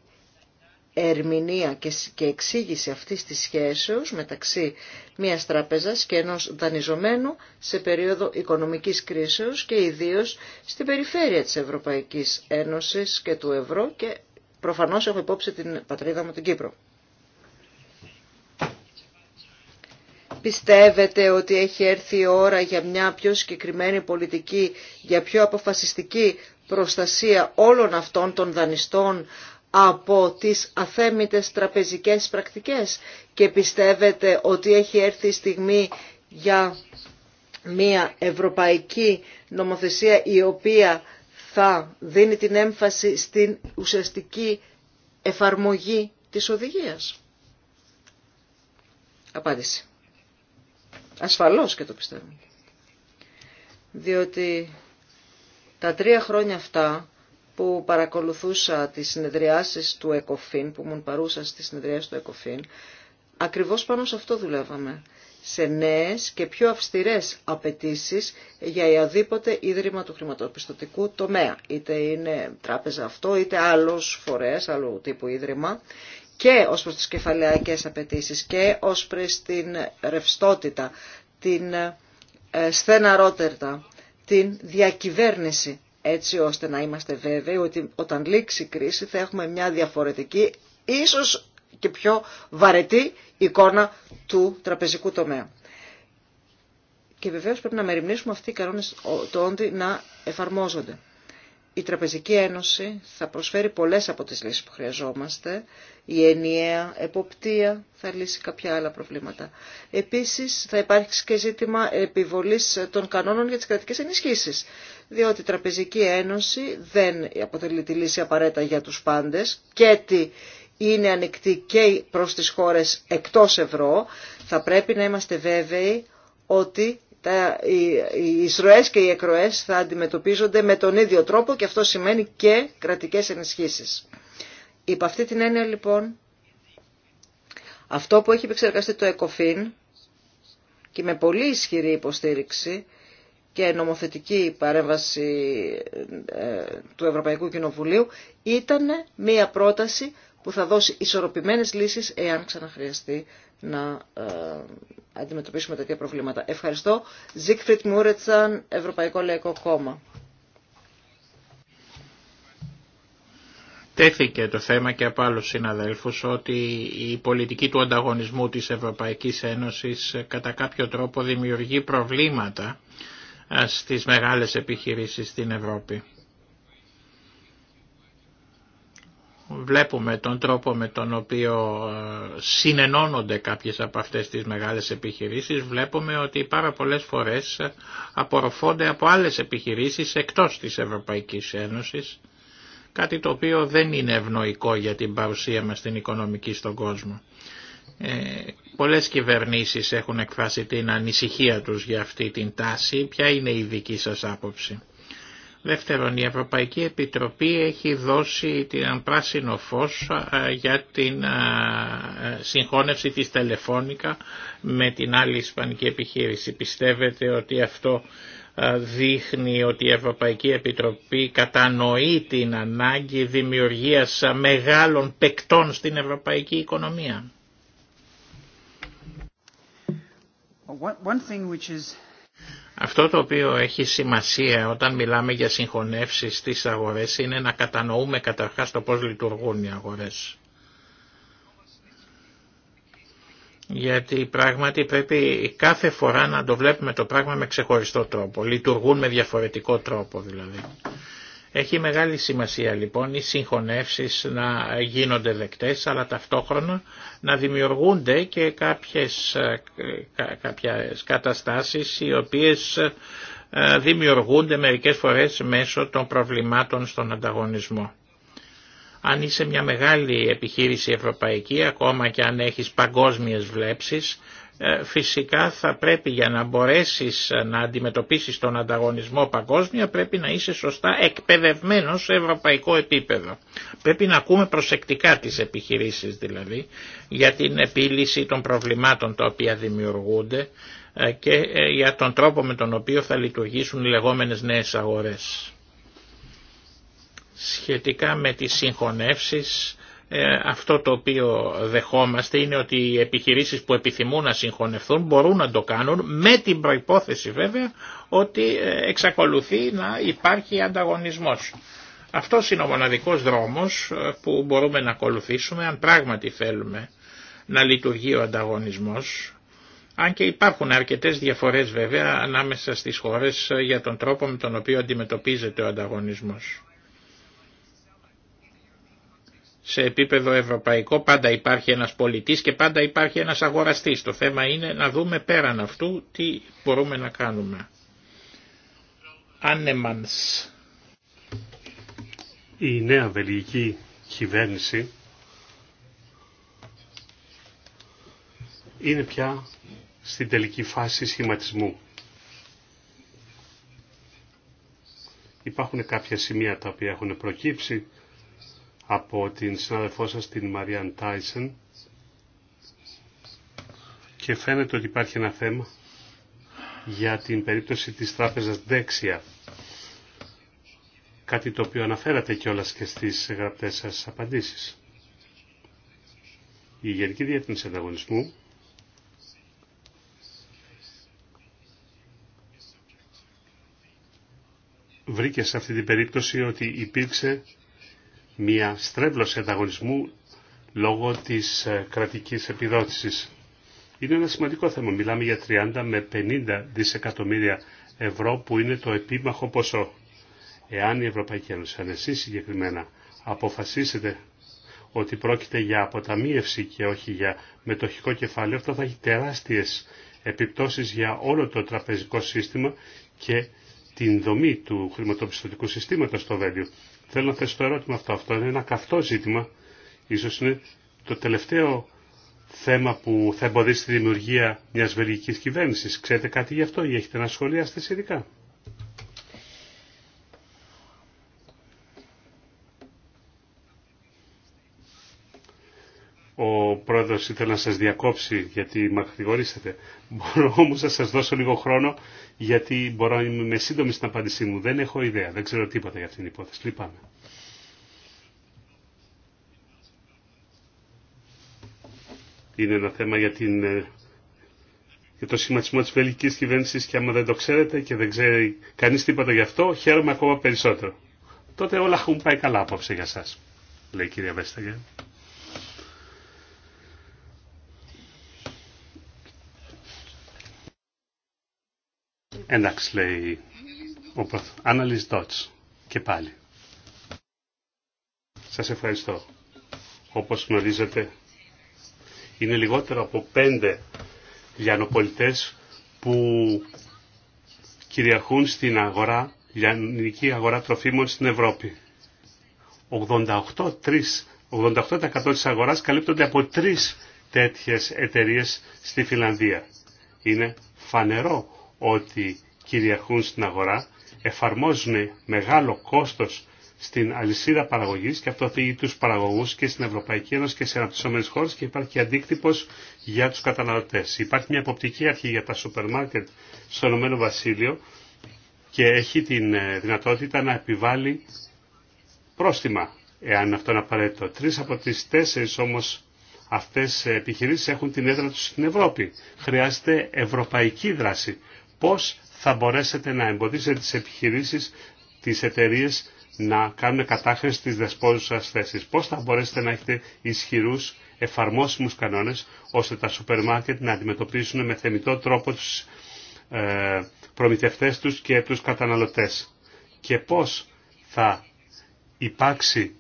ερμηνεία και εξήγηση αυτής της σχέσεως μεταξύ μιας τράπεζας και ενός δανειζομένου σε περίοδο οικονομικής κρίσεως και ιδίως στην περιφέρεια της Ευρωπαϊκής Ένωσης και του ευρώ και προφανώς έχω υπόψη την πατρίδα μου την Κύπρο. Πιστεύετε ότι έχει έρθει η ώρα για μια πιο συγκεκριμένη πολιτική, για πιο αποφασιστική προστασία όλων αυτών των δανειστών από τις αθέμητες τραπεζικές πρακτικές και πιστεύετε ότι έχει έρθει η στιγμή για μια ευρωπαϊκή νομοθεσία η οποία θα δίνει την έμφαση στην ουσιαστική εφαρμογή της οδηγίας. Απάντηση. Ασφαλώς και το πιστεύω. Διότι τα τρία χρόνια αυτά που παρακολουθούσα τις συνεδριάσεις του ΕΚΟΦΗΝ, που ήμουν παρούσα στις συνεδριάσεις του ΕΚΟΦΗΝ, ακριβώς πάνω σε αυτό δουλεύαμε. Σε νέες και πιο αυστηρές απαιτήσει για αδίποτε ίδρυμα του χρηματοπιστωτικού τομέα. Είτε είναι τράπεζα αυτό, είτε άλλος φορέας, άλλου τύπου ίδρυμα και ως προς τις κεφαλαιακές απαιτήσει και ως προς την ρευστότητα, την ε, στεναρότητα, την διακυβέρνηση έτσι ώστε να είμαστε βέβαιοι ότι όταν λήξει η κρίση θα έχουμε μια διαφορετική, ίσως και πιο βαρετή εικόνα του τραπεζικού τομέα. Και βεβαίως πρέπει να μεριμνήσουμε αυτοί οι κανόνες το όντι να εφαρμόζονται η Τραπεζική Ένωση θα προσφέρει πολλές από τις λύσεις που χρειαζόμαστε. Η ενιαία εποπτεία θα λύσει κάποια άλλα προβλήματα. Επίσης θα υπάρξει και ζήτημα επιβολής των κανόνων για τις κρατικές ενισχύσεις. Διότι η Τραπεζική Ένωση δεν αποτελεί τη λύση απαραίτητα για τους πάντες και ότι είναι ανοιχτή και προς τις χώρες εκτός ευρώ. Θα πρέπει να είμαστε βέβαιοι ότι τα, οι, εισρωές και οι εκροές θα αντιμετωπίζονται με τον ίδιο τρόπο και αυτό σημαίνει και κρατικές ενισχύσεις. Υπ' αυτή την έννοια λοιπόν, αυτό που έχει επεξεργαστεί το ΕΚΟΦΗΝ και με πολύ ισχυρή υποστήριξη και νομοθετική παρέμβαση ε, του Ευρωπαϊκού Κοινοβουλίου ήταν μία πρόταση που θα δώσει ισορροπημένες λύσεις εάν ξαναχρειαστεί να ε, αντιμετωπίσουμε τέτοια προβλήματα. Ευχαριστώ. Ζίκφριτ Μούρετσαν, Ευρωπαϊκό Λαϊκό Κόμμα. Τέθηκε το θέμα και από άλλους συναδέλφους ότι η πολιτική του ανταγωνισμού της Ευρωπαϊκής Ένωσης κατά κάποιο τρόπο δημιουργεί προβλήματα ε, στις μεγάλες επιχειρήσεις στην Ευρώπη. Βλέπουμε τον τρόπο με τον οποίο ε, συνενώνονται κάποιες από αυτές τις μεγάλες επιχειρήσεις. Βλέπουμε ότι πάρα πολλές φορές απορροφώνται από άλλες επιχειρήσεις εκτός της Ευρωπαϊκής Ένωσης, κάτι το οποίο δεν είναι ευνοϊκό για την παρουσία μας στην οικονομική στον κόσμο. Ε, πολλές κυβερνήσεις έχουν εκφράσει την ανησυχία τους για αυτή την τάση. Ποια είναι η δική σας άποψη. Δεύτερον, η Ευρωπαϊκή Επιτροπή έχει δώσει την πράσινο φως για την συγχώνευση της Τελεφώνικα με την άλλη ισπανική επιχείρηση. Πιστεύετε ότι αυτό δείχνει ότι η Ευρωπαϊκή Επιτροπή κατανοεί την ανάγκη δημιουργίας μεγάλων παικτών στην ευρωπαϊκή οικονομία. Αυτό το οποίο έχει σημασία όταν μιλάμε για συγχωνεύσεις στις αγορές είναι να κατανοούμε καταρχάς το πώς λειτουργούν οι αγορές. Γιατί πράγματι πρέπει κάθε φορά να το βλέπουμε το πράγμα με ξεχωριστό τρόπο. Λειτουργούν με διαφορετικό τρόπο δηλαδή. Έχει μεγάλη σημασία λοιπόν οι συγχωνεύσεις να γίνονται δεκτές αλλά ταυτόχρονα να δημιουργούνται και κάποιες, ε, κάποιες καταστάσεις οι οποίες ε, δημιουργούνται μερικές φορές μέσω των προβλημάτων στον ανταγωνισμό. Αν είσαι μια μεγάλη επιχείρηση ευρωπαϊκή, ακόμα και αν έχεις παγκόσμιες βλέψεις, ε, φυσικά θα πρέπει για να μπορέσεις να αντιμετωπίσεις τον ανταγωνισμό παγκόσμια πρέπει να είσαι σωστά εκπαιδευμένος σε ευρωπαϊκό επίπεδο. Πρέπει να ακούμε προσεκτικά τις επιχειρήσεις δηλαδή για την επίλυση των προβλημάτων τα οποία δημιουργούνται ε, και ε, για τον τρόπο με τον οποίο θα λειτουργήσουν οι λεγόμενες νέες αγορές. Σχετικά με τις συγχωνεύσεις ε, αυτό το οποίο δεχόμαστε είναι ότι οι επιχειρήσεις που επιθυμούν να συγχωνευτούν μπορούν να το κάνουν με την προϋπόθεση βέβαια ότι ε, εξακολουθεί να υπάρχει ανταγωνισμός. Αυτό είναι ο μοναδικός δρόμος ε, που μπορούμε να ακολουθήσουμε αν πράγματι θέλουμε να λειτουργεί ο ανταγωνισμός αν και υπάρχουν αρκετές διαφορές βέβαια ανάμεσα στις χώρες για τον τρόπο με τον οποίο αντιμετωπίζεται ο ανταγωνισμός σε επίπεδο ευρωπαϊκό πάντα υπάρχει ένας πολιτής και πάντα υπάρχει ένας αγοραστής. Το θέμα είναι να δούμε πέραν αυτού τι μπορούμε να κάνουμε. Άνεμανς. Η νέα βελγική κυβέρνηση είναι πια στην τελική φάση σχηματισμού. Υπάρχουν κάποια σημεία τα οποία έχουν προκύψει από την συνάδελφό σας την Μαριάν Τάισεν και φαίνεται ότι υπάρχει ένα θέμα για την περίπτωση της τράπεζας Δέξια. Κάτι το οποίο αναφέρατε κιόλας και στις γραπτές σας απαντήσεις. Η Γενική Διεύθυνση Ανταγωνισμού βρήκε σε αυτή την περίπτωση ότι υπήρξε μια στρέβλωση ανταγωνισμού λόγω της ε, κρατικής επιδότησης. Είναι ένα σημαντικό θέμα. Μιλάμε για 30 με 50 δισεκατομμύρια ευρώ που είναι το επίμαχο ποσό. Εάν η Ευρωπαϊκή Ένωση, αν εσείς συγκεκριμένα, αποφασίσετε ότι πρόκειται για αποταμίευση και όχι για μετοχικό κεφάλαιο, αυτό θα έχει τεράστιες επιπτώσεις για όλο το τραπεζικό σύστημα και την δομή του χρηματοπιστωτικού συστήματος στο Βέλγιο. Θέλω να θέσω το ερώτημα αυτό. Αυτό είναι ένα καυτό ζήτημα. Ίσως είναι το τελευταίο θέμα που θα εμποδίσει τη δημιουργία μιας βελγικής κυβέρνησης. Ξέρετε κάτι γι' αυτό ή έχετε να σχολιάσετε ειδικά. Πρόεδρος ήθελα να σας διακόψει γιατί μακρηγορήσετε. Μπορώ όμως να σας δώσω λίγο χρόνο γιατί μπορώ να είμαι σύντομη στην απάντησή μου. Δεν έχω ιδέα, δεν ξέρω τίποτα για αυτήν την υπόθεση. Λυπάμαι. Είναι ένα θέμα για, την, ε, για το σχηματισμό της βελικής κυβέρνησης και άμα δεν το ξέρετε και δεν ξέρει κανείς τίποτα γι' αυτό, χαίρομαι ακόμα περισσότερο. Τότε όλα έχουν πάει καλά απόψε για σας, λέει η κυρία Βέσταγερ. Εντάξει, λέει ο Analyst Και πάλι. Σας ευχαριστώ. Όπως γνωρίζετε, είναι λιγότερο από πέντε λιανοπολιτές που κυριαρχούν στην αγορά, λιανική αγορά τροφίμων στην Ευρώπη. 88, τη 88% της αγοράς καλύπτονται από τρεις τέτοιες εταιρείες στη Φιλανδία. Είναι φανερό ότι κυριαρχούν στην αγορά, εφαρμόζουν μεγάλο κόστος στην αλυσίδα παραγωγής και αυτό θίγει τους παραγωγούς και στην Ευρωπαϊκή Ένωση και σε αναπτυσσόμενες χώρες και υπάρχει και αντίκτυπος για τους καταναλωτές. Υπάρχει μια αποπτική αρχή για τα σούπερ μάρκετ στο Ηνωμένο Βασίλειο και έχει την ε, δυνατότητα να επιβάλλει πρόστιμα, εάν αυτό είναι απαραίτητο. Τρεις από τις τέσσερις όμως αυτές επιχειρήσεις έχουν την έδρα τους στην Ευρώπη. Χρειάζεται ευρωπαϊκή δράση πώς θα μπορέσετε να εμποδίσετε τις επιχειρήσεις, τις εταιρείες να κάνουν κατάχρηση της δεσπόζουσες θέσης. Πώς θα μπορέσετε να έχετε ισχυρούς εφαρμόσιμους κανόνες ώστε τα σούπερ μάρκετ να αντιμετωπίσουν με θεμητό τρόπο τους ε, προμηθευτές τους και τους καταναλωτές. Και πώς θα υπάρξει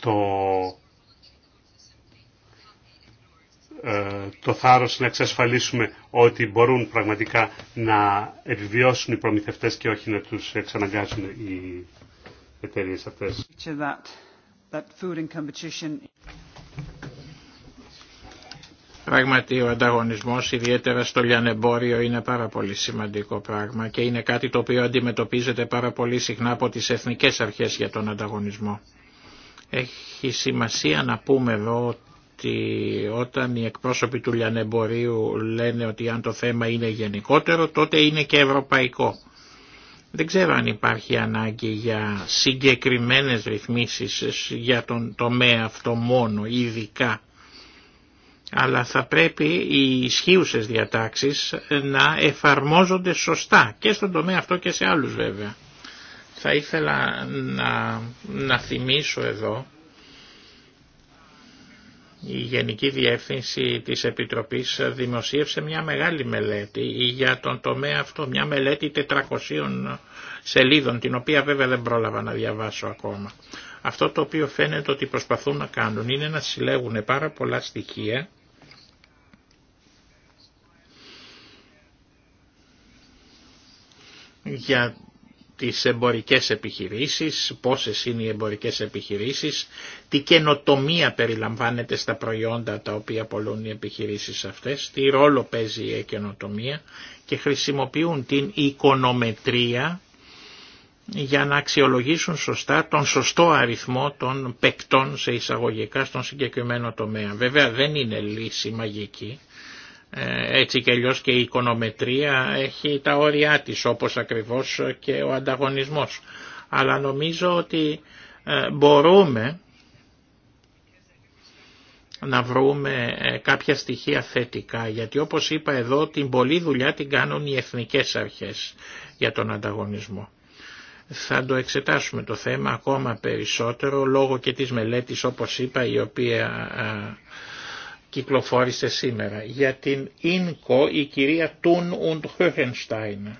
το ε, το θάρρος να εξασφαλίσουμε ότι μπορούν πραγματικά να επιβιώσουν οι προμηθευτές και όχι να τους εξαναγκάζουν οι εταιρείες αυτές. Πράγματι ο ανταγωνισμός ιδιαίτερα στο λιανεμπόριο είναι πάρα πολύ σημαντικό πράγμα και είναι κάτι το οποίο αντιμετωπίζεται πάρα πολύ συχνά από τις εθνικές αρχές για τον ανταγωνισμό. Έχει σημασία να πούμε εδώ ότι όταν οι εκπρόσωποι του λιανεμπορίου λένε ότι αν το θέμα είναι γενικότερο τότε είναι και ευρωπαϊκό. Δεν ξέρω αν υπάρχει ανάγκη για συγκεκριμένες ρυθμίσεις για τον τομέα αυτό μόνο, ειδικά. Αλλά θα πρέπει οι ισχύουσες διατάξεις να εφαρμόζονται σωστά και στον τομέα αυτό και σε άλλους βέβαια. Θα ήθελα να, να θυμίσω εδώ η Γενική Διεύθυνση της Επιτροπής δημοσίευσε μια μεγάλη μελέτη για τον τομέα αυτό, μια μελέτη 400 σελίδων, την οποία βέβαια δεν πρόλαβα να διαβάσω ακόμα. Αυτό το οποίο φαίνεται ότι προσπαθούν να κάνουν είναι να συλλέγουν πάρα πολλά στοιχεία για τις εμπορικές επιχειρήσεις, πόσες είναι οι εμπορικές επιχειρήσεις, τι καινοτομία περιλαμβάνεται στα προϊόντα τα οποία πολλούν οι επιχειρήσεις αυτές, τι ρόλο παίζει η καινοτομία και χρησιμοποιούν την οικονομετρία για να αξιολογήσουν σωστά τον σωστό αριθμό των παικτών σε εισαγωγικά στον συγκεκριμένο τομέα. Βέβαια δεν είναι λύση μαγική, ε, έτσι και αλλιώς και η οικονομετρία έχει τα όρια της όπως ακριβώς και ο ανταγωνισμός. Αλλά νομίζω ότι ε, μπορούμε να βρούμε ε, κάποια στοιχεία θετικά, γιατί όπως είπα εδώ την πολλή δουλειά την κάνουν οι εθνικές αρχές για τον ανταγωνισμό. Θα το εξετάσουμε το θέμα ακόμα περισσότερο λόγω και της μελέτης όπως είπα η οποία κυκλοφόρησε σήμερα. Για την Ίνκο η κυρία Τούν und Höhenstein.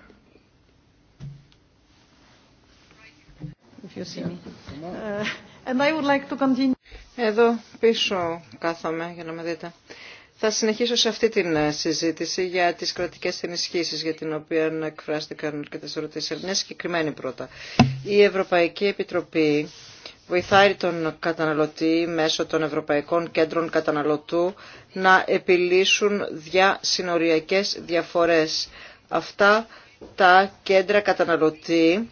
Εδώ πίσω κάθομαι για να με δείτε. Θα συνεχίσω σε αυτή την ε, συζήτηση για τις κρατικές ενισχύσεις για την οποία εκφράστηκαν και τι ερωτήσεις. Μια συγκεκριμένη πρώτα. Η Ευρωπαϊκή Επιτροπή βοηθάει τον καταναλωτή μέσω των Ευρωπαϊκών Κέντρων Καταναλωτού να επιλύσουν διασυνοριακές διαφορές. Αυτά τα κέντρα καταναλωτή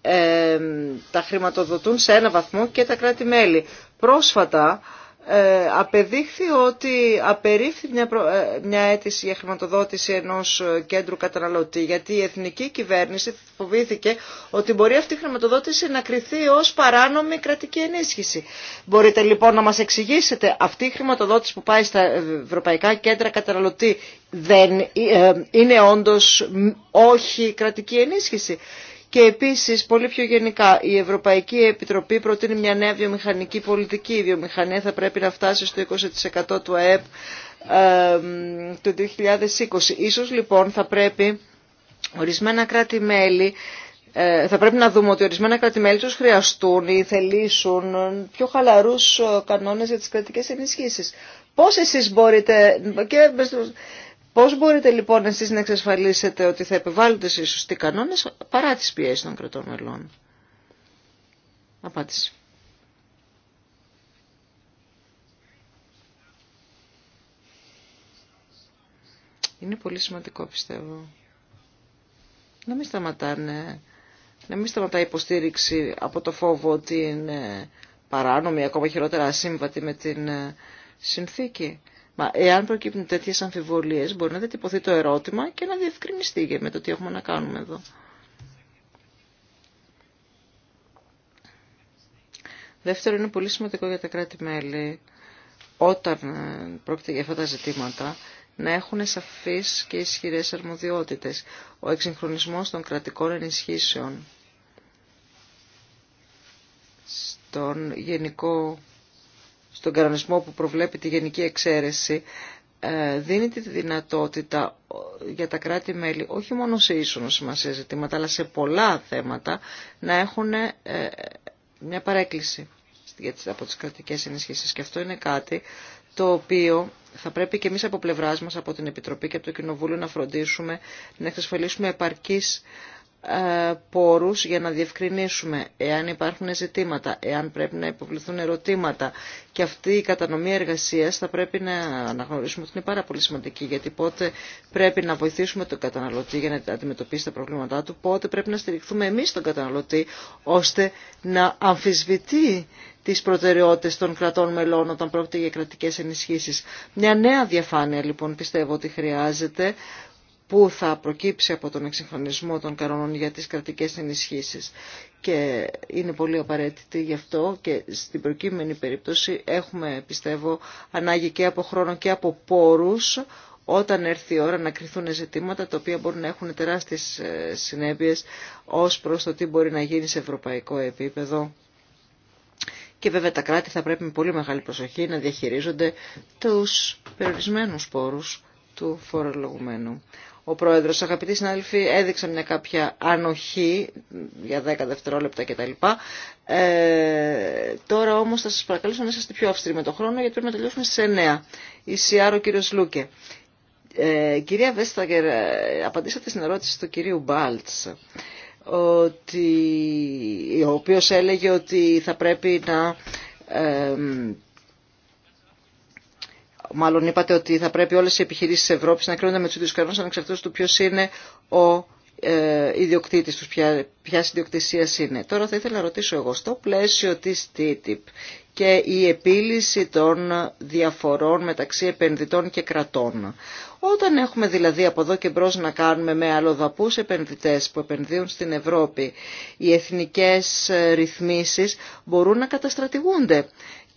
ε, τα χρηματοδοτούν σε ένα βαθμό και τα κράτη-μέλη. Πρόσφατα ε, απεδείχθη ότι απερίφθη μια, προ... Ε, μια αίτηση για χρηματοδότηση ενός ε, κέντρου καταναλωτή γιατί η εθνική κυβέρνηση φοβήθηκε ότι μπορεί αυτή η χρηματοδότηση να κριθεί ως παράνομη κρατική ενίσχυση. Μπορείτε λοιπόν να μας εξηγήσετε αυτή η χρηματοδότηση που πάει στα ευρωπαϊκά κέντρα καταναλωτή δεν είναι όντως όχι κρατική ενίσχυση. Και επίσης, πολύ πιο γενικά, η Ευρωπαϊκή Επιτροπή προτείνει μια νέα βιομηχανική πολιτική. Η βιομηχανία θα πρέπει να φτάσει στο 20% του ΑΕΠ το 2020. Ίσως λοιπόν θα πρέπει ορισμένα κράτη-μέλη ε, θα πρέπει να δούμε ότι ορισμένα κράτη-μέλη τους χρειαστούν ή θελήσουν πιο χαλαρούς ε, κανόνες για τις κρατικές ενισχύσεις. Πώς εσείς μπορείτε Πώς μπορείτε λοιπόν εσείς να εξασφαλίσετε ότι θα επιβάλλονται σε σωστοί κανόνες παρά τις πιέσεις των κρατών μελών. Απάντηση. Είναι πολύ σημαντικό πιστεύω. Να μην σταματάνε, να μην σταματάει η υποστήριξη από το φόβο ότι είναι παράνομη, ακόμα χειρότερα ασύμβατη με την ε, συνθήκη. Μα εάν προκύπτουν τέτοιε αμφιβολίε, μπορεί να διατυπωθεί το ερώτημα και να διευκρινιστεί με το τι έχουμε να κάνουμε εδώ. Δεύτερο, είναι πολύ σημαντικό για τα κράτη-μέλη, όταν ε, πρόκειται για αυτά τα ζητήματα, να έχουν σαφείς και ισχυρές αρμοδιότητες. Ο εξυγχρονισμός των κρατικών ενισχύσεων στον γενικό στον κανονισμό που προβλέπει τη γενική εξαίρεση, ε, δίνει τη δυνατότητα για τα κράτη-μέλη όχι μόνο σε ίσονο σημασία ζητήματα, αλλά σε πολλά θέματα να έχουν ε, μια παρέκκληση από τις κρατικές ενισχύσεις. Και αυτό είναι κάτι το οποίο θα πρέπει και εμείς από πλευράς μας, από την Επιτροπή και από το Κοινοβούλιο να φροντίσουμε να εξασφαλίσουμε επαρκείς ε, πόρους για να διευκρινίσουμε εάν υπάρχουν ζητήματα, εάν πρέπει να υποβληθούν ερωτήματα και αυτή η κατανομή εργασίας θα πρέπει να αναγνωρίσουμε ότι είναι πάρα πολύ σημαντική γιατί πότε πρέπει να βοηθήσουμε τον καταναλωτή για να αντιμετωπίσει τα προβλήματά του, πότε πρέπει να στηριχθούμε εμείς τον καταναλωτή ώστε να αμφισβητεί τις προτεραιότητες των κρατών μελών όταν πρόκειται για κρατικές ενισχύσεις. Μια νέα διαφάνεια λοιπόν πιστεύω ότι χρειάζεται που θα προκύψει από τον εξυγχρονισμό των κανόνων για τις κρατικές ενισχύσεις. Και είναι πολύ απαραίτητη γι' αυτό και στην προκείμενη περίπτωση έχουμε, πιστεύω, ανάγκη και από χρόνο και από πόρους όταν έρθει η ώρα να κρυθούν ζητήματα τα οποία μπορούν να έχουν τεράστιες ε, συνέπειες ως προς το τι μπορεί να γίνει σε ευρωπαϊκό επίπεδο. Και βέβαια τα κράτη θα πρέπει με πολύ μεγάλη προσοχή να διαχειρίζονται τους περιορισμένους πόρους του φορολογουμένου ο πρόεδρος. Αγαπητοί συνάδελφοι, έδειξε μια κάποια ανοχή για 10 δευτερόλεπτα κτλ. Ε, τώρα όμως θα σας παρακαλέσω να είστε πιο αυστηροί με το χρόνο γιατί πρέπει να τελειώσουμε στι 9. Η Σιάρο ο κύριος Λούκε. Ε, κυρία Βέσταγκερ, ε, απαντήσατε στην ερώτηση του κυρίου Μπάλτς ο οποίος έλεγε ότι θα πρέπει να ε, μάλλον είπατε ότι θα πρέπει όλες οι επιχειρήσεις της Ευρώπης να κρίνονται με τους ίδιους κανόνες ανεξαρτήτως του ποιος είναι ο ε, ιδιοκτήτης τους, ποια, ποιας είναι. Τώρα θα ήθελα να ρωτήσω εγώ, στο πλαίσιο της TTIP και η επίλυση των διαφορών μεταξύ επενδυτών και κρατών. Όταν έχουμε δηλαδή από εδώ και μπρος να κάνουμε με αλλοδαπούς επενδυτές που επενδύουν στην Ευρώπη, οι εθνικές ρυθμίσεις μπορούν να καταστρατηγούνται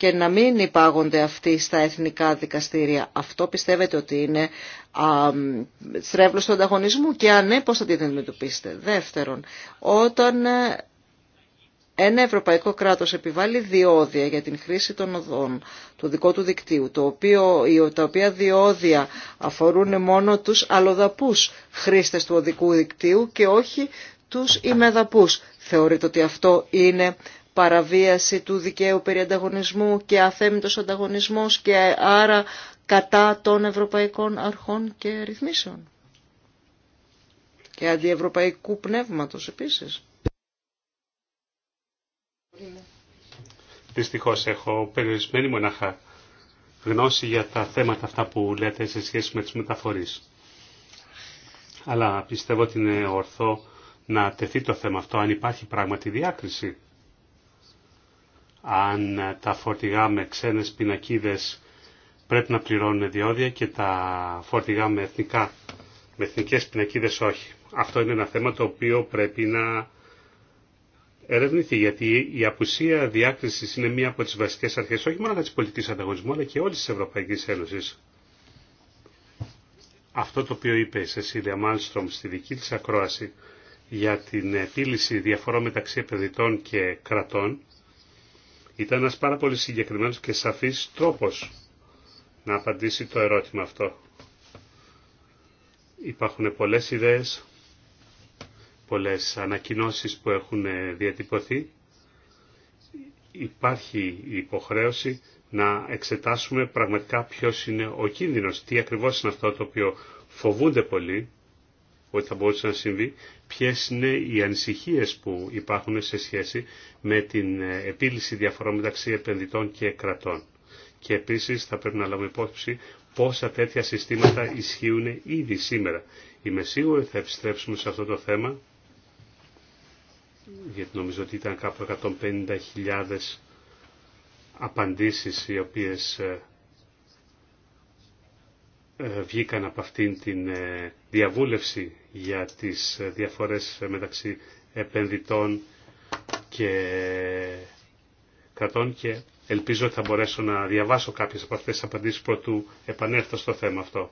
και να μην υπάγονται αυτοί στα εθνικά δικαστήρια. Αυτό πιστεύετε ότι είναι στρέβλος του ανταγωνισμού και αν ναι πώς θα την αντιμετωπίσετε. Δεύτερον, όταν ένα ευρωπαϊκό κράτος επιβάλλει διόδια για την χρήση των οδών, του δικού του δικτύου, το οποίο, τα οποία διόδια αφορούν μόνο τους αλλοδαπούς χρήστες του οδικού δικτύου και όχι τους ημεδαπούς. Θεωρείτε ότι αυτό είναι παραβίαση του δικαίου περί ανταγωνισμού και αθέμητος ανταγωνισμός και άρα κατά των ευρωπαϊκών αρχών και ρυθμίσεων. Και αντιευρωπαϊκού πνεύματος επίσης. Δυστυχώς έχω περιορισμένη μονάχα γνώση για τα θέματα αυτά που λέτε σε σχέση με τις μεταφορείς. Αλλά πιστεύω ότι είναι ορθό να τεθεί το θέμα αυτό αν υπάρχει πράγματι διάκριση αν τα φορτηγά με ξένες πινακίδες πρέπει να πληρώνουν διόδια και τα φορτηγά με, εθνικά, με εθνικές πινακίδες όχι. Αυτό είναι ένα θέμα το οποίο πρέπει να ερευνηθεί, γιατί η απουσία διάκρισης είναι μία από τις βασικές αρχές, όχι μόνο της πολιτικής ανταγωνισμού, αλλά και όλης της Ευρωπαϊκής Ένωσης. Αυτό το οποίο είπε η Σεσίλια Μάλστρομ στη δική της ακρόαση για την επίλυση διαφορών μεταξύ επενδυτών και κρατών, ήταν ένας πάρα πολύ συγκεκριμένος και σαφής τρόπος να απαντήσει το ερώτημα αυτό. Υπάρχουν πολλές ιδέες, πολλές ανακοινώσεις που έχουν ε, διατυπωθεί. Υπάρχει η υποχρέωση να εξετάσουμε πραγματικά ποιος είναι ο κίνδυνος, τι ακριβώς είναι αυτό το οποίο φοβούνται πολύ ότι θα μπορούσε να συμβεί ποιες είναι οι ανησυχίες που υπάρχουν σε σχέση με την ε, επίλυση διαφορών μεταξύ επενδυτών και κρατών. Και επίσης θα πρέπει να λάβουμε υπόψη πόσα τέτοια συστήματα ισχύουν ήδη σήμερα. Είμαι σίγουρη θα επιστρέψουμε σε αυτό το θέμα, γιατί νομίζω ότι ήταν κάπου 150.000 απαντήσεις οι οποίες ε, ε, βγήκαν από αυτήν την ε, διαβούλευση για τις ε, διαφορές μεταξύ επενδυτών και κρατών και ελπίζω ότι θα μπορέσω να διαβάσω κάποιες από αυτές τις απαντήσεις πρωτού επανέλθω στο θέμα αυτό.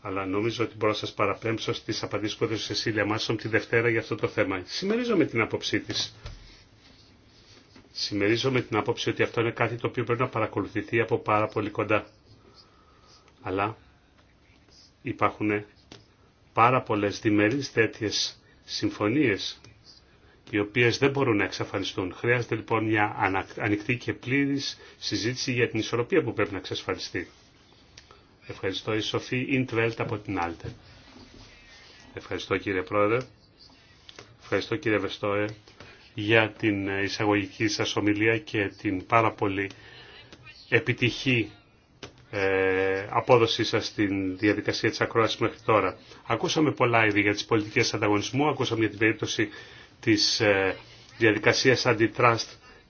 Αλλά νομίζω ότι μπορώ να σας παραπέμψω στις απαντήσεις που έδωσε η Σίλια τη Δευτέρα για αυτό το θέμα. με την άποψή της. με την άποψη ότι αυτό είναι κάτι το οποίο πρέπει να παρακολουθηθεί από πάρα πολύ κοντά. Αλλά υπάρχουν πάρα πολλές διμερείς τέτοιες συμφωνίες οι οποίες δεν μπορούν να εξαφανιστούν. Χρειάζεται λοιπόν μια ανοιχτή και πλήρης συζήτηση για την ισορροπία που πρέπει να εξασφαλιστεί. Ευχαριστώ η Σοφή Ιντβέλτ από την Άλτε. Ευχαριστώ κύριε Πρόεδρε. Ευχαριστώ κύριε Βεστόε για την εισαγωγική σας ομιλία και την πάρα πολύ επιτυχή ε, απόδοσή σας στην διαδικασία της ακρόασης μέχρι τώρα. Ακούσαμε πολλά ήδη για τις πολιτικές ανταγωνισμού, ακούσαμε για την περίπτωση της ε, διαδικασίας antitrust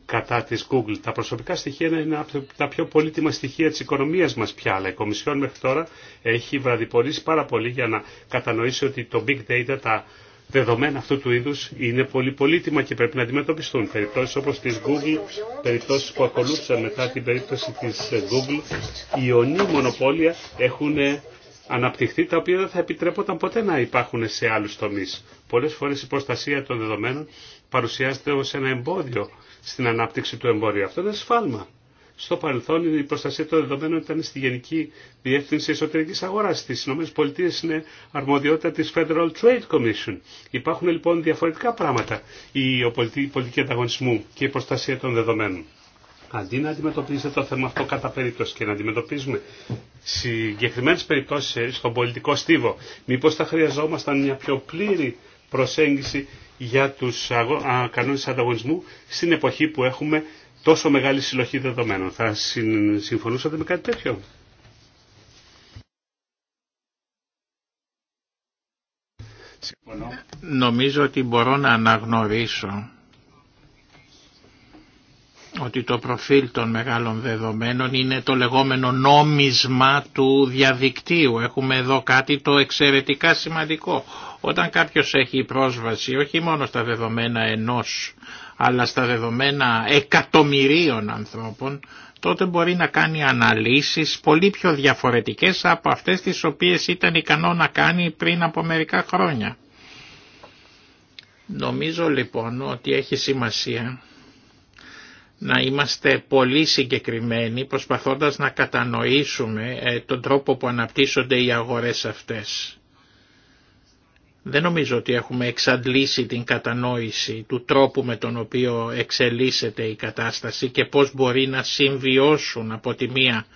κατά της Google. Τα προσωπικά στοιχεία είναι από τα πιο πολύτιμα στοιχεία της οικονομίας μας πια, αλλά η Κομισιόν μέχρι τώρα έχει βραδιπορήσει πάρα πολύ για να κατανοήσει ότι το big data, τα δεδομένα αυτού του είδου είναι πολύ πολύτιμα και πρέπει να αντιμετωπιστούν. Περιπτώσεις όπως τη Google, περιπτώσει που ακολούθησαν μετά την περίπτωση της Google, οι μονοπώλια μονοπόλια έχουν ε, αναπτυχθεί τα οποία δεν θα επιτρέπονταν ποτέ να υπάρχουν σε άλλους τομείς. Πολλές φορές η προστασία των δεδομένων παρουσιάζεται ως ένα εμπόδιο στην ανάπτυξη του εμπόριου. Αυτό είναι σφάλμα. Στο παρελθόν η προστασία των δεδομένων ήταν στη Γενική Διεύθυνση Εσωτερική Αγορά. Στι ΗΠΑ είναι αρμοδιότητα τη Federal Trade Commission. Υπάρχουν λοιπόν διαφορετικά πράγματα η πολιτική ανταγωνισμού και η προστασία των δεδομένων. Αντί να αντιμετωπίζετε το θέμα αυτό κατά περίπτωση και να αντιμετωπίζουμε συγκεκριμένε περιπτώσει στον πολιτικό στίβο, μήπω θα χρειαζόμασταν μια πιο πλήρη προσέγγιση για τους κανόνε ανταγωνισμού στην εποχή που έχουμε τόσο μεγάλη συλλογή δεδομένων. Θα συμφωνούσατε με κάτι τέτοιο. Νομίζω ότι μπορώ να αναγνωρίσω ότι το προφίλ των μεγάλων δεδομένων είναι το λεγόμενο νόμισμα του διαδικτύου. Έχουμε εδώ κάτι το εξαιρετικά σημαντικό. Όταν κάποιος έχει πρόσβαση όχι μόνο στα δεδομένα ενός αλλά στα δεδομένα εκατομμυρίων ανθρώπων, τότε μπορεί να κάνει αναλύσεις πολύ πιο διαφορετικές από αυτές τις οποίες ήταν ικανό να κάνει πριν από μερικά χρόνια. Νομίζω λοιπόν ότι έχει σημασία να είμαστε πολύ συγκεκριμένοι προσπαθώντας να κατανοήσουμε ε, τον τρόπο που αναπτύσσονται οι αγορές αυτές. Δεν νομίζω ότι έχουμε εξαντλήσει την κατανόηση του τρόπου με τον οποίο εξελίσσεται η κατάσταση και πώς μπορεί να συμβιώσουν από τη μία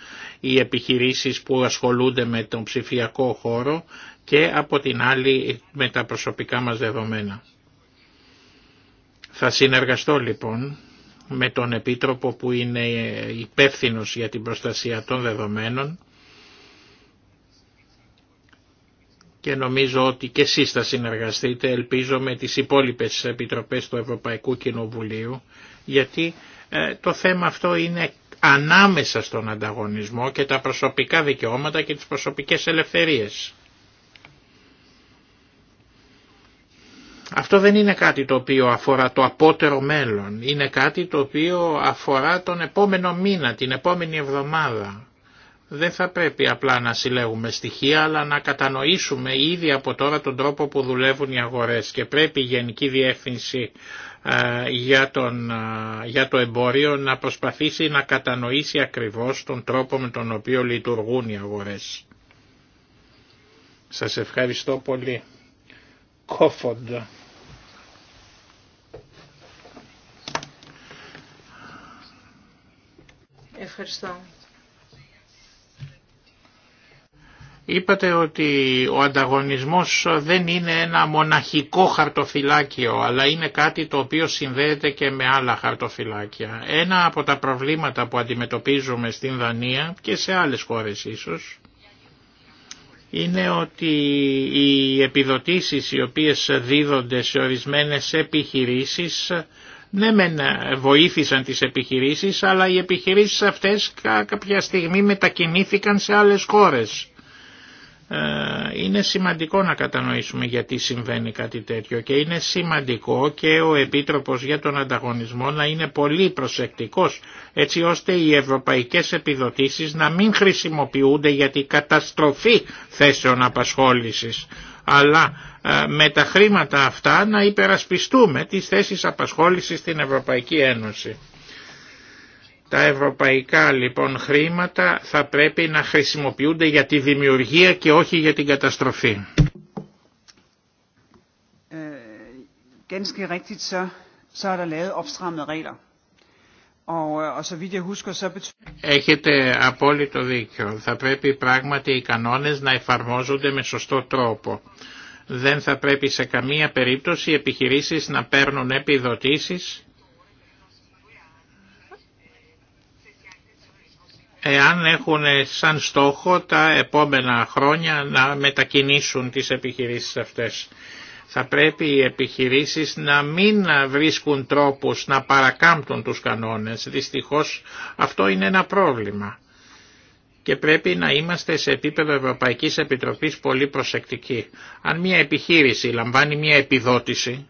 οι επιχειρήσεις που ασχολούνται με τον ψηφιακό χώρο και από την άλλη με τα προσωπικά μας δεδομένα. Θα συνεργαστώ λοιπόν με τον Επίτροπο που είναι υπεύθυνος για την προστασία των δεδομένων και νομίζω ότι και εσείς θα συνεργαστείτε, ελπίζω, με τις υπόλοιπες επιτροπές του Ευρωπαϊκού Κοινοβουλίου, γιατί ε, το θέμα αυτό είναι ανάμεσα στον ανταγωνισμό και τα προσωπικά δικαιώματα και τις προσωπικές ελευθερίες. Αυτό δεν είναι κάτι το οποίο αφορά το απότερο μέλλον, είναι κάτι το οποίο αφορά τον επόμενο μήνα, την επόμενη εβδομάδα δεν θα πρέπει απλά να συλλέγουμε στοιχεία αλλά να κατανοήσουμε ήδη από τώρα τον τρόπο που δουλεύουν οι αγορές και πρέπει η Γενική Διεύθυνση ε, για, τον, ε, για το εμπόριο να προσπαθήσει να κατανοήσει ακριβώς τον τρόπο με τον οποίο λειτουργούν οι αγορές. Σας ευχαριστώ πολύ. κόφοντα. Ευχαριστώ. Είπατε ότι ο ανταγωνισμός δεν είναι ένα μοναχικό χαρτοφυλάκιο, αλλά είναι κάτι το οποίο συνδέεται και με άλλα χαρτοφυλάκια. Ένα από τα προβλήματα που αντιμετωπίζουμε στην Δανία και σε άλλες χώρες ίσως, είναι ότι οι επιδοτήσεις οι οποίες δίδονται σε ορισμένες επιχειρήσεις ναι μεν βοήθησαν τις επιχειρήσεις αλλά οι επιχειρήσεις αυτές κάποια στιγμή μετακινήθηκαν σε άλλες χώρες ε, είναι σημαντικό να κατανοήσουμε γιατί συμβαίνει κάτι τέτοιο και είναι σημαντικό και ο Επίτροπος για τον Ανταγωνισμό να είναι πολύ προσεκτικός έτσι ώστε οι ευρωπαϊκές επιδοτήσεις να μην χρησιμοποιούνται για την καταστροφή θέσεων απασχόλησης αλλά ε, με τα χρήματα αυτά να υπερασπιστούμε τις θέσεις απασχόλησης στην Ευρωπαϊκή Ένωση. Τα ευρωπαϊκά λοιπόν χρήματα θα πρέπει να χρησιμοποιούνται για τη δημιουργία και όχι για την καταστροφή. så, Έχετε απόλυτο δίκιο. Θα πρέπει πράγματι οι κανόνες να εφαρμόζονται με σωστό τρόπο. Δεν θα πρέπει σε καμία περίπτωση οι επιχειρήσεις να παίρνουν επιδοτήσεις εάν έχουν σαν στόχο τα επόμενα χρόνια να μετακινήσουν τις επιχειρήσεις αυτές. Θα πρέπει οι επιχειρήσεις να μην βρίσκουν τρόπους να παρακάμπτουν τους κανόνες. Δυστυχώς αυτό είναι ένα πρόβλημα και πρέπει να είμαστε σε επίπεδο Ευρωπαϊκής Επιτροπής πολύ προσεκτικοί. Αν μια επιχείρηση λαμβάνει μια επιδότηση,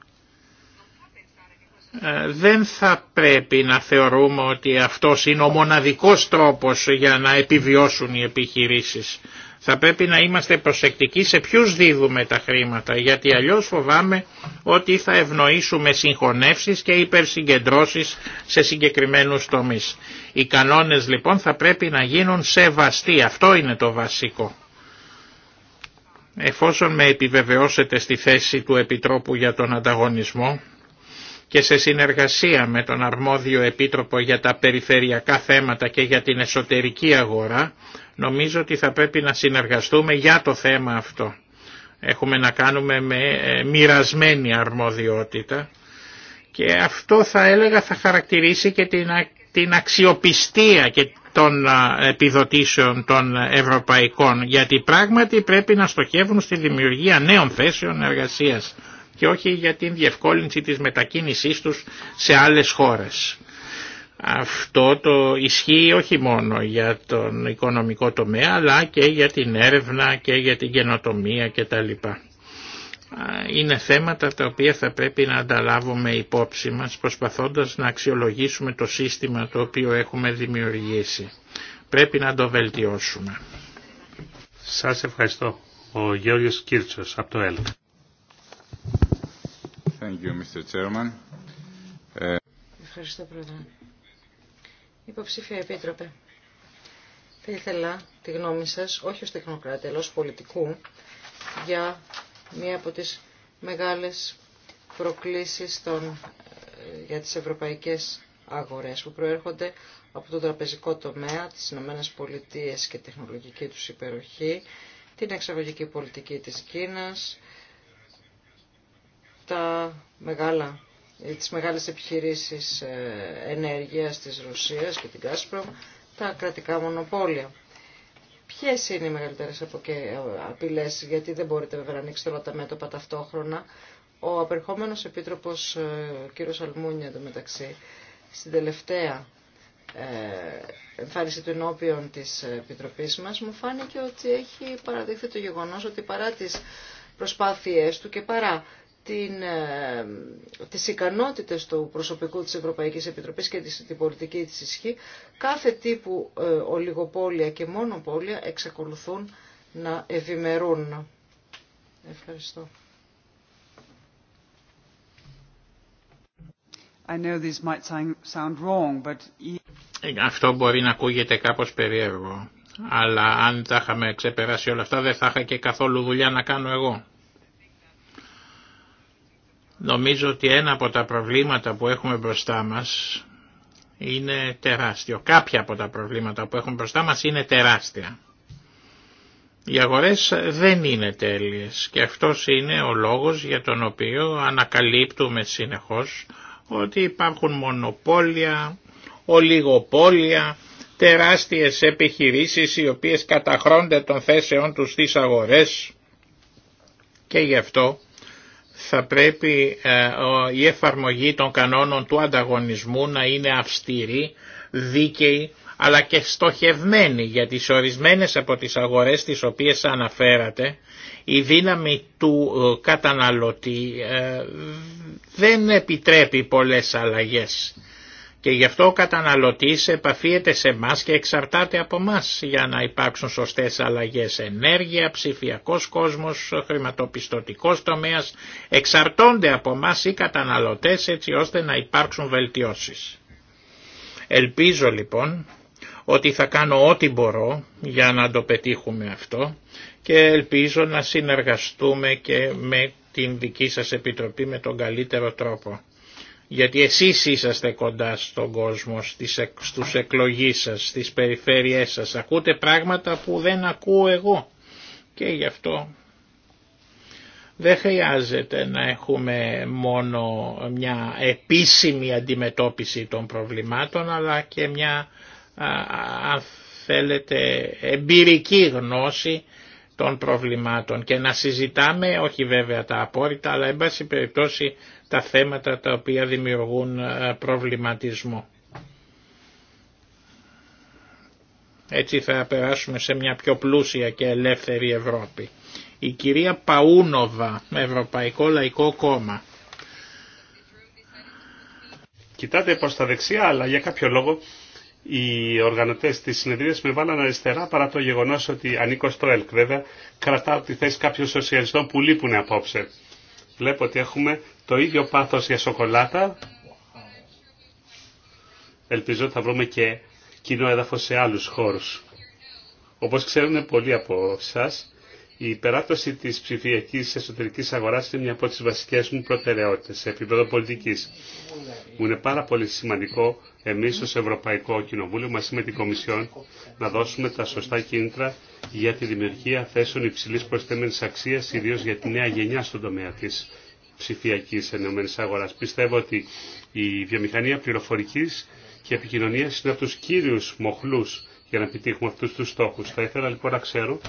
ε, δεν θα πρέπει να θεωρούμε ότι αυτός είναι ο μοναδικός τρόπος για να επιβιώσουν οι επιχειρήσεις. Θα πρέπει να είμαστε προσεκτικοί σε ποιους δίδουμε τα χρήματα, γιατί αλλιώς φοβάμαι ότι θα ευνοήσουμε συγχωνεύσεις και υπερσυγκεντρώσεις σε συγκεκριμένους τομείς. Οι κανόνες λοιπόν θα πρέπει να γίνουν σεβαστοί, αυτό είναι το βασικό. Εφόσον με επιβεβαιώσετε στη θέση του Επιτρόπου για τον ανταγωνισμό, και σε συνεργασία με τον αρμόδιο επίτροπο για τα περιφερειακά θέματα και για την εσωτερική αγορά, νομίζω ότι θα πρέπει να συνεργαστούμε για το θέμα αυτό. Έχουμε να κάνουμε με ε, μοιρασμένη αρμοδιότητα και αυτό θα έλεγα θα χαρακτηρίσει και την αξιοπιστία και των επιδοτήσεων των ευρωπαϊκών, γιατί πράγματι πρέπει να στοχεύουν στη δημιουργία νέων θέσεων εργασίας και όχι για την διευκόλυνση της μετακίνησής τους σε άλλες χώρες. Αυτό το ισχύει όχι μόνο για τον οικονομικό τομέα αλλά και για την έρευνα και για την καινοτομία κτλ. Είναι θέματα τα οποία θα πρέπει να ανταλάβουμε υπόψη μας προσπαθώντας να αξιολογήσουμε το σύστημα το οποίο έχουμε δημιουργήσει. Πρέπει να το βελτιώσουμε. Σας ευχαριστώ. Ο Γεώργιος Κίρτσος από το ΕΛΚ. Thank you, Mr. Chairman. Ευχαριστώ, Πρόεδρε. Υποψήφια Επίτροπε, θα ήθελα τη γνώμη σας, όχι ως τεχνοκράτη, αλλά ως πολιτικού, για μία από τις μεγάλες προκλήσεις των, ε, για τις ευρωπαϊκές αγορές που προέρχονται από το τραπεζικό τομέα, τις Ηνωμένες Πολιτείες και τεχνολογική τους υπεροχή, την εξαγωγική πολιτική της Κίνας, τα μεγάλα, τις μεγάλες επιχειρήσεις ε, ενέργειας της Ρωσίας και την Gazprom, τα κρατικά μονοπόλια. Ποιες είναι οι μεγαλύτερες ε, απειλές, γιατί δεν μπορείτε βέβαια να ανοίξετε όλα τα μέτωπα ταυτόχρονα. Ο απερχόμενος επίτροπος ε, κύριος Αλμούνια, μεταξύ, στην τελευταία εμφάνιση του ενώπιον της Επιτροπής μας, μου φάνηκε ότι έχει παραδείχθει το γεγονός ότι παρά τις προσπάθειές του και παρά την, ε, τις ικανότητες του προσωπικού της Ευρωπαϊκής Επιτροπής και την πολιτική της ισχύ, κάθε τύπου ε, ολιγοπόλια και μονοπόλια εξακολουθούν να ευημερούν. Ευχαριστώ. Αυτό μπορεί να ακούγεται κάπως περίεργο, αλλά αν τα είχαμε ξεπεράσει όλα αυτά δεν θα είχα και καθόλου δουλειά να κάνω εγώ. Νομίζω ότι ένα από τα προβλήματα που έχουμε μπροστά μας είναι τεράστιο. Κάποια από τα προβλήματα που έχουμε μπροστά μας είναι τεράστια. Οι αγορές δεν είναι τέλειες και αυτός είναι ο λόγος για τον οποίο ανακαλύπτουμε συνεχώς ότι υπάρχουν μονοπόλια, ολιγοπόλια, τεράστιες επιχειρήσεις οι οποίες καταχρώνται των θέσεών τους στις αγορές και γι' αυτό θα πρέπει ε, η εφαρμογή των κανόνων του ανταγωνισμού να είναι αυστηρή, δίκαιη, αλλά και στοχευμένη γιατί τις ορισμένες από τις αγορές τις οποίες αναφέρατε, η δύναμη του ε, καταναλωτή ε, δεν επιτρέπει πολλές αλλαγές. Και γι' αυτό ο καταναλωτής επαφίεται σε μας και εξαρτάται από μας, για να υπάρξουν σωστές αλλαγές. Ενέργεια, ψηφιακός κόσμος, χρηματοπιστωτικός τομέας εξαρτώνται από μας οι καταναλωτές έτσι ώστε να υπάρξουν βελτιώσεις. Ελπίζω λοιπόν ότι θα κάνω ό,τι μπορώ για να το πετύχουμε αυτό και ελπίζω να συνεργαστούμε και με την δική σας επιτροπή με τον καλύτερο τρόπο γιατί εσείς είσαστε κοντά στον κόσμο, στις, στους εκλογείς σας, στις περιφέρειές σας. Ακούτε πράγματα που δεν ακούω εγώ και γι' αυτό δεν χρειάζεται να έχουμε μόνο μια επίσημη αντιμετώπιση των προβλημάτων αλλά και μια αν θέλετε εμπειρική γνώση των προβλημάτων και να συζητάμε, όχι βέβαια τα απόρριτα, αλλά εν πάση περιπτώσει τα θέματα τα οποία δημιουργούν ε, προβληματισμό. Έτσι θα περάσουμε σε μια πιο πλούσια και ελεύθερη Ευρώπη. Η κυρία Παούνοβα, Ευρωπαϊκό Λαϊκό Κόμμα. Κοιτάτε προς τα δεξιά, αλλά για κάποιο λόγο οι οργανωτέ τη συνεδρίας με βάλαν αριστερά παρά το γεγονό ότι ανήκω στο ΕΛΚ. Βέβαια κρατάω τη θέση κάποιων σοσιαλιστών που λείπουν απόψε. Βλέπω ότι έχουμε το ίδιο πάθο για σοκολάτα. Ελπίζω ότι θα βρούμε και κοινό έδαφο σε άλλου χώρου. Όπω ξέρουν πολλοί από εσά, η υπεράπτωση τη ψηφιακή εσωτερική αγορά είναι μια από τι βασικέ μου προτεραιότητε σε επίπεδο πολιτική. Μου είναι πάρα πολύ σημαντικό εμεί, ω Ευρωπαϊκό Κοινοβούλιο μαζί με την Κομισιόν να δώσουμε τα σωστά κίνητρα για τη δημιουργία θέσεων υψηλή προσθέμενης αξία, ιδίω για τη νέα γενιά στον τομέα τη ψηφιακή ενωμένη αγορά. Πιστεύω ότι η βιομηχανία πληροφορική και επικοινωνία είναι από του κύριου μοχλου για να επιτύχουμε αυτού του στόχου. Θα ήθελα λοιπόν να ξέρω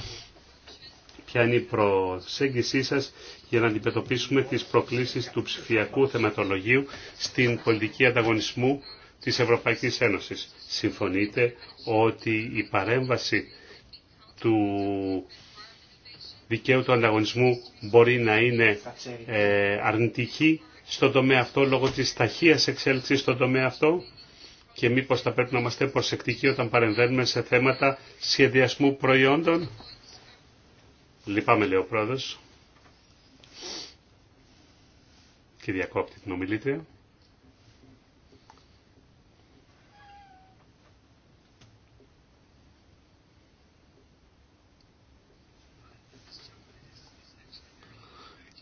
ποια είναι η προσέγγισή σας για να αντιμετωπίσουμε τις προκλήσεις του ψηφιακού θεματολογίου στην πολιτική ανταγωνισμού της Ευρωπαϊκής Ένωσης. Συμφωνείτε ότι η παρέμβαση του δικαίου του ανταγωνισμού μπορεί να είναι ε, αρνητική στον τομέα αυτό λόγω της ταχείας εξέλιξης στον τομέα αυτό και μήπως θα πρέπει να είμαστε προσεκτικοί όταν παρεμβαίνουμε σε θέματα σχεδιασμού προϊόντων. Λυπάμαι, λέει ο πρόεδρος. Και διακόπτει την ομιλήτρια.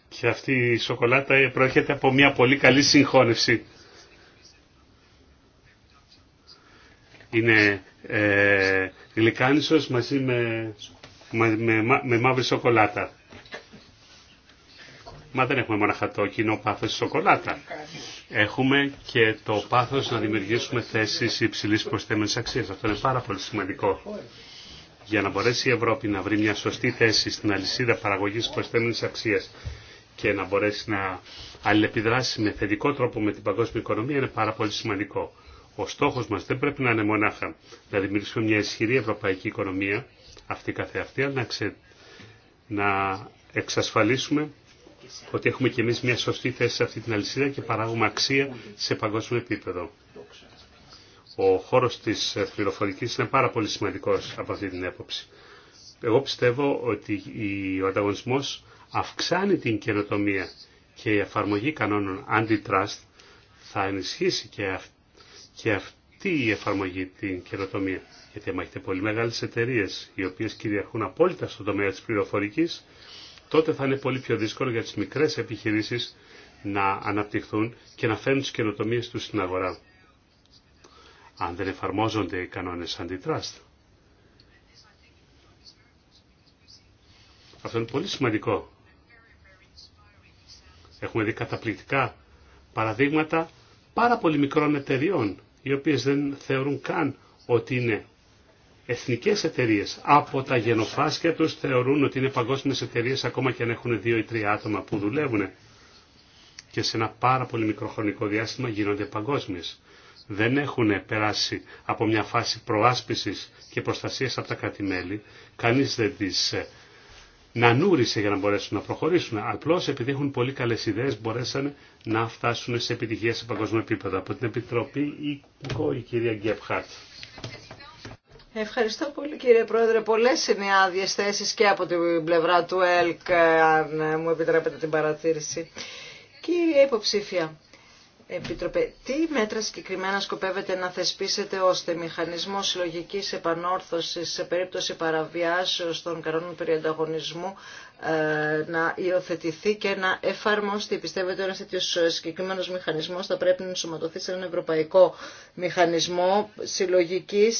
Και αυτή η σοκολάτα προέρχεται από μια πολύ καλή συγχώνευση. Είναι ε, γλυκάνισος μαζί με με, με, με μαύρη σοκολάτα. Μα δεν έχουμε μόνο το κοινό πάθος σοκολάτα. Έχουμε και το πάθος να δημιουργήσουμε θέσεις υψηλής προσθέμενης αξίας. Αυτό είναι πάρα πολύ σημαντικό. Για να μπορέσει η Ευρώπη να βρει μια σωστή θέση στην αλυσίδα παραγωγής προσθέμενης αξίας και να μπορέσει να αλληλεπιδράσει με θετικό τρόπο με την παγκόσμια οικονομία είναι πάρα πολύ σημαντικό. Ο στόχος μας δεν πρέπει να είναι μονάχα να δημιουργήσουμε μια ισχυρή ευρωπαϊκή οικονομία, αυτή καθεαυτή, αλλά να, να εξασφαλίσουμε ότι έχουμε και εμείς μια σωστή θέση σε αυτή την αλυσίδα και παράγουμε αξία σε παγκόσμιο επίπεδο. Ο χώρος της πληροφορικής είναι πάρα πολύ σημαντικός από αυτή την έποψη. Εγώ πιστεύω ότι ο ανταγωνισμός αυξάνει την καινοτομία και η εφαρμογή κανόνων antitrust θα ενισχύσει και, και αυτή η εφαρμογή την καινοτομία. Γιατί αν έχετε πολύ μεγάλες εταιρείε οι οποίες κυριαρχούν απόλυτα στον τομέα της πληροφορικής, τότε θα είναι πολύ πιο δύσκολο για τις μικρές επιχειρήσεις να αναπτυχθούν και να φέρουν τις καινοτομίες τους στην αγορά. Αν δεν εφαρμόζονται οι κανόνες αντιτράστ. Αυτό είναι πολύ σημαντικό. Έχουμε δει καταπληκτικά παραδείγματα πάρα πολύ μικρών εταιριών οι οποίες δεν θεωρούν καν ότι είναι εθνικές εταιρείες. Από τα γενοφάσκια τους θεωρούν ότι είναι παγκόσμιες εταιρείες ακόμα και αν έχουν δύο ή τρία άτομα που δουλεύουν και σε ένα πάρα πολύ μικροχρονικό διάστημα γίνονται παγκόσμιες. Δεν έχουν περάσει από μια φάση προάσπισης και προστασίας από τα κρατημέλη. Κανείς δεν τις ε, να νούρισε για να μπορέσουν να προχωρήσουν. Απλώ επειδή έχουν πολύ καλέ ιδέε μπορέσαν να φτάσουν σε επιτυχία σε παγκόσμιο επίπεδο. Από την Επιτροπή η κυρία Γκέπχαρτ. Ευχαριστώ πολύ κύριε Πρόεδρε. Πολλές είναι οι θέσεις και από την πλευρά του ΕΛΚ, αν μου επιτρέπετε την παρατήρηση. Κύριε υποψήφια, Επίτροπε, τι μέτρα συγκεκριμένα σκοπεύετε να θεσπίσετε ώστε μηχανισμό συλλογική επανόρθωση σε περίπτωση παραβιάσεως των κανόνων ανταγωνισμού ε, να υιοθετηθεί και να εφαρμοστεί. Πιστεύετε ένα τέτοιο συγκεκριμένο μηχανισμό θα πρέπει να ενσωματωθεί σε έναν ευρωπαϊκό μηχανισμό συλλογική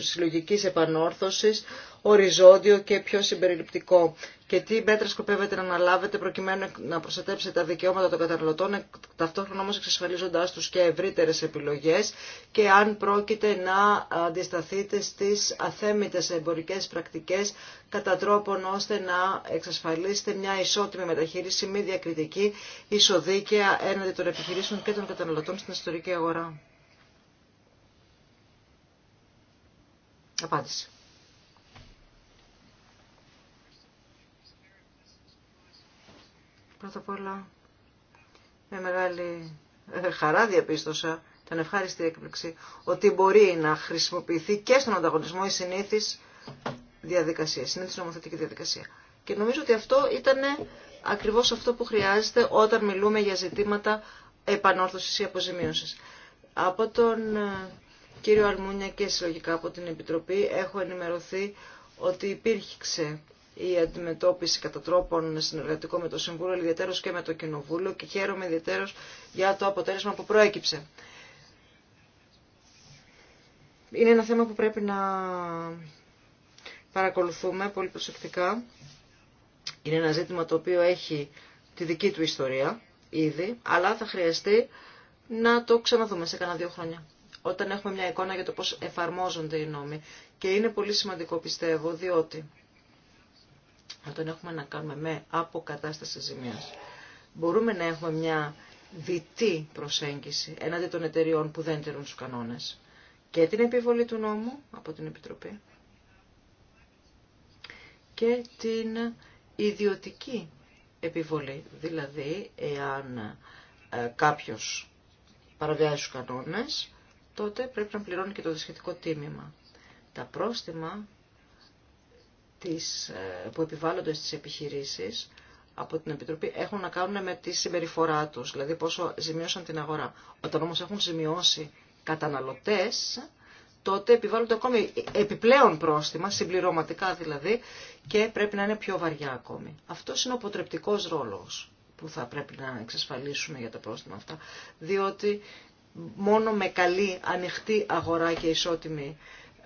συλλογικής επανόρθωση οριζόντιο και πιο συμπεριληπτικό και τι μέτρα σκοπεύετε να αναλάβετε προκειμένου να προστατέψετε τα δικαιώματα των καταναλωτών, ταυτόχρονα όμως εξασφαλίζοντάς τους και ευρύτερε επιλογές και αν πρόκειται να αντισταθείτε στις αθέμητες εμπορικές πρακτικές κατά τρόπον ώστε να εξασφαλίσετε μια ισότιμη μεταχείριση, μη διακριτική, ισοδίκαια έναντι των επιχειρήσεων και των καταναλωτών στην ιστορική αγορά. Απάντηση. Πρώτα απ' όλα, με μεγάλη ε, χαρά διαπίστωσα, ήταν ευχάριστη έκπληξη, ότι μπορεί να χρησιμοποιηθεί και στον ανταγωνισμό η συνήθις διαδικασία, η νομοθετική διαδικασία. Και νομίζω ότι αυτό ήταν ακριβώς αυτό που χρειάζεται όταν μιλούμε για ζητήματα επανόρθωσης ή αποζημίωσης. Από τον ε, κύριο Αλμούνια και συλλογικά από την Επιτροπή έχω ενημερωθεί ότι υπήρχε η αντιμετώπιση κατά τρόπον συνεργατικό με το Συμβούλιο, ιδιαίτερο και με το Κοινοβούλιο και χαίρομαι ιδιαίτερο για το αποτέλεσμα που προέκυψε. Είναι ένα θέμα που πρέπει να παρακολουθούμε πολύ προσεκτικά. Είναι ένα ζήτημα το οποίο έχει τη δική του ιστορία ήδη, αλλά θα χρειαστεί να το ξαναδούμε σε κανένα δύο χρόνια όταν έχουμε μια εικόνα για το πώς εφαρμόζονται οι νόμοι. Και είναι πολύ σημαντικό πιστεύω, διότι όταν έχουμε να κάνουμε με αποκατάσταση ζημίας. Μπορούμε να έχουμε μια διτή προσέγγιση έναντι των εταιριών που δεν τηρούν τους κανόνες και την επιβολή του νόμου από την Επιτροπή και την ιδιωτική επιβολή. Δηλαδή, εάν ε, κάποιος παραβιάζει τους κανόνες, τότε πρέπει να πληρώνει και το δυσχετικό τίμημα. Τα πρόστιμα ε, που επιβάλλονται στις επιχειρήσεις από την Επιτροπή έχουν να κάνουν με τη συμπεριφορά τους, δηλαδή πόσο ζημιώσαν την αγορά. Όταν όμως έχουν ζημιώσει καταναλωτές, τότε επιβάλλονται ακόμη επιπλέον πρόστιμα, συμπληρωματικά δηλαδή, και πρέπει να είναι πιο βαριά ακόμη. Αυτό είναι ο αποτρεπτικός ρόλος που θα πρέπει να εξασφαλίσουμε για τα πρόστιμα αυτά, διότι μόνο με καλή, ανοιχτή αγορά και ισότιμη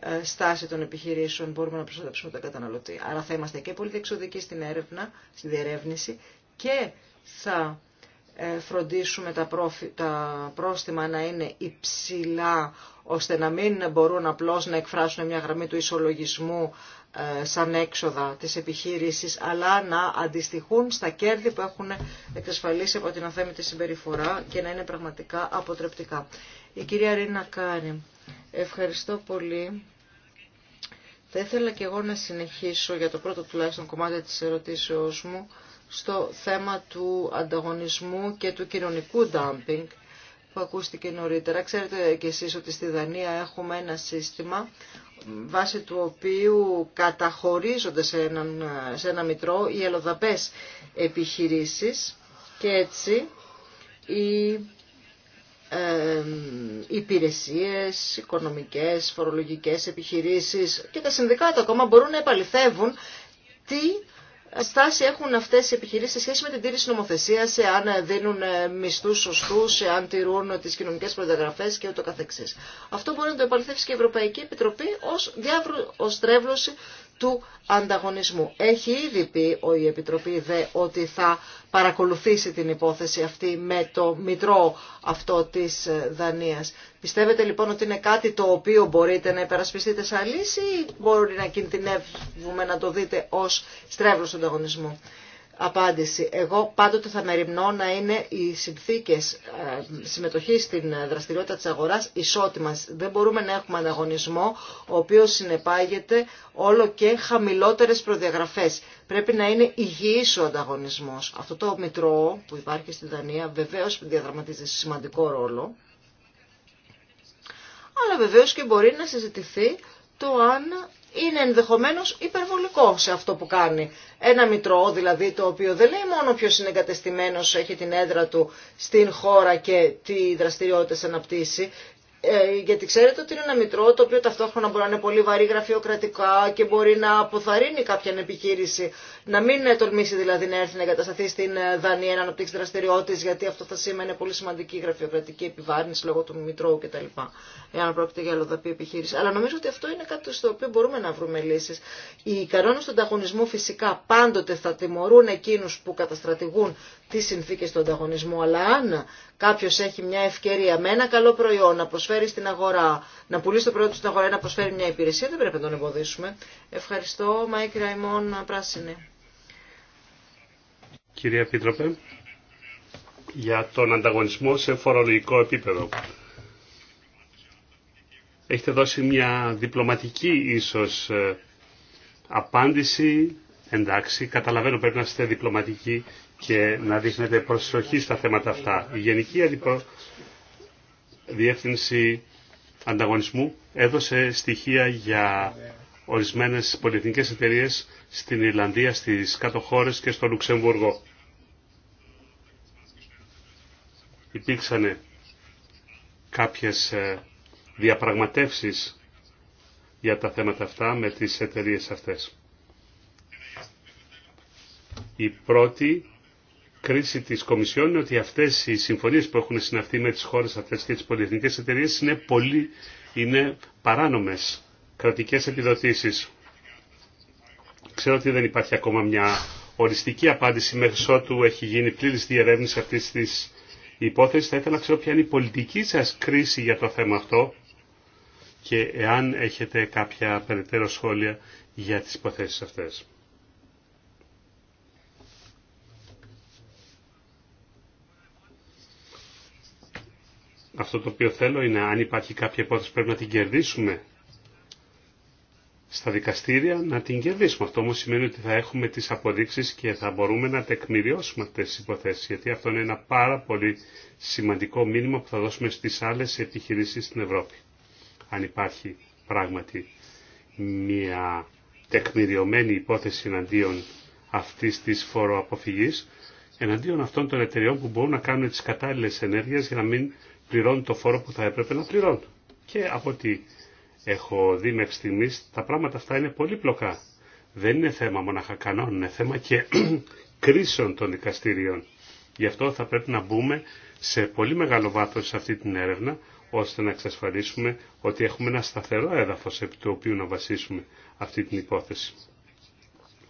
ε, στάση των επιχειρήσεων μπορούμε να προστατεύσουμε τον καταναλωτή. Άρα θα είμαστε και πολύ διεξοδικοί στην έρευνα, στη διερεύνηση και θα ε, φροντίσουμε τα, προφι, τα πρόστιμα να είναι υψηλά ώστε να μην μπορούν απλώς να εκφράσουν μια γραμμή του ισολογισμού ε, σαν έξοδα της επιχείρησης, αλλά να αντιστοιχούν στα κέρδη που έχουν εξασφαλίσει από την αθέμητη συμπεριφορά και να είναι πραγματικά αποτρεπτικά. Η κυρία Ρίνα Κάρη, ευχαριστώ πολύ. Θα ήθελα και εγώ να συνεχίσω για το πρώτο τουλάχιστον κομμάτι της ερωτήσεώς μου στο θέμα του ανταγωνισμού και του κοινωνικού dumping που ακούστηκε νωρίτερα. Ξέρετε και εσείς ότι στη Δανία έχουμε ένα σύστημα βάσει του οποίου καταχωρίζονται σε, έναν, σε ένα μητρό οι ελοδαπές επιχειρήσεις και έτσι οι ε, υπηρεσίες, οικονομικές, φορολογικές επιχειρήσεις και τα συνδικάτα ακόμα μπορούν να επαληθεύουν τι στάση έχουν αυτές οι επιχειρήσεις σε σχέση με την τήρηση νομοθεσίας, εάν δίνουν μισθούς σωστούς, εάν τηρούν τις κοινωνικές προδιαγραφές και ούτω καθεξής. Αυτό μπορεί να το επαληθεύσει και η Ευρωπαϊκή Επιτροπή ως, διάβρο, ως τρέβλωση του ανταγωνισμού. Έχει ήδη πει η Επιτροπή ΔΕ ότι θα παρακολουθήσει την υπόθεση αυτή με το μητρό αυτό της ε, Δανίας. Πιστεύετε λοιπόν ότι είναι κάτι το οποίο μπορείτε να υπερασπιστείτε σαν λύση ή μπορεί να κινδυνεύουμε να το δείτε ως στρέβλος ανταγωνισμού απάντηση. Εγώ πάντοτε θα μεριμνώ να είναι οι συνθήκε συμμετοχής στην ε, δραστηριότητα της αγοράς ισότιμας. Δεν μπορούμε να έχουμε ανταγωνισμό ο οποίος συνεπάγεται όλο και χαμηλότερες προδιαγραφές. Πρέπει να είναι υγιή ο ανταγωνισμός. Αυτό το μητρό που υπάρχει στην Δανία βεβαίως διαδραματίζει σημαντικό ρόλο. Αλλά βεβαίω και μπορεί να συζητηθεί το αν είναι ενδεχομένως υπερβολικό σε αυτό που κάνει. Ένα μητρό δηλαδή το οποίο δεν λέει μόνο ποιος είναι εγκατεστημένος, έχει την έδρα του στην χώρα και τι δραστηριότητες αναπτύσσει, ε, γιατί ξέρετε ότι είναι ένα μητρό το οποίο ταυτόχρονα μπορεί να είναι πολύ βαρύ γραφειοκρατικά και μπορεί να αποθαρρύνει κάποια επιχείρηση να μην ε, τολμήσει δηλαδή να έρθει να εγκατασταθεί στην ε, Δανία, να αναπτύξει δραστηριότητε, γιατί αυτό θα σήμαινε πολύ σημαντική γραφειοκρατική επιβάρυνση λόγω του Μητρώου κτλ. Εάν πρόκειται για αλλοδαπή επιχείρηση. Αλλά νομίζω ότι αυτό είναι κάτι στο οποίο μπορούμε να βρούμε λύσει. Οι κανόνε του ανταγωνισμού φυσικά πάντοτε θα τιμωρούν εκείνου που καταστρατηγούν τι συνθήκε του ανταγωνισμού. Αλλά αν κάποιο έχει μια ευκαιρία με ένα καλό προϊόν να προσφέρει στην αγορά, να πουλήσει το προϊόν του στην αγορά να προσφέρει μια υπηρεσία, δεν πρέπει να τον εμποδίσουμε. Ευχαριστώ, Μάικ Ραϊμόν Πράσινη κυρία Επίτροπε, για τον ανταγωνισμό σε φορολογικό επίπεδο. Έχετε δώσει μια διπλωματική ίσως ε, απάντηση. Εντάξει, καταλαβαίνω πρέπει να είστε διπλωματικοί και να δείχνετε προσοχή στα θέματα αυτά. Η Γενική Αντιπρο... Διεύθυνση Ανταγωνισμού έδωσε στοιχεία για ορισμένες πολυεθνικές εταιρείες στην Ιρλανδία, στις κάτω χώρες και στο Λουξεμβούργο. υπήρξαν κάποιες ε, διαπραγματεύσεις για τα θέματα αυτά με τις εταιρείες αυτές. Η πρώτη κρίση της Κομισιόν είναι ότι αυτές οι συμφωνίες που έχουν συναυθεί με τις χώρες αυτές και τις πολυεθνικές εταιρείες είναι, πολύ, είναι παράνομες κρατικές επιδοτήσεις. Ξέρω ότι δεν υπάρχει ακόμα μια οριστική απάντηση μέχρι ότου έχει γίνει πλήρης διερεύνηση αυτής της υπόθεση. Θα ήθελα να ξέρω ποια είναι η πολιτική σας κρίση για το θέμα αυτό και εάν έχετε κάποια περαιτέρω σχόλια για τις υποθέσεις αυτές. Αυτό το οποίο θέλω είναι αν υπάρχει κάποια υπόθεση πρέπει να την κερδίσουμε στα δικαστήρια να την κερδίσουμε. Αυτό όμως σημαίνει ότι θα έχουμε τις αποδείξεις και θα μπορούμε να τεκμηριώσουμε αυτές τις υποθέσεις, γιατί αυτό είναι ένα πάρα πολύ σημαντικό μήνυμα που θα δώσουμε στις άλλες επιχειρήσεις στην Ευρώπη. Αν υπάρχει πράγματι μια τεκμηριωμένη υπόθεση εναντίον αυτής της φοροαποφυγής, εναντίον αυτών των εταιριών που μπορούν να κάνουν τις κατάλληλες ενέργειες για να μην πληρώνουν το φόρο που θα έπρεπε να πληρώνουν. Και από τη έχω δει μέχρι στιγμή, τα πράγματα αυτά είναι πολύ πλοκά. Δεν είναι θέμα μοναχα κανόνων, είναι θέμα και [clears throat] κρίσεων των δικαστηρίων. Γι' αυτό θα πρέπει να μπούμε σε πολύ μεγάλο βάθος σε αυτή την έρευνα, ώστε να εξασφαλίσουμε ότι έχουμε ένα σταθερό έδαφος επί του οποίου να βασίσουμε αυτή την υπόθεση.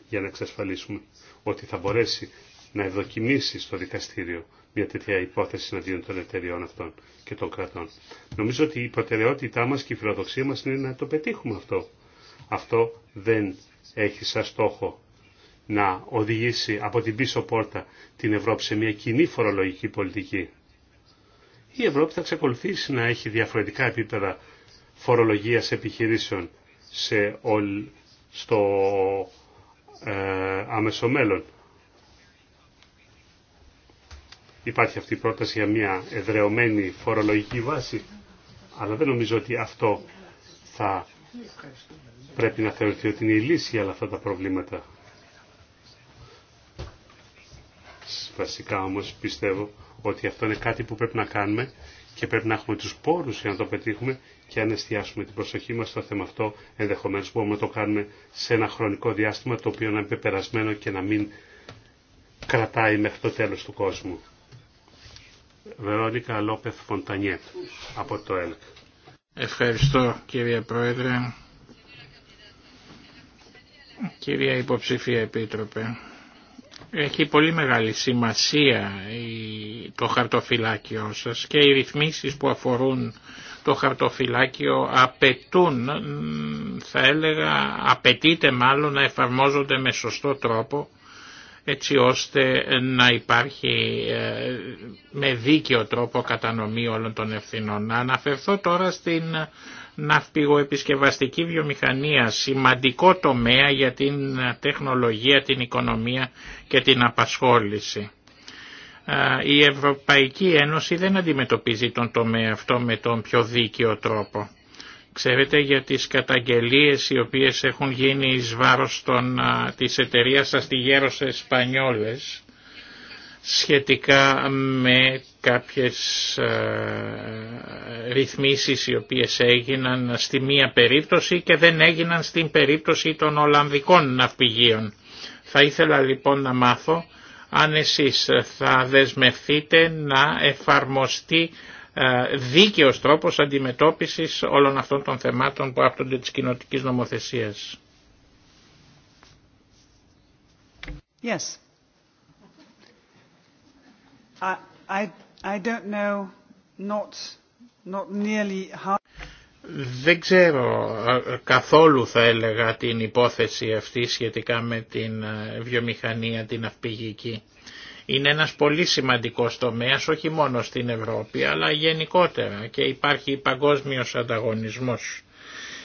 Για να εξασφαλίσουμε ότι θα μπορέσει να ευδοκιμήσει στο δικαστήριο μια τέτοια υπόθεση εναντίον των εταιριών αυτών και των κρατών. Νομίζω ότι η προτεραιότητά μας και η φιλοδοξία μας είναι να το πετύχουμε αυτό. Αυτό δεν έχει σαν στόχο να οδηγήσει από την πίσω πόρτα την Ευρώπη σε μια κοινή φορολογική πολιτική. Η Ευρώπη θα εξακολουθήσει να έχει διαφορετικά επίπεδα φορολογίας επιχειρήσεων στο ε, άμεσο μέλλον. Υπάρχει αυτή η πρόταση για μια εδρεωμένη φορολογική βάση, αλλά δεν νομίζω ότι αυτό θα πρέπει να θεωρηθεί ότι είναι η λύση για όλα αυτά τα προβλήματα. Βασικά όμως πιστεύω ότι αυτό είναι κάτι που πρέπει να κάνουμε και πρέπει να έχουμε τους πόρους για να το πετύχουμε και αν εστιάσουμε την προσοχή μας στο θέμα αυτό, ενδεχομένως μπορούμε να το κάνουμε σε ένα χρονικό διάστημα το οποίο να είναι πεπερασμένο και να μην κρατάει μέχρι το τέλος του κόσμου. Βερόνικα Λόπεθ Φοντανιέτ από το ΕΛΚ. Ευχαριστώ κύριε Πρόεδρε. Κυρία Υποψηφία Επίτροπε, έχει πολύ μεγάλη σημασία το χαρτοφυλάκιό σας και οι ρυθμίσεις που αφορούν το χαρτοφυλάκιο απαιτούν, θα έλεγα, απαιτείται μάλλον να εφαρμόζονται με σωστό τρόπο έτσι ώστε να υπάρχει ε, με δίκαιο τρόπο κατανομή όλων των ευθυνών. Να αναφερθώ τώρα στην ναυπηγοεπισκευαστική βιομηχανία, σημαντικό τομέα για την τεχνολογία, την οικονομία και την απασχόληση. Ε, η Ευρωπαϊκή Ένωση δεν αντιμετωπίζει τον τομέα αυτό με τον πιο δίκαιο τρόπο. Ξέρετε για τις καταγγελίες οι οποίες έχουν γίνει εις βάρος των, της εταιρείας Γέρος Εσπανιόλες σχετικά με κάποιες α, ρυθμίσεις οι οποίες έγιναν στη μία περίπτωση και δεν έγιναν στην περίπτωση των Ολλανδικών ναυπηγείων. Θα ήθελα λοιπόν να μάθω αν εσείς θα δεσμευτείτε να εφαρμοστεί ε, δίκαιος τρόπος αντιμετώπισης όλων αυτών των θεμάτων που άπτονται της κοινοτική νομοθεσίας. Δεν ξέρω ε, καθόλου θα έλεγα την υπόθεση αυτή σχετικά με την ε, βιομηχανία την αυπηγική. Είναι ένας πολύ σημαντικός τομέας όχι μόνο στην Ευρώπη αλλά γενικότερα και υπάρχει παγκόσμιος ανταγωνισμός.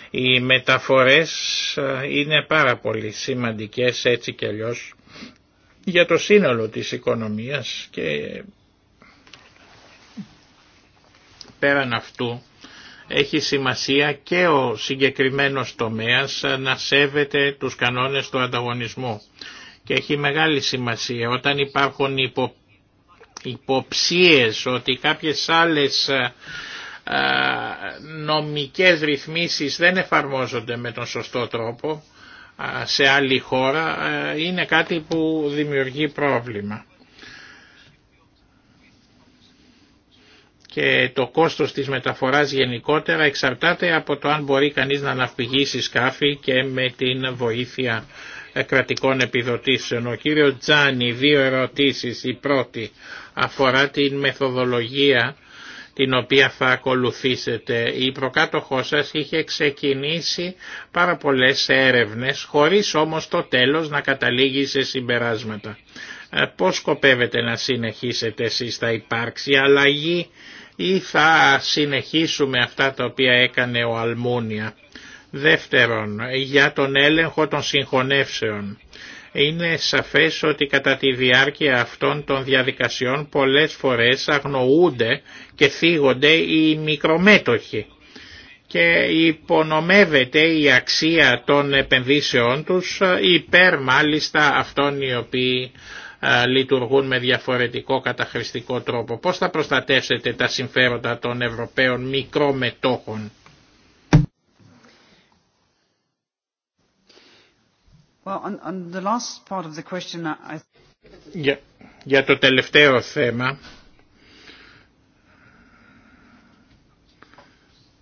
Οι μεταφορές ε, είναι πάρα πολύ σημαντικές έτσι και αλλιώς για το σύνολο της οικονομίας και πέραν αυτού έχει σημασία και ο συγκεκριμένος τομέας να σέβεται τους κανόνες του ανταγωνισμού και έχει μεγάλη σημασία όταν υπάρχουν υπο, υποψίες ότι κάποιες άλλες ε, ε, νομικές ρυθμίσεις δεν εφαρμόζονται με τον σωστό τρόπο ε, σε άλλη χώρα είναι κάτι που δημιουργεί πρόβλημα. Και το κόστος της μεταφοράς γενικότερα εξαρτάται από το αν μπορεί κανείς να αναφυγήσει σκάφη και με την βοήθεια κρατικών επιδοτήσεων. Ο κύριο Τζάνι, δύο ερωτήσεις. Η πρώτη αφορά την μεθοδολογία την οποία θα ακολουθήσετε. Η προκάτοχό σας είχε ξεκινήσει πάρα πολλές έρευνες, χωρίς όμως το τέλος να καταλήγει σε συμπεράσματα. Ε, πώς σκοπεύετε να συνεχίσετε εσείς, θα υπάρξει αλλαγή ή θα συνεχίσουμε αυτά τα οποία έκανε ο Αλμούνια. Δεύτερον, για τον έλεγχο των συγχωνεύσεων. Είναι σαφές ότι κατά τη διάρκεια αυτών των διαδικασιών πολλές φορές αγνοούνται και θίγονται οι μικρομέτοχοι και υπονομεύεται η αξία των επενδύσεών τους υπέρ μάλιστα αυτών οι οποίοι λειτουργούν με διαφορετικό καταχρηστικό τρόπο. Πώς θα προστατεύσετε τα συμφέροντα των Ευρωπαίων μικρομετόχων Για το τελευταίο θέμα,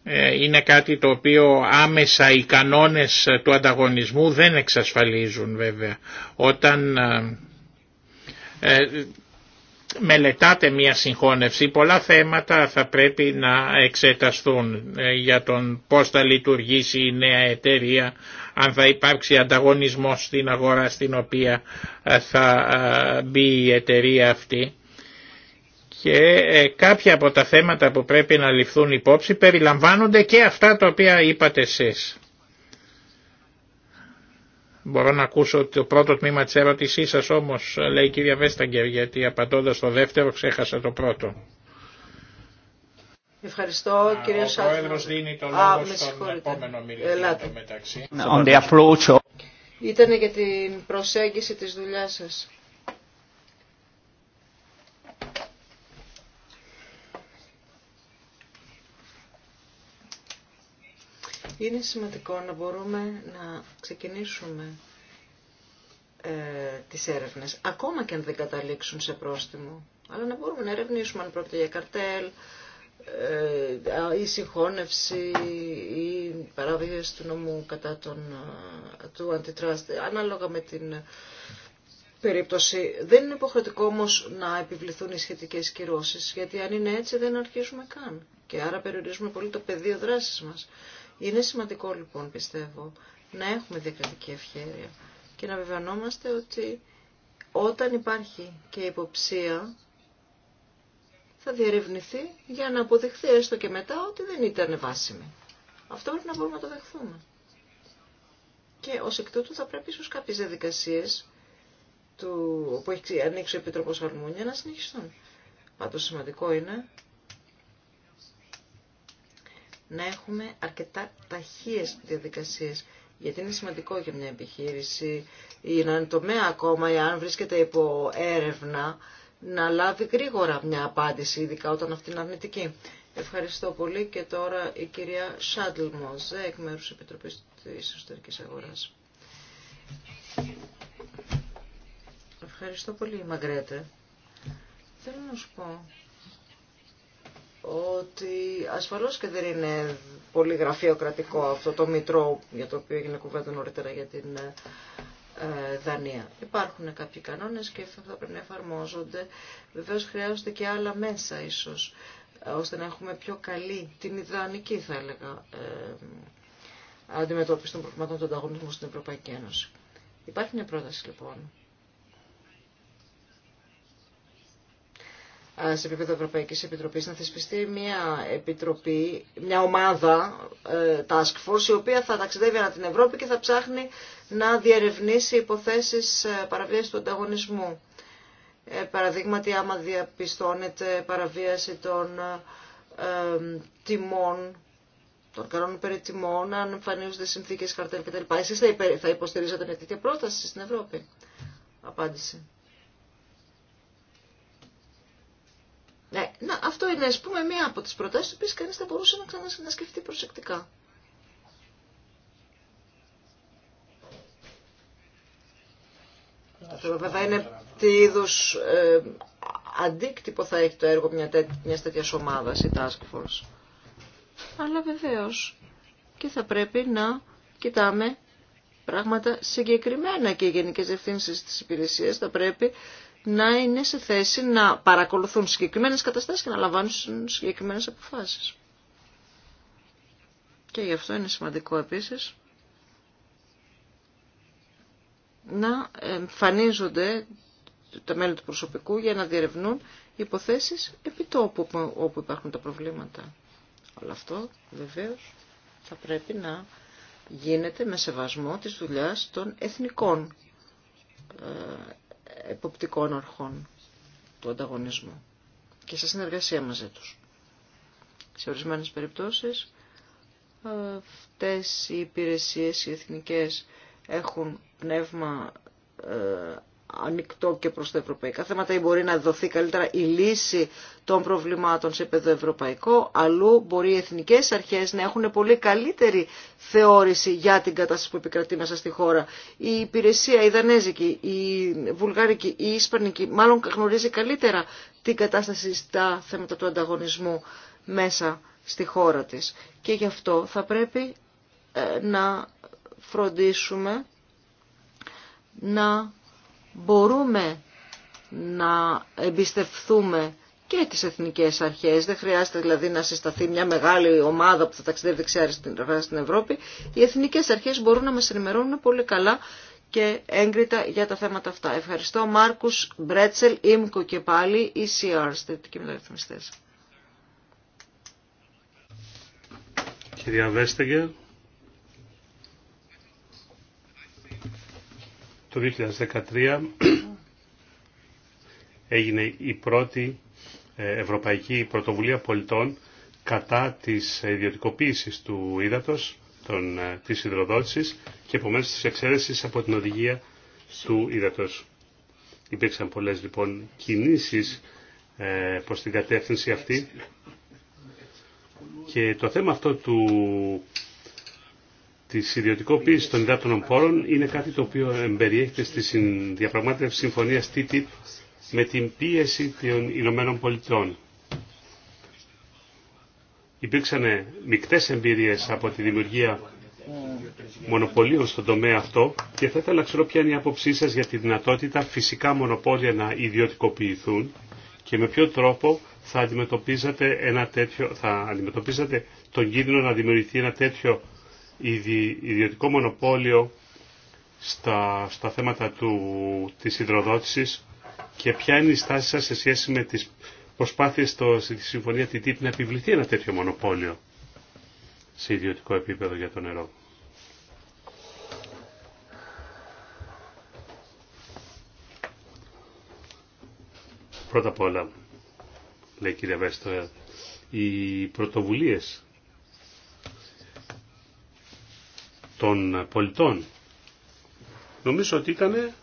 ε, είναι κάτι το οποίο άμεσα οι κανόνες του ανταγωνισμού δεν εξασφαλίζουν βέβαια. Όταν ε, ε, μελετάτε μια συγχώνευση πολλά θέματα θα πρέπει να εξεταστούν για τον πώς θα λειτουργήσει η νέα εταιρεία, αν θα υπάρξει ανταγωνισμός στην αγορά στην οποία ε, θα ε, μπει η εταιρεία αυτή. Και ε, κάποια από τα θέματα που πρέπει να ληφθούν υπόψη περιλαμβάνονται και αυτά τα οποία είπατε εσείς. Μπορώ να ακούσω το πρώτο τμήμα της ερώτησής σας όμως, λέει η κυρία Βέσταγκερ, γιατί απαντώντας το δεύτερο ξέχασα το πρώτο. Ευχαριστώ κύριε Σάφη. Ο Πρόεδρος δίνει το λόγο στον επόμενο ε, Ήταν για την προσέγγιση της δουλειάς σας. Είναι σημαντικό να μπορούμε να ξεκινήσουμε ε, τις έρευνες, ακόμα και αν δεν καταλήξουν σε πρόστιμο. Αλλά να μπορούμε να ερευνήσουμε αν πρόκειται για καρτέλ, ε, η συγχώνευση ή παραβίαση του νόμου κατά τον, ε, του αντιτράστη, ανάλογα με την περίπτωση. Δεν είναι υποχρεωτικό όμω να επιβληθούν οι σχετικέ κυρώσει, γιατί αν είναι έτσι δεν αρχίζουμε καν. Και άρα περιορίζουμε πολύ το πεδίο δράση μα. Είναι σημαντικό λοιπόν, πιστεύω, να έχουμε διακρατική ευχέρεια και να βεβαιωνόμαστε ότι όταν υπάρχει και υποψία θα διερευνηθεί για να αποδειχθεί έστω και μετά ότι δεν ήταν βάσιμη. Αυτό πρέπει να μπορούμε να το δεχθούμε. Και ως εκ τούτου θα πρέπει ίσως κάποιες διαδικασίες του, που έχει ανοίξει ο Επίτροπος Αλμούνια να συνεχιστούν. Πάντως σημαντικό είναι να έχουμε αρκετά ταχείες διαδικασίες. Γιατί είναι σημαντικό για μια επιχείρηση ή να είναι τομέα ακόμα, αν βρίσκεται υπό έρευνα, να λάβει γρήγορα μια απάντηση, ειδικά όταν αυτή είναι αρνητική. Ευχαριστώ πολύ και τώρα η κυρία Σάντλ Μοζέ, εκ μέρους Επιτροπής της Ιστορικής Αγοράς. Ευχαριστώ πολύ, Μαγκρέτε. Θέλω να σου πω ότι ασφαλώς και δεν είναι πολύ γραφειοκρατικό αυτό το μητρό για το οποίο έγινε κουβέντα νωρίτερα για την ε, ε, δανεία. Υπάρχουν κάποιοι κανόνες και θα πρέπει να εφαρμόζονται. Βεβαίως χρειάζονται και άλλα μέσα ίσως, ε, ώστε να έχουμε πιο καλή, την ιδανική θα έλεγα, ε, αντιμετώπιση των προβλημάτων των ανταγωνισμού στην Ευρωπαϊκή Ένωση. Υπάρχει μια πρόταση λοιπόν Ε, σε επίπεδο Ευρωπαϊκής Επιτροπής να θεσπιστεί μια επιτροπή, μια ομάδα ε, task force η οποία θα ταξιδεύει ανά την Ευρώπη και θα ψάχνει να διερευνήσει υποθέσεις ε, παραβίασης του ανταγωνισμού. Ε, παραδείγματι άμα διαπιστώνεται παραβίαση των τιμών των κανόνων περί τιμών, αν εμφανίζονται συνθήκες καρτέλ κτλ. Εσείς θα υποστηρίζετε μια τέτοια πρόταση στην Ευρώπη. Απάντηση. να, αυτό είναι, ας πούμε, μία από τις προτάσεις που κανείς θα μπορούσε να ξανασκεφτεί προσεκτικά. Αυτό βέβαια είναι τι είδου ε, αντίκτυπο θα έχει το έργο μια, απο τις προτασεις που κανεις θα μπορουσε να ξανασκεφτει προσεκτικα αυτο βεβαια ειναι τι ειδου ε αντικτυπο θα εχει το εργο μια τέτοια μιας τέτοιας ομάδας ή task force. Αλλά βεβαίως και θα πρέπει να κοιτάμε πράγματα συγκεκριμένα και οι γενικέ ευθύνσει τη υπηρεσία. θα πρέπει να είναι σε θέση να παρακολουθούν συγκεκριμένες καταστάσεις και να λαμβάνουν συγκεκριμένες αποφάσεις. Και γι' αυτό είναι σημαντικό επίσης να εμφανίζονται τα μέλη του προσωπικού για να διερευνούν υποθέσεις επιτόπου όπου υπάρχουν τα προβλήματα. Αλλά αυτό βεβαίως θα πρέπει να γίνεται με σεβασμό της δουλειάς των εθνικών ε, εποπτικών αρχών του ανταγωνισμού και σε συνεργασία μαζί τους. Σε ορισμένες περιπτώσεις ε, αυτές οι υπηρεσίες οι εθνικές έχουν πνεύμα ε, ανοιχτό και προς τα ευρωπαϊκά θέματα ή μπορεί να δοθεί καλύτερα η λύση των προβλημάτων σε επίπεδο ευρωπαϊκό. Αλλού μπορεί οι εθνικές αρχές να έχουν πολύ καλύτερη θεώρηση για την κατάσταση που επικρατεί μέσα στη χώρα. Η υπηρεσία, η δανέζικη, η βουλγάρικη, η ισπανική μάλλον γνωρίζει καλύτερα την κατάσταση στα θέματα του ανταγωνισμού μέσα στη χώρα της. Και γι' αυτό θα πρέπει ε, να φροντίσουμε να μπορούμε να εμπιστευθούμε και τις εθνικές αρχές. Δεν χρειάζεται δηλαδή να συσταθεί μια μεγάλη ομάδα που θα ταξιδεύει δεξιά στην Ευρώπη. Οι εθνικές αρχές μπορούν να μας ενημερώνουν πολύ καλά και έγκριτα για τα θέματα αυτά. Ευχαριστώ Μάρκους Μπρέτσελ, Ίμκο και πάλι, ECR, στετικοί μεταρρυθμιστές. Κυρία Βέστεγερ. Το 2013 έγινε η πρώτη ε, ευρωπαϊκή πρωτοβουλία πολιτών κατά της ε, ιδιωτικοποίησης του ύδατος, των, ε, της υδροδότησης και επομένως της εξαίρεσης από την οδηγία του ύδατος. Υπήρξαν πολλές λοιπόν κινήσεις ε, προς την κατεύθυνση αυτή και το θέμα αυτό του της ιδιωτικοποίησης των υδάτων πόρων είναι κάτι το οποίο εμπεριέχεται στη διαπραγμάτευση συμφωνίας TTIP με την πίεση των Ηνωμένων Πολιτειών. Υπήρξαν μικτές εμπειρίες από τη δημιουργία μονοπωλίων στον τομέα αυτό και θα ήθελα να ξέρω ποια είναι η άποψή σας για τη δυνατότητα φυσικά μονοπόλια να ιδιωτικοποιηθούν και με ποιο τρόπο θα αντιμετωπίζατε, θα αντιμετωπίζατε τον κίνδυνο να δημιουργηθεί ένα τέτοιο ιδιωτικό μονοπόλιο στα, στα θέματα του, της υδροδότησης και ποια είναι η στάση σας σε σχέση με τις προσπάθειες στο, στη συμφωνία TTIP να επιβληθεί ένα τέτοιο μονοπόλιο σε ιδιωτικό επίπεδο για το νερό. Πρώτα απ' όλα, λέει η κυρία Βέστοερ, οι πρωτοβουλίες των πολιτών. Νομίζω ότι ήταν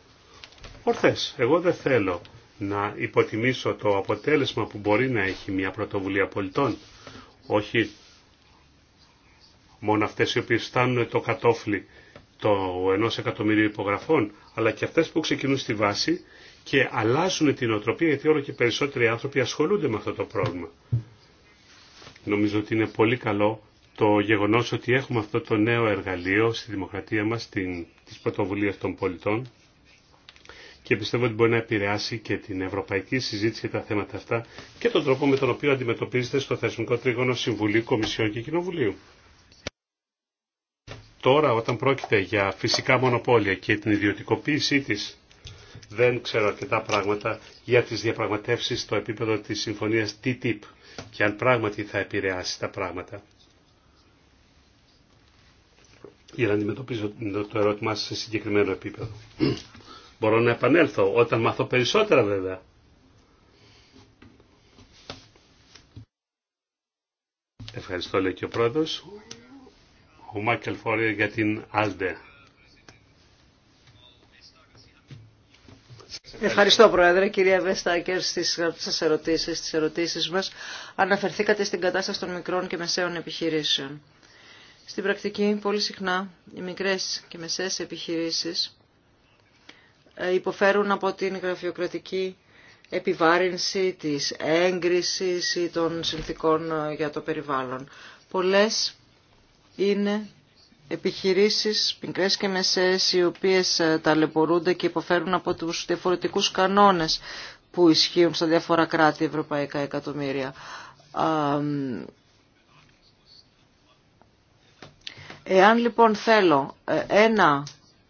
ορθές. Εγώ δεν θέλω να υποτιμήσω το αποτέλεσμα που μπορεί να έχει μια πρωτοβουλία πολιτών. Όχι μόνο αυτές οι οποίες φτάνουν το κατόφλι το ενός εκατομμυρίου υπογραφών, αλλά και αυτές που ξεκινούν στη βάση και αλλάζουν την οτροπία γιατί όλο και περισσότεροι άνθρωποι ασχολούνται με αυτό το πρόβλημα. Νομίζω ότι είναι πολύ καλό το γεγονός ότι έχουμε αυτό το νέο εργαλείο στη δημοκρατία μας, την, της πρωτοβουλίας των πολιτών και πιστεύω ότι μπορεί να επηρεάσει και την ευρωπαϊκή συζήτηση για τα θέματα αυτά και τον τρόπο με τον οποίο αντιμετωπίζεται στο θεσμικό τρίγωνο Συμβουλίου, Κομισιών και Κοινοβουλίου. Τώρα όταν πρόκειται για φυσικά μονοπόλια και την ιδιωτικοποίησή της δεν ξέρω αρκετά πράγματα για τις διαπραγματεύσεις στο επίπεδο της συμφωνίας TTIP και αν πράγματι θα επηρεάσει τα πράγματα για να αντιμετωπίζω το ερώτημά σας σε συγκεκριμένο επίπεδο. Μπορώ να επανέλθω όταν μάθω περισσότερα βέβαια. Ευχαριστώ λέει και ο πρόεδρος. Ο Μάκελ Φόρια για την Άλντε. Ευχαριστώ Πρόεδρε, κυρία Βεστάκερ, στις σας ερωτήσεις, στις ερωτήσεις μας. Αναφερθήκατε στην κατάσταση των μικρών και μεσαίων επιχειρήσεων. Στην πρακτική, πολύ συχνά, οι μικρές και μεσαίες επιχειρήσεις ε, υποφέρουν από την γραφειοκρατική επιβάρυνση της έγκρισης ή των συνθήκων ε, για το περιβάλλον. Πολλές είναι επιχειρήσεις, μικρές και μεσαίες, οι οποίες ε, ταλαιπωρούνται και υποφέρουν από τους διαφορετικούς κανόνες που ισχύουν στα διάφορα κράτη ευρωπαϊκά εκατομμύρια. Εάν λοιπόν θέλω ε, ένα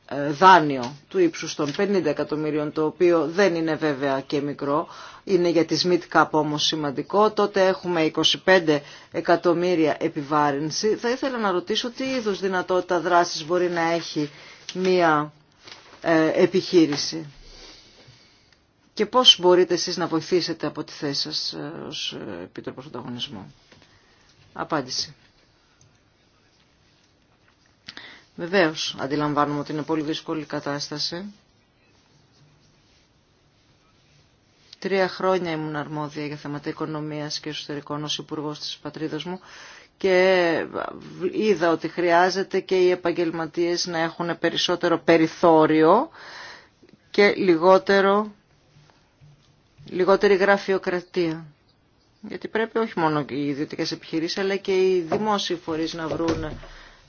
ε, δάνειο του ύψους των 50 εκατομμύριων, το οποίο δεν είναι βέβαια και μικρό, είναι για τις mid-cap όμως σημαντικό, τότε έχουμε 25 εκατομμύρια επιβάρυνση. Θα ήθελα να ρωτήσω τι είδους δυνατότητα δράσης μπορεί να έχει μία ε, επιχείρηση και πώς μπορείτε εσείς να βοηθήσετε από τη θέση σας ως Επίτροπος Ανταγωνισμού. Απάντηση. Βεβαίως αντιλαμβάνομαι ότι είναι πολύ δύσκολη κατάσταση. Τρία χρόνια ήμουν αρμόδια για θέματα οικονομίας και εσωτερικών ως υπουργός της πατρίδας μου και είδα ότι χρειάζεται και οι επαγγελματίες να έχουν περισσότερο περιθώριο και λιγότερο, λιγότερη γραφειοκρατία. Γιατί πρέπει όχι μόνο οι ιδιωτικές επιχειρήσεις αλλά και οι δημόσιοι φορείς να βρουν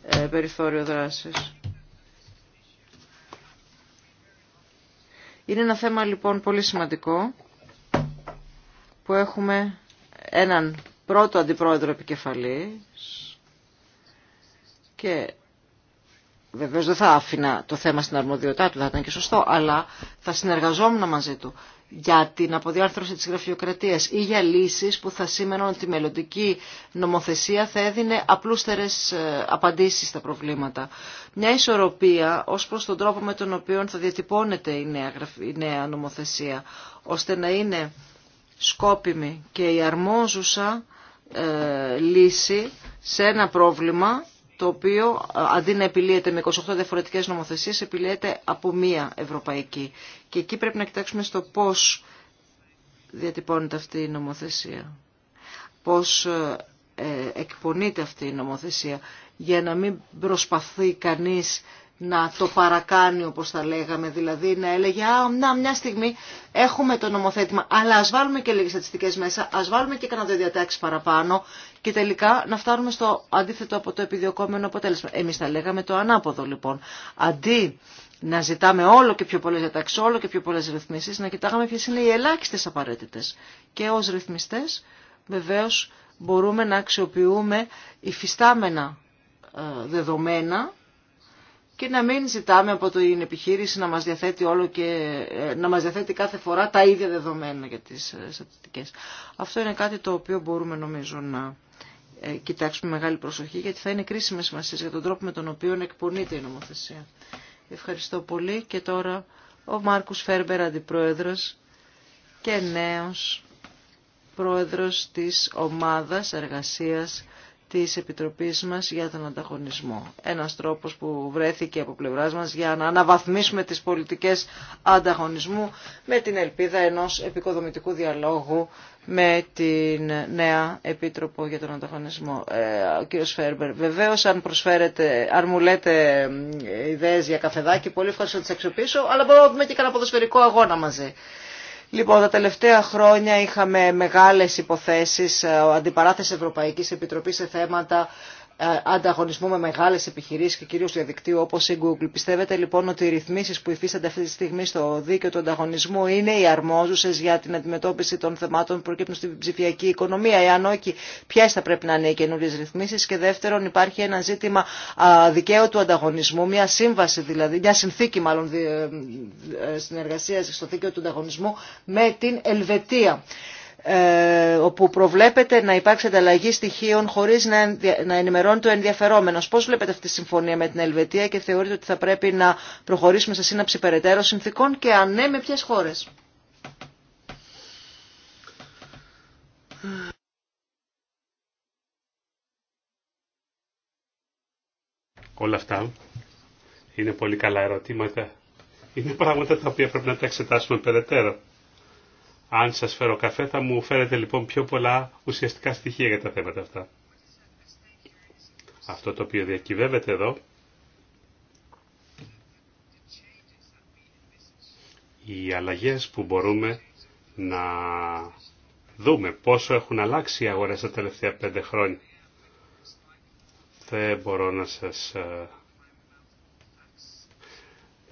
ε, περιθώριο δράσης. Είναι ένα θέμα λοιπόν πολύ σημαντικό που έχουμε έναν πρώτο αντιπρόεδρο επικεφαλής και Βεβαίω δεν θα άφηνα το θέμα στην αρμοδιότητά του, θα ήταν και σωστό, αλλά θα συνεργαζόμουν μαζί του για την αποδιάρθρωση της γραφειοκρατίας ή για λύσεις που θα σήμαιναν ότι η μελλοντική νομοθεσία θα έδινε απλούστερες ε, απαντήσεις στα προβλήματα. Μια ισορροπία ως προς τον τρόπο με τον οποίο θα διατυπώνεται η νέα, η νέα νομοθεσία, ώστε να είναι σκόπιμη και η αρμόζουσα ε, λύση σε ένα πρόβλημα το οποίο ε, αντί να επιλύεται με 28 διαφορετικές νομοθεσίες, επιλύεται από μία ευρωπαϊκή. Και εκεί πρέπει να κοιτάξουμε στο πώς διατυπώνεται αυτή η νομοθεσία, πώς ε, ε, εκπονείται αυτή η νομοθεσία, για να μην προσπαθεί κανείς να το παρακάνει όπως θα λέγαμε, δηλαδή να έλεγε «Α, να, μια στιγμή έχουμε το νομοθέτημα, αλλά ας βάλουμε και λίγες στατιστικές μέσα, ας βάλουμε και κανένα δύο διατάξεις παραπάνω και τελικά να φτάνουμε στο αντίθετο από το επιδιωκόμενο αποτέλεσμα». Εμείς θα λέγαμε το ανάποδο λοιπόν. Αντί να ζητάμε όλο και πιο πολλές διατάξεις, όλο και πιο πολλές ρυθμίσεις, να κοιτάγαμε ποιες είναι οι ελάχιστες απαραίτητες. Και ως ρυθμιστές βεβαίως μπορούμε να αξιοποιούμε υφιστάμενα ε, δεδομένα και να μην ζητάμε από την επιχείρηση να μας διαθέτει όλο και ε, να μας διαθέτει κάθε φορά τα ίδια δεδομένα για τις ε, στατιστικές. Αυτό είναι κάτι το οποίο μπορούμε νομίζω να ε, κοιτάξουμε μεγάλη προσοχή γιατί θα είναι κρίσιμε σημασία για τον τρόπο με τον οποίο εκπονείται η νομοθεσία. Ευχαριστώ πολύ και τώρα ο Μάρκους Φέρμπερ αντιπρόεδρος και νέος πρόεδρος της ομάδας εργασίας της Επιτροπής μας για τον ανταγωνισμό. Ένας τρόπος που βρέθηκε από πλευράς μας για να αναβαθμίσουμε τις πολιτικές ανταγωνισμού με την ελπίδα ενός επικοδομητικού διαλόγου με την νέα Επίτροπο για τον Ανταγωνισμό, ε, ο κύριος Φέρμπερ. Βεβαίως, αν, προσφέρετε, αν μου λέτε ιδέες για καφεδάκι, πολύ ευχαριστώ να τις αξιοποιήσω, αλλά μπορούμε και κανένα ποδοσφαιρικό αγώνα μαζί. Λοιπόν, τα τελευταία χρόνια είχαμε μεγάλες υποθέσεις ε, αντιπαράθεση Ευρωπαϊκής Επιτροπής σε θέματα ε, ανταγωνισμού με μεγάλε επιχειρήσει και κυρίω διαδικτύου όπω η Google. Πιστεύετε λοιπόν ότι οι ρυθμίσει που υφίστανται αυτή τη στιγμή στο δίκαιο του ανταγωνισμού είναι οι αρμόζουσε για την αντιμετώπιση των θεμάτων που προκύπτουν στην ψηφιακή οικονομία. Εάν όχι, ποιε θα πρέπει να είναι οι καινούριε ρυθμίσει. Και δεύτερον, υπάρχει ένα ζήτημα δικαίου του ανταγωνισμού, μια σύμβαση δηλαδή, μια συνθήκη μάλλον ε, ε, συνεργασία στο δίκαιο του ανταγωνισμού με την Ελβετία. Ε, όπου προβλέπεται να υπάρξει ανταλλαγή στοιχείων χωρίς να ενημερώνει το ενδιαφερόμενος. Πώς βλέπετε αυτή τη συμφωνία με την Ελβετία και θεωρείτε ότι θα πρέπει να προχωρήσουμε σε σύναψη περαιτέρω συνθήκων και αν ναι με ποιες χώρες. Όλα αυτά είναι πολύ καλά ερωτήματα. Είναι πράγματα τα οποία πρέπει να τα εξετάσουμε περαιτέρω. Αν σα φέρω καφέ θα μου φέρετε λοιπόν πιο πολλά ουσιαστικά στοιχεία για τα θέματα αυτά. Αυτό το οποίο διακυβεύεται εδώ οι αλλαγές που μπορούμε να δούμε πόσο έχουν αλλάξει οι αγορές τα τελευταία πέντε χρόνια. Δεν μπορώ να σας ε,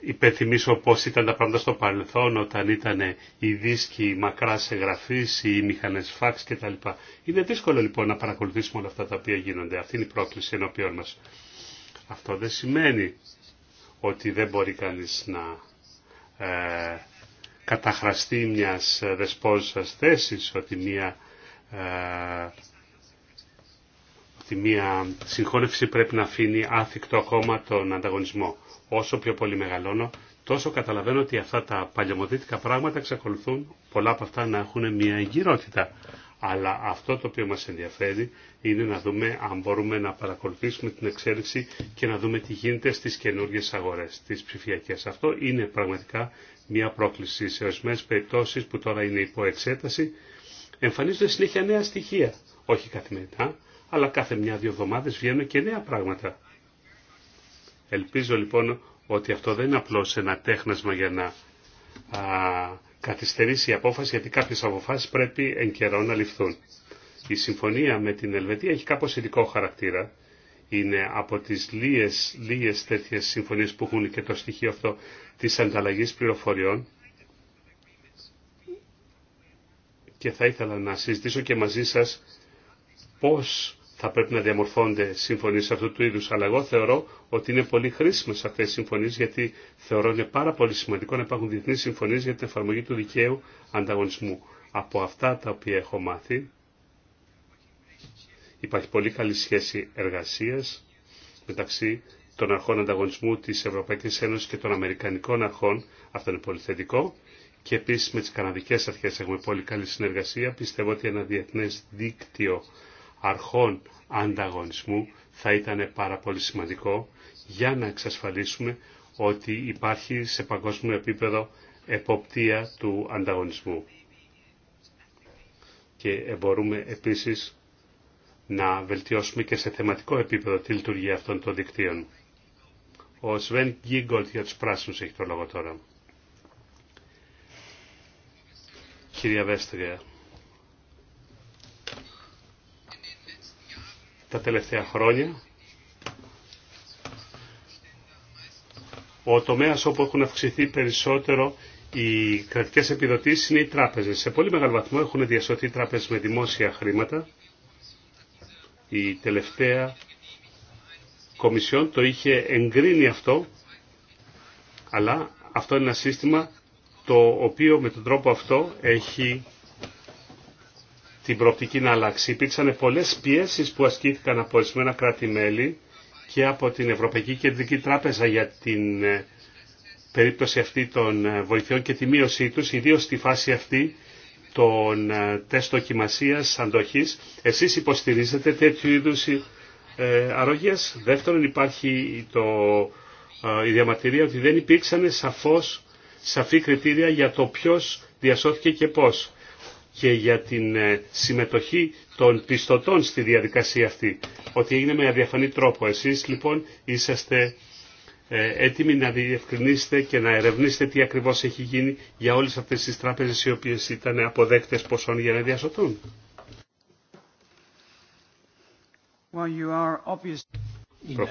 υπενθυμίσω πώς ήταν τα πράγματα στο παρελθόν όταν ήταν οι δίσκοι μακράς ή οι μηχανές φαξ κτλ. Είναι δύσκολο λοιπόν να παρακολουθήσουμε όλα αυτά τα οποία γίνονται. Αυτή είναι η πρόκληση ενώπιόν μας. Αυτό δεν σημαίνει ότι δεν μπορεί κανείς να ε, καταχραστεί μιας δεσπόζουσας θέσης, ότι μια, ε, ότι μια συγχώνευση πρέπει να αφήνει άθικτο ακόμα τον ανταγωνισμό όσο πιο πολύ μεγαλώνω, τόσο καταλαβαίνω ότι αυτά τα παλαιομοδίτικα πράγματα εξακολουθούν πολλά από αυτά να έχουν μια εγκυρότητα. Αλλά αυτό το οποίο μας ενδιαφέρει είναι να δούμε αν μπορούμε να παρακολουθήσουμε την εξέλιξη και να δούμε τι γίνεται στις καινούργιες αγορές, στις ψηφιακές. Αυτό είναι πραγματικά μια πρόκληση. Σε ορισμένε περιπτώσεις που τώρα είναι υπό εξέταση εμφανίζονται συνέχεια νέα στοιχεία. Όχι καθημερινά, αλλά κάθε μια-δύο εβδομάδες βγαίνουν και νέα πράγματα. Ελπίζω λοιπόν ότι αυτό δεν είναι απλώς ένα τέχνασμα για να α, καθυστερήσει η απόφαση, γιατί κάποιες αποφάσεις πρέπει εν καιρό να ληφθούν. Η συμφωνία με την Ελβετία έχει κάπως ειδικό χαρακτήρα. Είναι από τις λίες τέτοιε τέτοιες συμφωνίες που έχουν και το στοιχείο αυτό της ανταλλαγής πληροφοριών. Και θα ήθελα να συζητήσω και μαζί σας πώς θα πρέπει να διαμορφώνται συμφωνίες αυτού του είδους, αλλά εγώ θεωρώ ότι είναι πολύ χρήσιμες αυτές οι συμφωνίες, γιατί θεωρώ είναι πάρα πολύ σημαντικό να υπάρχουν διεθνείς συμφωνίες για την εφαρμογή του δικαίου ανταγωνισμού. Από αυτά τα οποία έχω μάθει, υπάρχει πολύ καλή σχέση εργασίας μεταξύ των αρχών ανταγωνισμού της Ευρωπαϊκής Ένωσης και των Αμερικανικών αρχών. Αυτό είναι πολύ θετικό. Και επίσης με τις Καναδικές αρχές έχουμε πολύ καλή συνεργασία. Πιστεύω ότι ένα διεθνέ δίκτυο αρχών ανταγωνισμού θα ήταν πάρα πολύ σημαντικό για να εξασφαλίσουμε ότι υπάρχει σε παγκόσμιο επίπεδο εποπτεία του ανταγωνισμού. Και μπορούμε επίσης να βελτιώσουμε και σε θεματικό επίπεδο τη λειτουργία αυτών των δικτύων. Ο Σβέν Γκίγκολτ για τους πράσινους έχει το λόγο τώρα. Κυρία Βέστρια, τα τελευταία χρόνια. Ο τομέας όπου έχουν αυξηθεί περισσότερο οι κρατικές επιδοτήσεις είναι οι τράπεζες. Σε πολύ μεγάλο βαθμό έχουν διασωθεί τράπεζες με δημόσια χρήματα. Η τελευταία Κομισιόν το είχε εγκρίνει αυτό, αλλά αυτό είναι ένα σύστημα το οποίο με τον τρόπο αυτό έχει την προοπτική να αλλάξει. Υπήρξαν πολλές πιέσεις που ασκήθηκαν από ορισμένα κράτη-μέλη και από την Ευρωπαϊκή Κεντρική Τράπεζα για την ε, περίπτωση αυτή των ε, βοηθειών και τη μείωσή τους, ιδίως στη φάση αυτή των ε, τεστ δοκιμασίας αντοχής. Εσείς υποστηρίζετε τέτοιου είδους αρρώγειας. Δεύτερον υπάρχει το, η διαμαρτυρία ότι δεν υπήρξαν σαφή κριτήρια για το ποιος διασώθηκε και πώς και για την ε, συμμετοχή των πιστωτών στη διαδικασία αυτή, ότι έγινε με αδιαφανή τρόπο. Εσείς λοιπόν είσαστε ε, έτοιμοι να διευκρινίσετε και να ερευνήσετε τι ακριβώς έχει γίνει για όλες αυτές τις τράπεζες οι οποίες ήταν αποδέκτες ποσών για να διασωθούν. Well, you are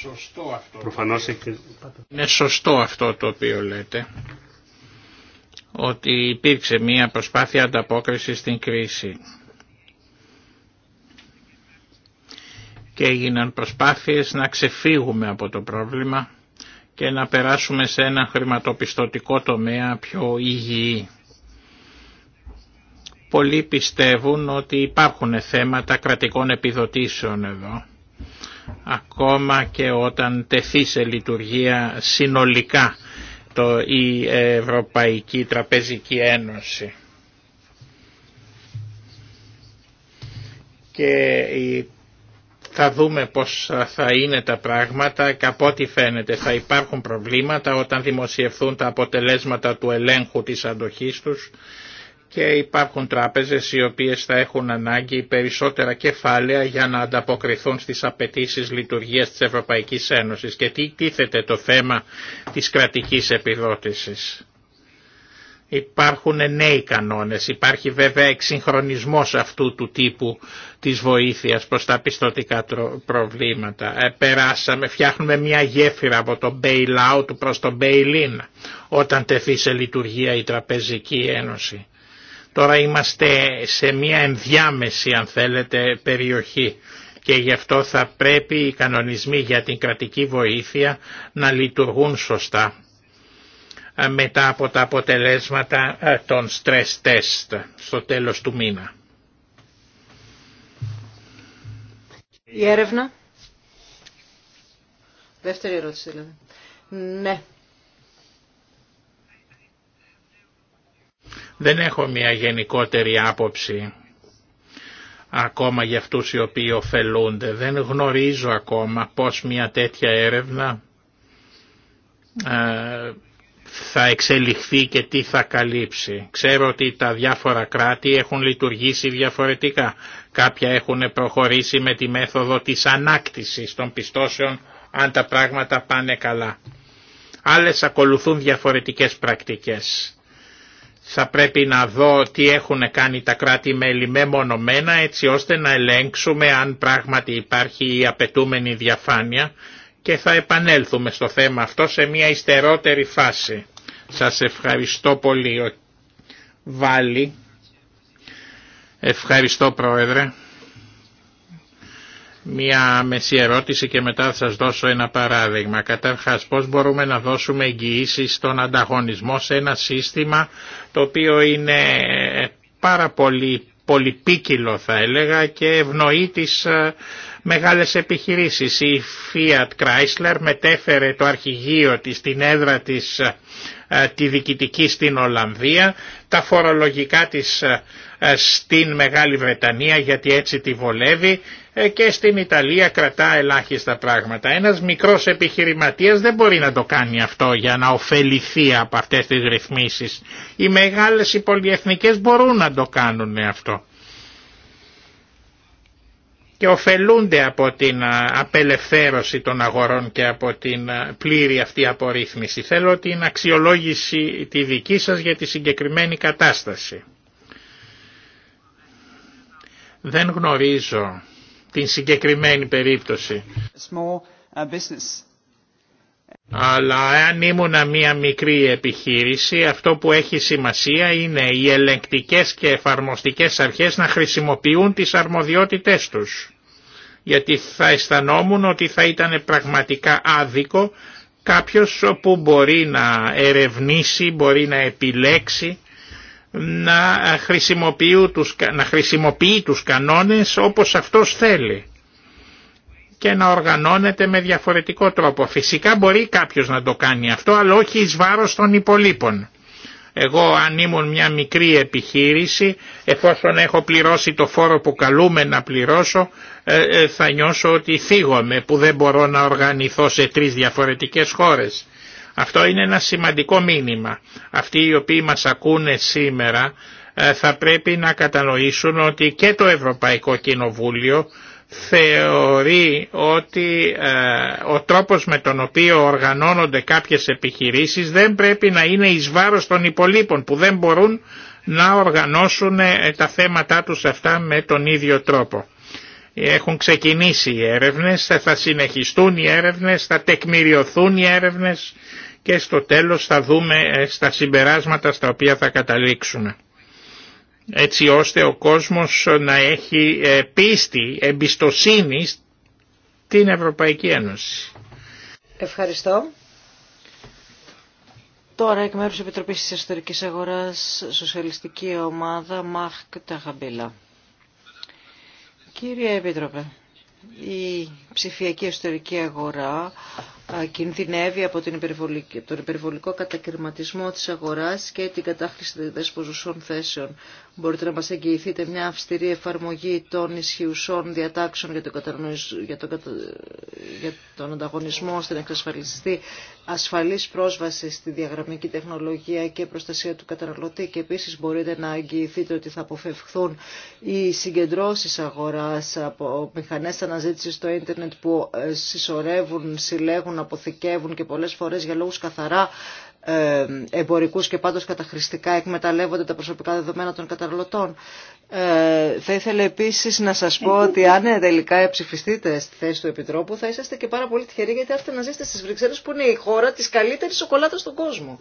σωστό αυτό. Προφανώς Είναι σωστό αυτό το οποίο λέτε ότι υπήρξε μία προσπάθεια ανταπόκρισης στην κρίση. Και έγιναν προσπάθειες να ξεφύγουμε από το πρόβλημα και να περάσουμε σε ένα χρηματοπιστωτικό τομέα πιο υγιή. Πολλοί πιστεύουν ότι υπάρχουν θέματα κρατικών επιδοτήσεων εδώ, ακόμα και όταν τεθεί σε λειτουργία συνολικά το, η Ευρωπαϊκή Τραπεζική Ένωση. Και θα δούμε πώς θα είναι τα πράγματα και από ό,τι φαίνεται θα υπάρχουν προβλήματα όταν δημοσιευθούν τα αποτελέσματα του ελέγχου της αντοχής τους και υπάρχουν τράπεζες οι οποίες θα έχουν ανάγκη περισσότερα κεφάλαια για να ανταποκριθούν στις απαιτήσεις λειτουργίας της Ευρωπαϊκής Ένωσης και τι τίθεται το θέμα της κρατικής επιδότησης. Υπάρχουν νέοι κανόνες, υπάρχει βέβαια εξυγχρονισμός αυτού του τύπου της βοήθειας προς τα πιστοτικά προβλήματα. Ε, περάσαμε, φτιάχνουμε μια γέφυρα από το bailout προς το bail-in όταν τεθεί σε λειτουργία η Τραπεζική Ένωση. Τώρα είμαστε σε μια ενδιάμεση αν θέλετε περιοχή και γι' αυτό θα πρέπει οι κανονισμοί για την κρατική βοήθεια να λειτουργούν σωστά ε, μετά από τα αποτελέσματα ε, των stress test στο τέλος του μήνα. Η έρευνα. Δεύτερη ερώτηση δηλαδή. Ναι, Δεν έχω μια γενικότερη άποψη ακόμα για αυτούς οι οποίοι ωφελούνται. Δεν γνωρίζω ακόμα πώς μια τέτοια έρευνα ε, θα εξελιχθεί και τι θα καλύψει. Ξέρω ότι τα διάφορα κράτη έχουν λειτουργήσει διαφορετικά. Κάποια έχουν προχωρήσει με τη μέθοδο της ανάκτησης των πιστώσεων αν τα πράγματα πάνε καλά. Άλλες ακολουθούν διαφορετικές πρακτικές θα πρέπει να δω τι έχουν κάνει τα κράτη-μέλη μεμονωμένα έτσι ώστε να ελέγξουμε αν πράγματι υπάρχει η απαιτούμενη διαφάνεια και θα επανέλθουμε στο θέμα αυτό σε μια ιστερότερη φάση. Σας ευχαριστώ πολύ. Βάλει. Ευχαριστώ Πρόεδρε. Μία μεση ερώτηση και μετά θα σας δώσω ένα παράδειγμα. Καταρχάς πώς μπορούμε να δώσουμε εγγυήσει στον ανταγωνισμό σε ένα σύστημα το οποίο είναι πάρα πολύ πολυπίκυλο θα έλεγα και ευνοεί τις ε, μεγάλες επιχειρήσεις. Η Fiat Chrysler μετέφερε το αρχηγείο της στην έδρα της ε, ε, τη διοικητική στην Ολλανδία, τα φορολογικά της στην Μεγάλη Βρετανία γιατί έτσι τη βολεύει ε, και στην Ιταλία κρατά ελάχιστα πράγματα. Ένας μικρός επιχειρηματίας δεν μπορεί να το κάνει αυτό για να ωφεληθεί από αυτές τις ρυθμίσεις. Οι μεγάλες οι μπορούν να το κάνουν αυτό και ωφελούνται από την απελευθέρωση των αγορών και από την πλήρη αυτή απορρίθμιση. Θέλω την αξιολόγηση τη δική σας για τη συγκεκριμένη κατάσταση. Δεν γνωρίζω την συγκεκριμένη περίπτωση. Uh, Αλλά αν ήμουν μια μικρή επιχείρηση, αυτό που έχει σημασία είναι οι ελεγκτικές και εφαρμοστικές αρχές να χρησιμοποιούν τις αρμοδιότητές τους. Γιατί θα αισθανόμουν ότι θα ήταν πραγματικά άδικο κάποιος που μπορεί να ερευνήσει, μπορεί να επιλέξει να, τους, να χρησιμοποιεί τους κανόνες όπως αυτός θέλει και να οργανώνεται με διαφορετικό τρόπο. Φυσικά μπορεί κάποιος να το κάνει αυτό, αλλά όχι εις βάρος των υπολείπων. Εγώ αν ήμουν μια μικρή επιχείρηση, εφόσον έχω πληρώσει το φόρο που καλούμε να πληρώσω, ε, ε, θα νιώσω ότι θίγομαι που δεν μπορώ να οργανηθώ σε τρεις διαφορετικές χώρες. Αυτό είναι ένα σημαντικό μήνυμα. Αυτοί οι οποίοι μας ακούνε σήμερα ε, θα πρέπει να κατανοήσουν ότι και το Ευρωπαϊκό Κοινοβούλιο θεωρεί ότι ε, ο τρόπος με τον οποίο οργανώνονται κάποιες επιχειρήσεις δεν πρέπει να είναι εις βάρος των υπολείπων που δεν μπορούν να οργανώσουν ε, τα θέματα τους αυτά με τον ίδιο τρόπο. Έχουν ξεκινήσει οι έρευνες, θα συνεχιστούν οι έρευνες, θα τεκμηριωθούν οι έρευνες και στο τέλος θα δούμε ε, στα συμπεράσματα στα οποία θα καταλήξουμε έτσι ώστε ο κόσμος να έχει ε, πίστη, εμπιστοσύνη στην Ευρωπαϊκή Ένωση. Ευχαριστώ. Τώρα εκ μέρους Επιτροπής της Εσωτερικής Αγοράς, Σοσιαλιστική Ομάδα, Μαχκ Ταχαμπίλα. Κύριε Επίτροπε, η ψηφιακή εσωτερική αγορά κινδυνεύει από, τον υπερβολικό κατακαιρματισμό της αγοράς και την κατάχρηση δεσποζουσών θέσεων. Μπορείτε να μας εγγυηθείτε μια αυστηρή εφαρμογή των ισχυουσών διατάξεων για τον, για ανταγωνισμό ώστε να εξασφαλιστεί ασφαλής πρόσβαση στη διαγραμμική τεχνολογία και προστασία του καταναλωτή και επίσης μπορείτε να εγγυηθείτε ότι θα αποφευχθούν οι συγκεντρώσεις αγοράς από μηχανές αναζήτησης στο ίντερνετ που ε, συσσωρεύουν, συλλέγουν, αποθηκεύουν και πολλές φορές για λόγους καθαρά ε, εμπορικούς και πάντως καταχρηστικά εκμεταλλεύονται τα προσωπικά δεδομένα των καταναλωτών. Ε, θα ήθελα επίσης να σας πω ότι αν τελικά ψηφιστείτε στη θέση του Επιτρόπου θα είσαστε και πάρα πολύ τυχεροί γιατί έρθετε να ζήσετε στις Βρυξέλλες που είναι η χώρα της καλύτερης σοκολάτας στον κόσμο.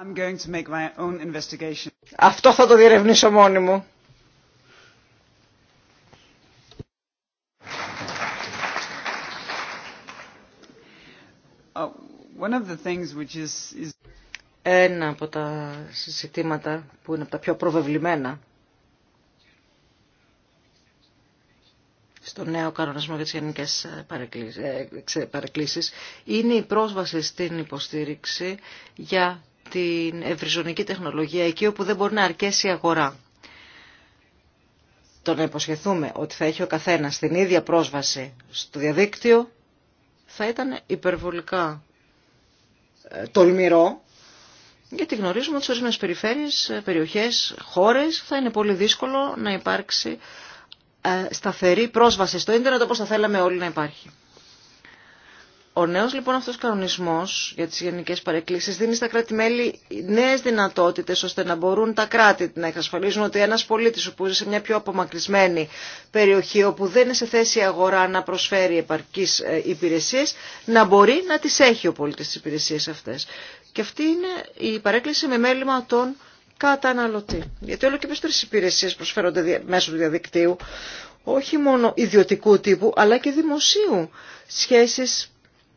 I'm going to make my own Αυτό θα το διερευνήσω μόνη μου. Oh, ένα από τα συζητήματα που είναι από τα πιο προβεβλημένα στο νέο κανονισμό για τις γενικές ε, ε, παρεκκλήσεις είναι η πρόσβαση στην υποστήριξη για την ευρυζωνική τεχνολογία εκεί όπου δεν μπορεί να αρκέσει η αγορά. Το να υποσχεθούμε ότι θα έχει ο καθένας την ίδια πρόσβαση στο διαδίκτυο θα ήταν υπερβολικά ε, τολμηρό, γιατί γνωρίζουμε ότι σε ορισμένε περιφέρειε, ε, περιοχέ, χώρε, θα είναι πολύ δύσκολο να υπάρξει ε, σταθερή πρόσβαση στο ίντερνετ όπως θα θέλαμε όλοι να υπάρχει. Ο νέος λοιπόν αυτός κανονισμός για τις γενικές παρεκκλήσεις δίνει στα κράτη-μέλη νέες δυνατότητες ώστε να μπορούν τα κράτη να εξασφαλίζουν ότι ένας πολίτης που ζει σε μια πιο απομακρυσμένη περιοχή όπου δεν είναι σε θέση η αγορά να προσφέρει επαρκείς ε, υπηρεσίες να μπορεί να τις έχει ο πολίτης τις υπηρεσίες αυτές. Και αυτή είναι η παρέκκληση με μέλημα των καταναλωτή. Γιατί όλο και περισσότερε υπηρεσίε προσφέρονται μέσω του διαδικτύου, όχι μόνο ιδιωτικού τύπου, αλλά και δημοσίου. σχέσει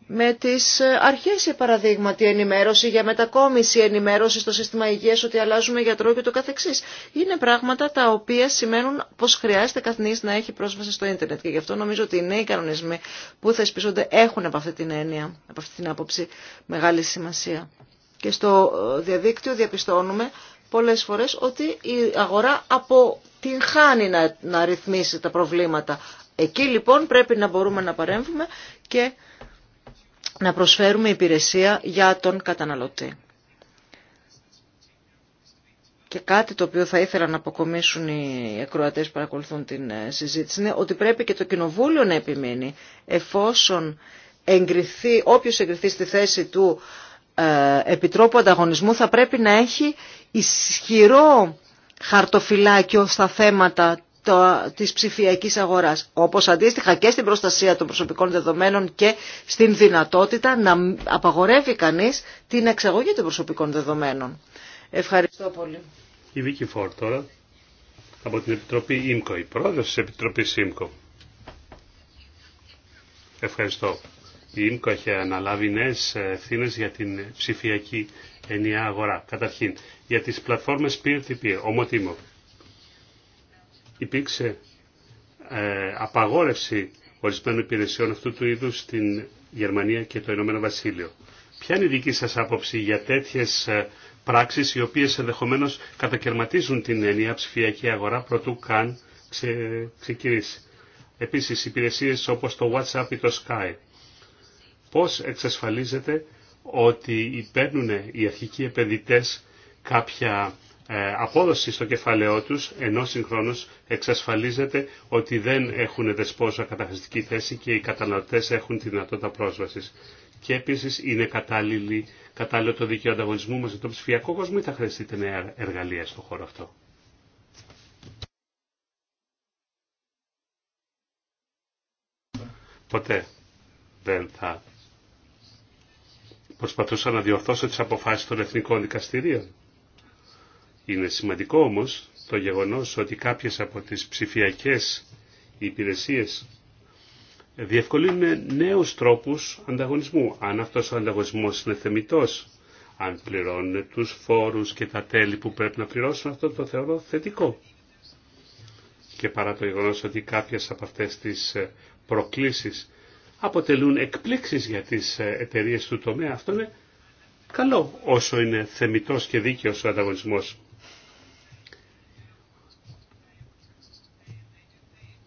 με τις ε, αρχές για παραδείγμα τη ενημέρωση για μετακόμιση, ενημέρωση στο σύστημα υγείας ότι αλλάζουμε γιατρό και το καθεξής. Είναι πράγματα τα οποία σημαίνουν πως χρειάζεται καθνής να έχει πρόσβαση στο ίντερνετ και γι' αυτό νομίζω ότι οι νέοι κανονισμοί που θα έχουν από αυτή την έννοια, από αυτή την άποψη μεγάλη σημασία. Και στο ε, διαδίκτυο διαπιστώνουμε πολλές φορές ότι η αγορά από την χάνει να, να ρυθμίσει τα προβλήματα. Εκεί λοιπόν πρέπει να μπορούμε να παρέμβουμε και να προσφέρουμε υπηρεσία για τον καταναλωτή. Και κάτι το οποίο θα ήθελα να αποκομίσουν οι εκροατές που παρακολουθούν την ε, συζήτηση είναι ότι πρέπει και το Κοινοβούλιο να επιμείνει εφόσον εγκριθεί, όποιος εγκριθεί στη θέση του ε, Επιτρόπου Ανταγωνισμού θα πρέπει να έχει ισχυρό χαρτοφυλάκιο στα θέματα το, της ψηφιακής αγοράς. Όπως αντίστοιχα και στην προστασία των προσωπικών δεδομένων και στην δυνατότητα να απαγορεύει κανείς την εξαγωγή των προσωπικών δεδομένων. Ευχαριστώ πολύ. Η Βίκη Φόρ τώρα από την Επιτροπή ΙΜΚΟ, η πρόεδρος της Επιτροπής ΙΜΚΟ. Ευχαριστώ. Η ΙΜΚΟ έχει αναλάβει νέες ευθύνε για την ψηφιακή ενιαία αγορά. Καταρχήν, για τις πλατφόρμες peer-to-peer, ομοτήμο υπήρξε ε, απαγόρευση ορισμένων υπηρεσιών αυτού του είδους στην Γερμανία και το Ηνωμένο Βασίλειο. Ποια είναι η δική σας άποψη για τέτοιες ε, πράξεις οι οποίες ενδεχομένως κατακαιρματίζουν την ενιαία ψηφιακή αγορά πρωτού καν ξε, ξεκινήσει. Επίσης υπηρεσίες όπως το WhatsApp ή το Skype. Πώς εξασφαλίζεται ότι παίρνουν οι αρχικοί επενδυτές κάποια ε, απόδοση στο κεφαλαίο τους, ενώ συγχρόνως εξασφαλίζεται ότι δεν έχουν δεσπόζα καταχρηστική θέση και οι καταναλωτές έχουν τη δυνατότητα πρόσβασης. Και επίσης είναι κατάλληλο το δίκαιο ανταγωνισμού μας για τον ψηφιακό κόσμο ή θα χρειαστείτε νέα εργαλεία στον χώρο αυτό. Ποτέ δεν θα προσπαθούσα να διορθώσω τις αποφάσεις των εθνικών δικαστηρίων είναι σημαντικό όμως το γεγονός ότι κάποιες από τις ψηφιακές υπηρεσίες διευκολύνουν νέους τρόπους ανταγωνισμού. Αν αυτός ο ανταγωνισμός είναι θεμητός, αν πληρώνουν τους φόρους και τα τέλη που πρέπει να πληρώσουν, αυτό το θεωρώ θετικό. Και παρά το γεγονός ότι κάποιες από αυτές τις ε, προκλήσεις αποτελούν εκπλήξεις για τις ε, εταιρείε του τομέα, αυτό είναι καλό όσο είναι θεμητός και δίκαιος ο ανταγωνισμός.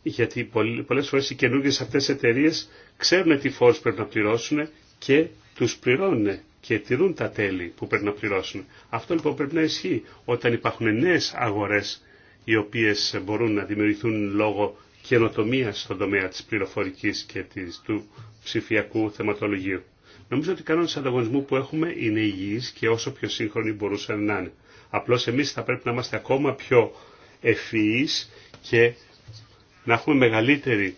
γιατί πολλές φορές οι καινούργιε αυτές εταιρείε ξέρουν τι φόρους πρέπει να πληρώσουν και τους πληρώνουν και τηρούν τα τέλη που πρέπει να πληρώσουν. Αυτό λοιπόν πρέπει να ισχύει όταν υπάρχουν νέες αγορές οι οποίες μπορούν να δημιουργηθούν λόγω καινοτομία στον τομέα της πληροφορικής και της, του ψηφιακού θεματολογίου. Νομίζω ότι οι κανόνες ανταγωνισμού που έχουμε είναι υγιείς και όσο πιο σύγχρονοι μπορούσαν να είναι. Απλώς εμείς θα πρέπει να είμαστε ακόμα πιο ευφυείς και να έχουμε μεγαλύτερη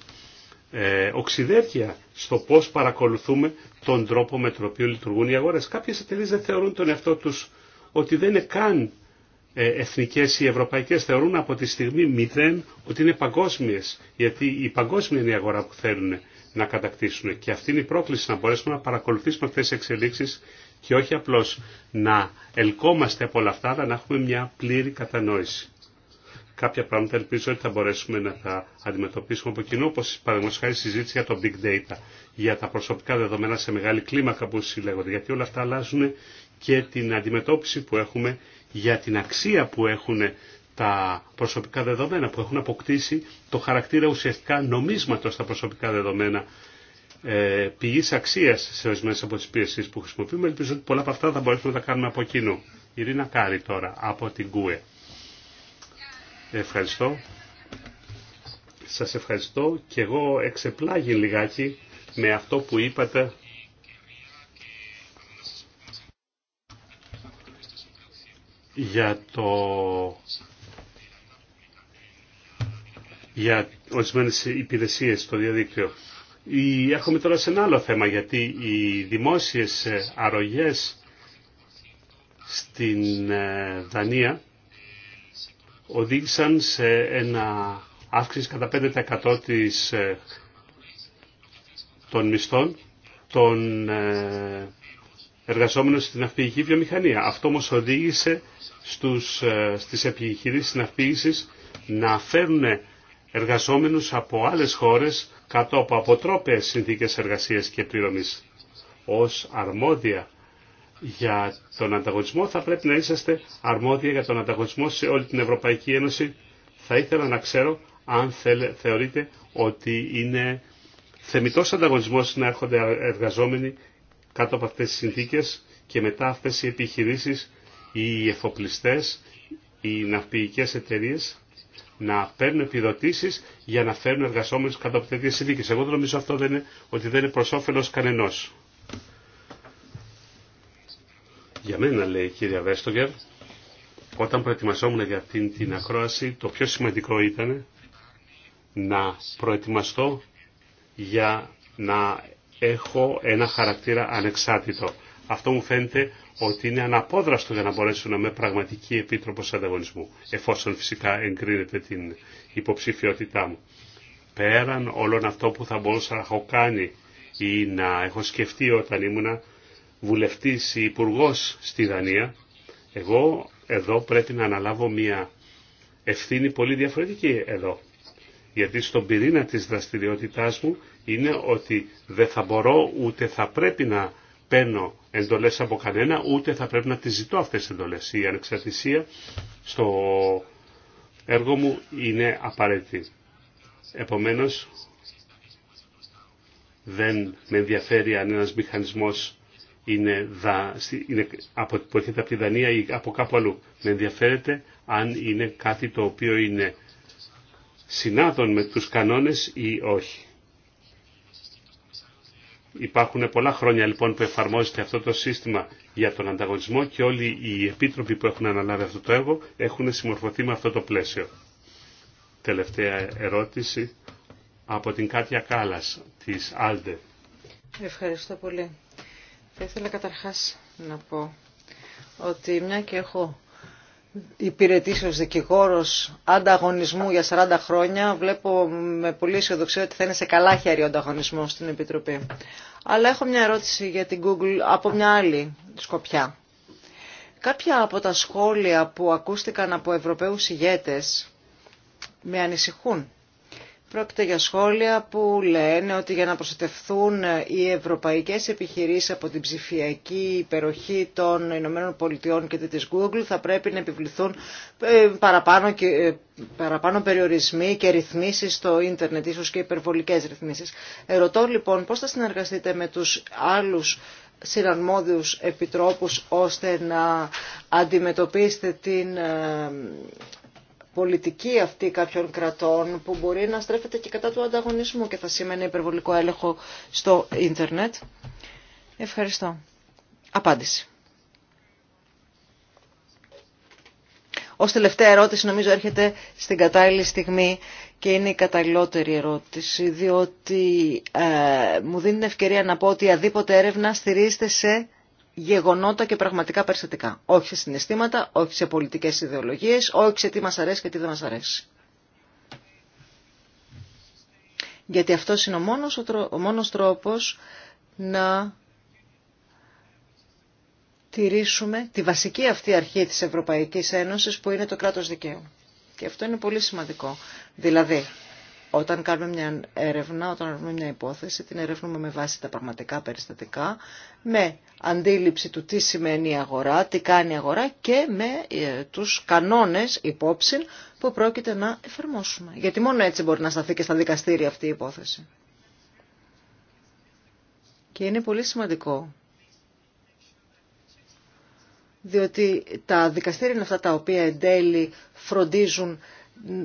ε, οξυδέρκεια στο πώς παρακολουθούμε τον τρόπο με τον οποίο λειτουργούν οι αγορές. Κάποιες εταιρείε δεν θεωρούν τον εαυτό τους ότι δεν είναι καν ε, εθνικές ή ευρωπαϊκές θεωρούν από τη στιγμή μηδέν ότι είναι παγκόσμιες γιατί η παγκόσμια είναι η αγορά που θέλουν να κατακτήσουν και αυτή είναι η πρόκληση να μπορέσουμε να παρακολουθήσουμε αυτές τις εξελίξεις και όχι απλώς να ελκόμαστε από όλα αυτά αλλά να έχουμε μια πλήρη κατανόηση κάποια πράγματα ελπίζω ότι θα μπορέσουμε να τα αντιμετωπίσουμε από κοινού, όπως παραδείγματος χάρη συζήτηση για το big data, για τα προσωπικά δεδομένα σε μεγάλη κλίμακα που συλλέγονται, γιατί όλα αυτά αλλάζουν και την αντιμετώπιση που έχουμε για την αξία που έχουν τα προσωπικά δεδομένα, που έχουν αποκτήσει το χαρακτήρα ουσιαστικά νομίσματος τα προσωπικά δεδομένα ε, πηγή αξία σε ορισμένε από τι πίεσει που χρησιμοποιούμε. Ελπίζω ότι πολλά από αυτά θα μπορέσουμε να τα κάνουμε από κοινού. Ειρήνα Κάρη τώρα από την ΚΟΕ. Ευχαριστώ. Σας ευχαριστώ και εγώ εξεπλάγει λιγάκι με αυτό που είπατε για το για ορισμένε υπηρεσίε στο διαδίκτυο. Ή, τώρα σε ένα άλλο θέμα, γιατί οι δημόσιες αρρωγές στην ε, Δανία οδήγησαν σε ένα αύξηση κατά 5% ε, των μισθών των ε, εργαζόμενων στην αυπηγική βιομηχανία. Αυτό όμως οδήγησε στους, ε, στις επιχειρήσεις ναυπήγησης να φέρουν εργαζόμενους από άλλες χώρες κάτω από αποτρόπες συνθήκες εργασίας και πληρωμής. Ως αρμόδια για τον ανταγωνισμό θα πρέπει να είσαστε αρμόδια για τον ανταγωνισμό σε όλη την Ευρωπαϊκή Ένωση. Θα ήθελα να ξέρω αν θεωρείτε ότι είναι θεμητός ανταγωνισμός να έρχονται εργαζόμενοι κάτω από αυτές τις συνθήκες και μετά αυτές οι επιχειρήσεις, οι εφοπλιστές, οι ναυπηγικές εταιρείες να παίρνουν επιδοτήσεις για να φέρουν εργαζόμενους κάτω από τέτοιες συνθήκες. Εγώ δεν νομίζω αυτό δεν είναι, ότι δεν είναι προς όφελος κανενός. Για μένα, λέει η κυρία Βέστογκερ, όταν προετοιμαζόμουν για αυτήν την ακρόαση, το πιο σημαντικό ήταν να προετοιμαστώ για να έχω ένα χαρακτήρα ανεξάρτητο. Αυτό μου φαίνεται ότι είναι αναπόδραστο για να μπορέσω να είμαι πραγματική επίτροπος ανταγωνισμού, εφόσον φυσικά εγκρίνεται την υποψηφιότητά μου. Πέραν όλων αυτό που θα μπορούσα να έχω κάνει ή να έχω σκεφτεί όταν ήμουνα βουλευτής ή υπουργός στη Δανία, εγώ εδώ πρέπει να αναλάβω μια ευθύνη πολύ διαφορετική εδώ. Γιατί στον πυρήνα της δραστηριότητάς μου είναι ότι δεν θα μπορώ ούτε θα πρέπει να παίρνω εντολές από κανένα, ούτε θα πρέπει να τις ζητώ αυτές τις εντολές. Η ανεξαρτησία στο έργο μου είναι απαραίτητη. Επομένως, δεν με ενδιαφέρει αν ένας μηχανισμός είναι, δα, είναι από, από τη Δανία ή από κάπου αλλού. Με ενδιαφέρεται αν είναι κάτι το οποίο είναι συνάδων με τους κανόνες ή όχι. Υπάρχουν πολλά χρόνια λοιπόν που εφαρμόζεται αυτό το σύστημα για τον ανταγωνισμό και όλοι οι επίτροποι που έχουν αναλάβει αυτό το έργο έχουν συμμορφωθεί με αυτό το πλαίσιο. Τελευταία ερώτηση από την Κάτια Κάλλας της Άλντε. Ευχαριστώ πολύ. Θα ήθελα καταρχάς να πω ότι μια και έχω υπηρετήσει ως δικηγόρος ανταγωνισμού για 40 χρόνια, βλέπω με πολύ αισιοδοξία ότι θα είναι σε καλά χέρια ο ανταγωνισμός στην Επιτροπή. Αλλά έχω μια ερώτηση για την Google από μια άλλη σκοπιά. Κάποια από τα σχόλια που ακούστηκαν από Ευρωπαίους ηγέτες με ανησυχούν. Πρόκειται για σχόλια που λένε ότι για να προστατευθούν οι ευρωπαϊκές επιχειρήσεις από την ψηφιακή υπεροχή των Ηνωμένων Πολιτειών και της Google θα πρέπει να επιβληθούν ε, παραπάνω, ε, παραπάνω περιορισμοί και ρυθμίσεις στο ίντερνετ, ίσως και υπερβολικές ρυθμίσεις. Ερωτώ λοιπόν πώς θα συνεργαστείτε με τους άλλους συναρμόδιους επιτρόπους ώστε να αντιμετωπίσετε την ε, πολιτική αυτή κάποιων κρατών που μπορεί να στρέφεται και κατά του ανταγωνισμού και θα σημαίνει υπερβολικό έλεγχο στο ίντερνετ. Ευχαριστώ. Απάντηση. Ω τελευταία ερώτηση νομίζω έρχεται στην κατάλληλη στιγμή και είναι η καταλληλότερη ερώτηση διότι ε, μου δίνει την ευκαιρία να πω ότι αδίποτε έρευνα στηρίζεται σε γεγονότα και πραγματικά περιστατικά. Όχι σε συναισθήματα, όχι σε πολιτικές ιδεολογίες, όχι σε τι μας αρέσει και τι δεν μας αρέσει. Γιατί αυτό είναι ο μόνος, ο μόνος τρόπος να τηρήσουμε τη βασική αυτή αρχή της Ευρωπαϊκής Ένωσης που είναι το κράτος δικαίου. Και αυτό είναι πολύ σημαντικό. Δηλαδή, όταν κάνουμε μια έρευνα, όταν κάνουμε μια υπόθεση, την ερευνούμε με βάση τα πραγματικά περιστατικά, με αντίληψη του τι σημαίνει η αγορά, τι κάνει η αγορά και με ε, τους κανόνες υπόψη που πρόκειται να εφαρμόσουμε. Γιατί μόνο έτσι μπορεί να σταθεί και στα δικαστήρια αυτή η υπόθεση. Και είναι πολύ σημαντικό διότι τα δικαστήρια είναι αυτά τα οποία εν τέλει φροντίζουν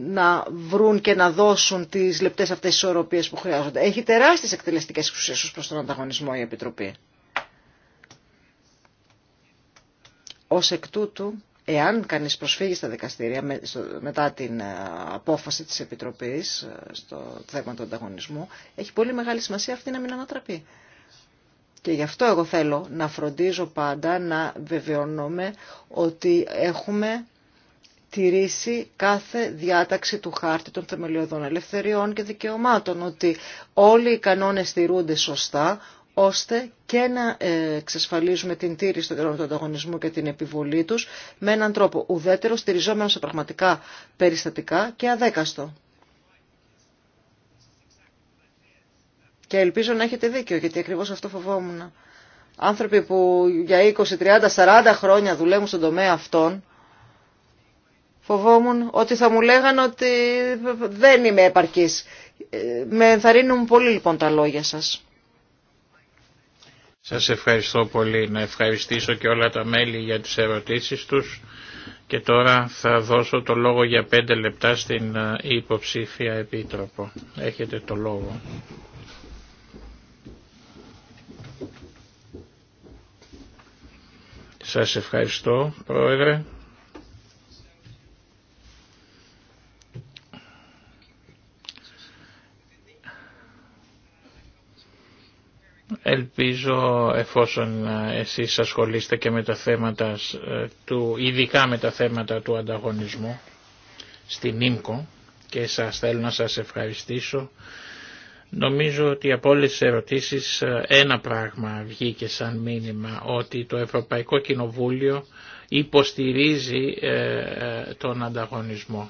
να βρουν και να δώσουν τις λεπτές αυτές τι ισορροπίες που χρειάζονται. Έχει τεράστιες εκτελεστικές εξουσίες ως προς τον ανταγωνισμό η Επιτροπή. Ως εκ τούτου, εάν κανείς προσφύγει στα δικαστήρια μετά την ε, απόφαση της Επιτροπής ε, στο θέμα του ανταγωνισμού, έχει πολύ μεγάλη σημασία αυτή να μην ανατραπεί. Και γι' αυτό εγώ θέλω να φροντίζω πάντα να βεβαιωνόμαι ότι έχουμε τηρήσει κάθε διάταξη του χάρτη των θεμελιωδών ελευθεριών και δικαιωμάτων, ότι όλοι οι κανόνες τηρούνται σωστά, ώστε και να ε, εξασφαλίζουμε την τήρηση των κανόνων του ανταγωνισμού και την επιβολή τους με έναν τρόπο ουδέτερο, στηριζόμενο σε πραγματικά περιστατικά και αδέκαστο. Και ελπίζω να έχετε δίκιο, γιατί ακριβώς αυτό φοβόμουν. Άνθρωποι που για 20, 30, 40 χρόνια δουλεύουν στον τομέα αυτών, Φοβόμουν ότι θα μου λέγανε ότι δεν είμαι επαρκής. Ε, με ενθαρρύνουν πολύ λοιπόν τα λόγια σας. Σας ευχαριστώ πολύ. Να ευχαριστήσω και όλα τα μέλη για τις ερωτήσεις τους. Και τώρα θα δώσω το λόγο για πέντε λεπτά στην ε, υποψήφια επίτροπο. Έχετε το λόγο. Σας ευχαριστώ, Πρόεδρε. Ελπίζω εφόσον ε, εσείς ασχολείστε και με τα θέματα ε, του, ειδικά με τα θέματα του ανταγωνισμού στην ΙΜΚΟ και σας θέλω να σας ευχαριστήσω. Νομίζω ότι από όλε τι ερωτήσεις ε, ένα πράγμα βγήκε σαν μήνυμα ότι το Ευρωπαϊκό Κοινοβούλιο υποστηρίζει τον ανταγωνισμό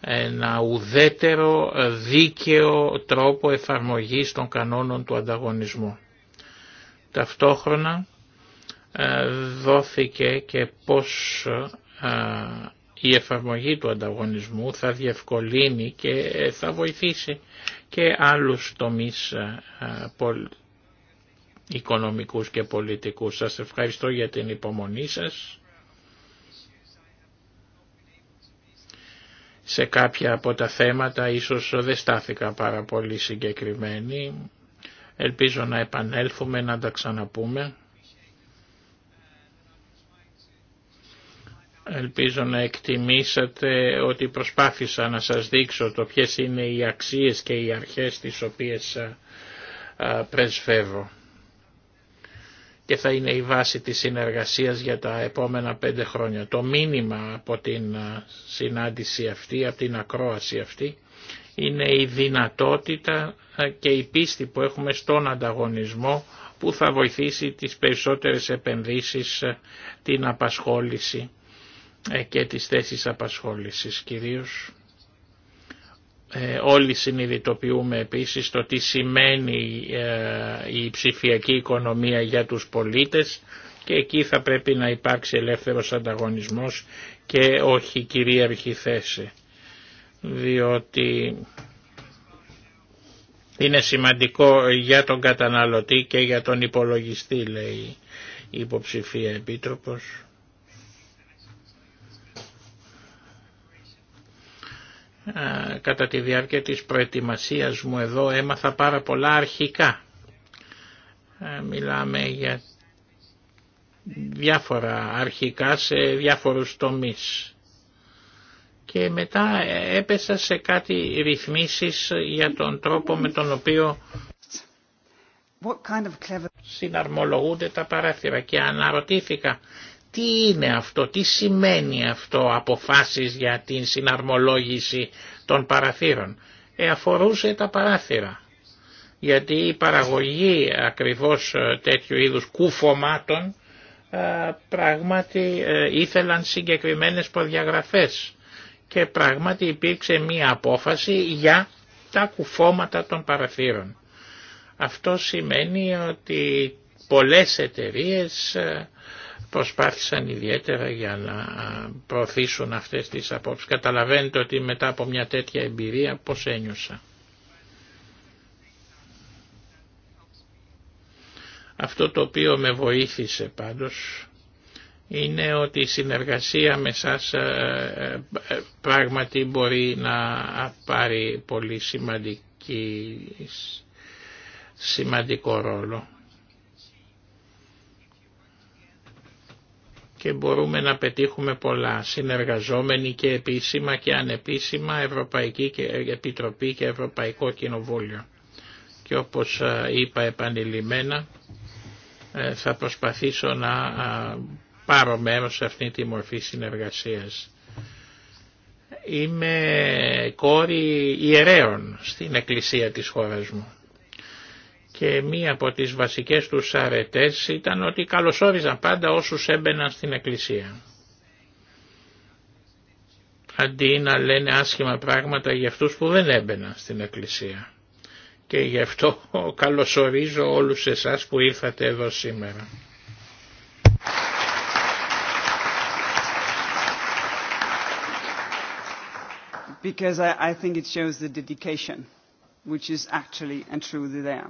ένα ουδέτερο ε, δίκαιο τρόπο εφαρμογής των κανόνων του ανταγωνισμού. Ταυτόχρονα ε, δόθηκε και πώς ε, η εφαρμογή του ανταγωνισμού θα διευκολύνει και θα βοηθήσει και άλλους τομείς οικονομικούς και πολιτικούς. Σας ευχαριστώ για την υπομονή σας σε κάποια από τα θέματα ίσως δεν στάθηκα πάρα πολύ συγκεκριμένη. Ελπίζω να επανέλθουμε, να τα ξαναπούμε. Ελπίζω να εκτιμήσατε ότι προσπάθησα να σας δείξω το ποιες είναι οι αξίες και οι αρχές τις οποίες πρεσβεύω και θα είναι η βάση της συνεργασίας για τα επόμενα πέντε χρόνια. Το μήνυμα από την συνάντηση αυτή, από την ακρόαση αυτή, είναι η δυνατότητα και η πίστη που έχουμε στον ανταγωνισμό που θα βοηθήσει τις περισσότερες επενδύσεις, την απασχόληση ε, και τις θέσεις απασχόλησης κυρίως. Ε, όλοι συνειδητοποιούμε επίσης το τι σημαίνει ε, η ψηφιακή οικονομία για τους πολίτες και εκεί θα πρέπει να υπάρξει ελεύθερος ανταγωνισμός και όχι κυρίαρχη θέση. Διότι είναι σημαντικό για τον καταναλωτή και για τον υπολογιστή λέει η υποψηφία επίτροπος. κατά τη διάρκεια της προετοιμασίας μου εδώ έμαθα πάρα πολλά αρχικά. Μιλάμε για διάφορα αρχικά σε διάφορους τομείς. Και μετά έπεσα σε κάτι ρυθμίσεις για τον τρόπο με τον οποίο συναρμολογούνται τα παράθυρα και αναρωτήθηκα τι είναι αυτό, τι σημαίνει αυτό αποφάσεις για την συναρμολόγηση των παραθύρων. Ε, αφορούσε τα παράθυρα. Γιατί η παραγωγή ακριβώς ε, τέτοιου είδους κουφωμάτων ε, πράγματι ε, ήθελαν συγκεκριμένες προδιαγραφές και πράγματι υπήρξε μία απόφαση για τα κουφώματα των παραθύρων. Αυτό σημαίνει ότι πολλές εταιρείες προσπάθησαν ιδιαίτερα για να προωθήσουν αυτές τις απόψεις. Καταλαβαίνετε ότι μετά από μια τέτοια εμπειρία πώς ένιωσα. Αυτό το οποίο με βοήθησε πάντως είναι ότι η συνεργασία με σας ε, ε, πράγματι μπορεί να πάρει πολύ σημαντική, σημαντικό ρόλο. και μπορούμε να πετύχουμε πολλά συνεργαζόμενοι και επίσημα και ανεπίσημα Ευρωπαϊκή ε, Επιτροπή και Ευρωπαϊκό Κοινοβούλιο. Και όπως ε, είπα επανειλημμένα ε, θα προσπαθήσω να πάρω μέρος σε αυτή τη μορφή συνεργασίας. Είμαι κόρη ιερέων στην εκκλησία της χώρας μου και μία από τις βασικές τους αρετές ήταν ότι καλωσόριζαν πάντα όσους έμπαιναν στην εκκλησία. Αντί να λένε άσχημα πράγματα για αυτούς που δεν έμπαιναν στην εκκλησία. Και γι' αυτό [laughs] καλωσορίζω όλους εσάς που ήρθατε εδώ σήμερα. Because I, I think it shows the dedication, which is actually and truly there.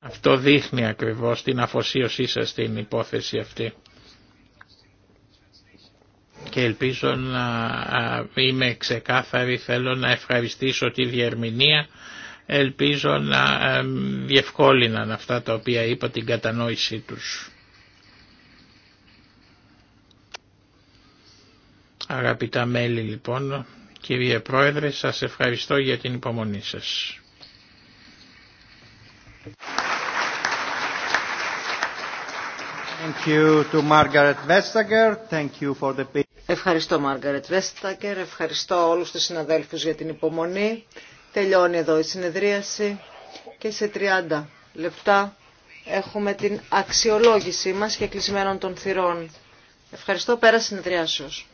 Αυτό δείχνει ακριβώς την αφοσίωσή σας στην υπόθεση αυτή. Και ελπίζω να είμαι ξεκάθαρη, θέλω να ευχαριστήσω τη διερμηνία, ελπίζω να διευκόλυναν αυτά τα οποία είπα την κατανόησή τους. Αγαπητά μέλη λοιπόν, κύριε Πρόεδρε, σας ευχαριστώ για την υπομονή σας. Ευχαριστώ Μάργαρετ Βέστακερ, ευχαριστώ όλους τους συναδέλφους για την υπομονή. Τελειώνει εδώ η συνεδρίαση και σε 30 λεπτά έχουμε την αξιολόγησή μας και κλεισμένων των θυρών. Ευχαριστώ, πέρα συνεδριάσεως.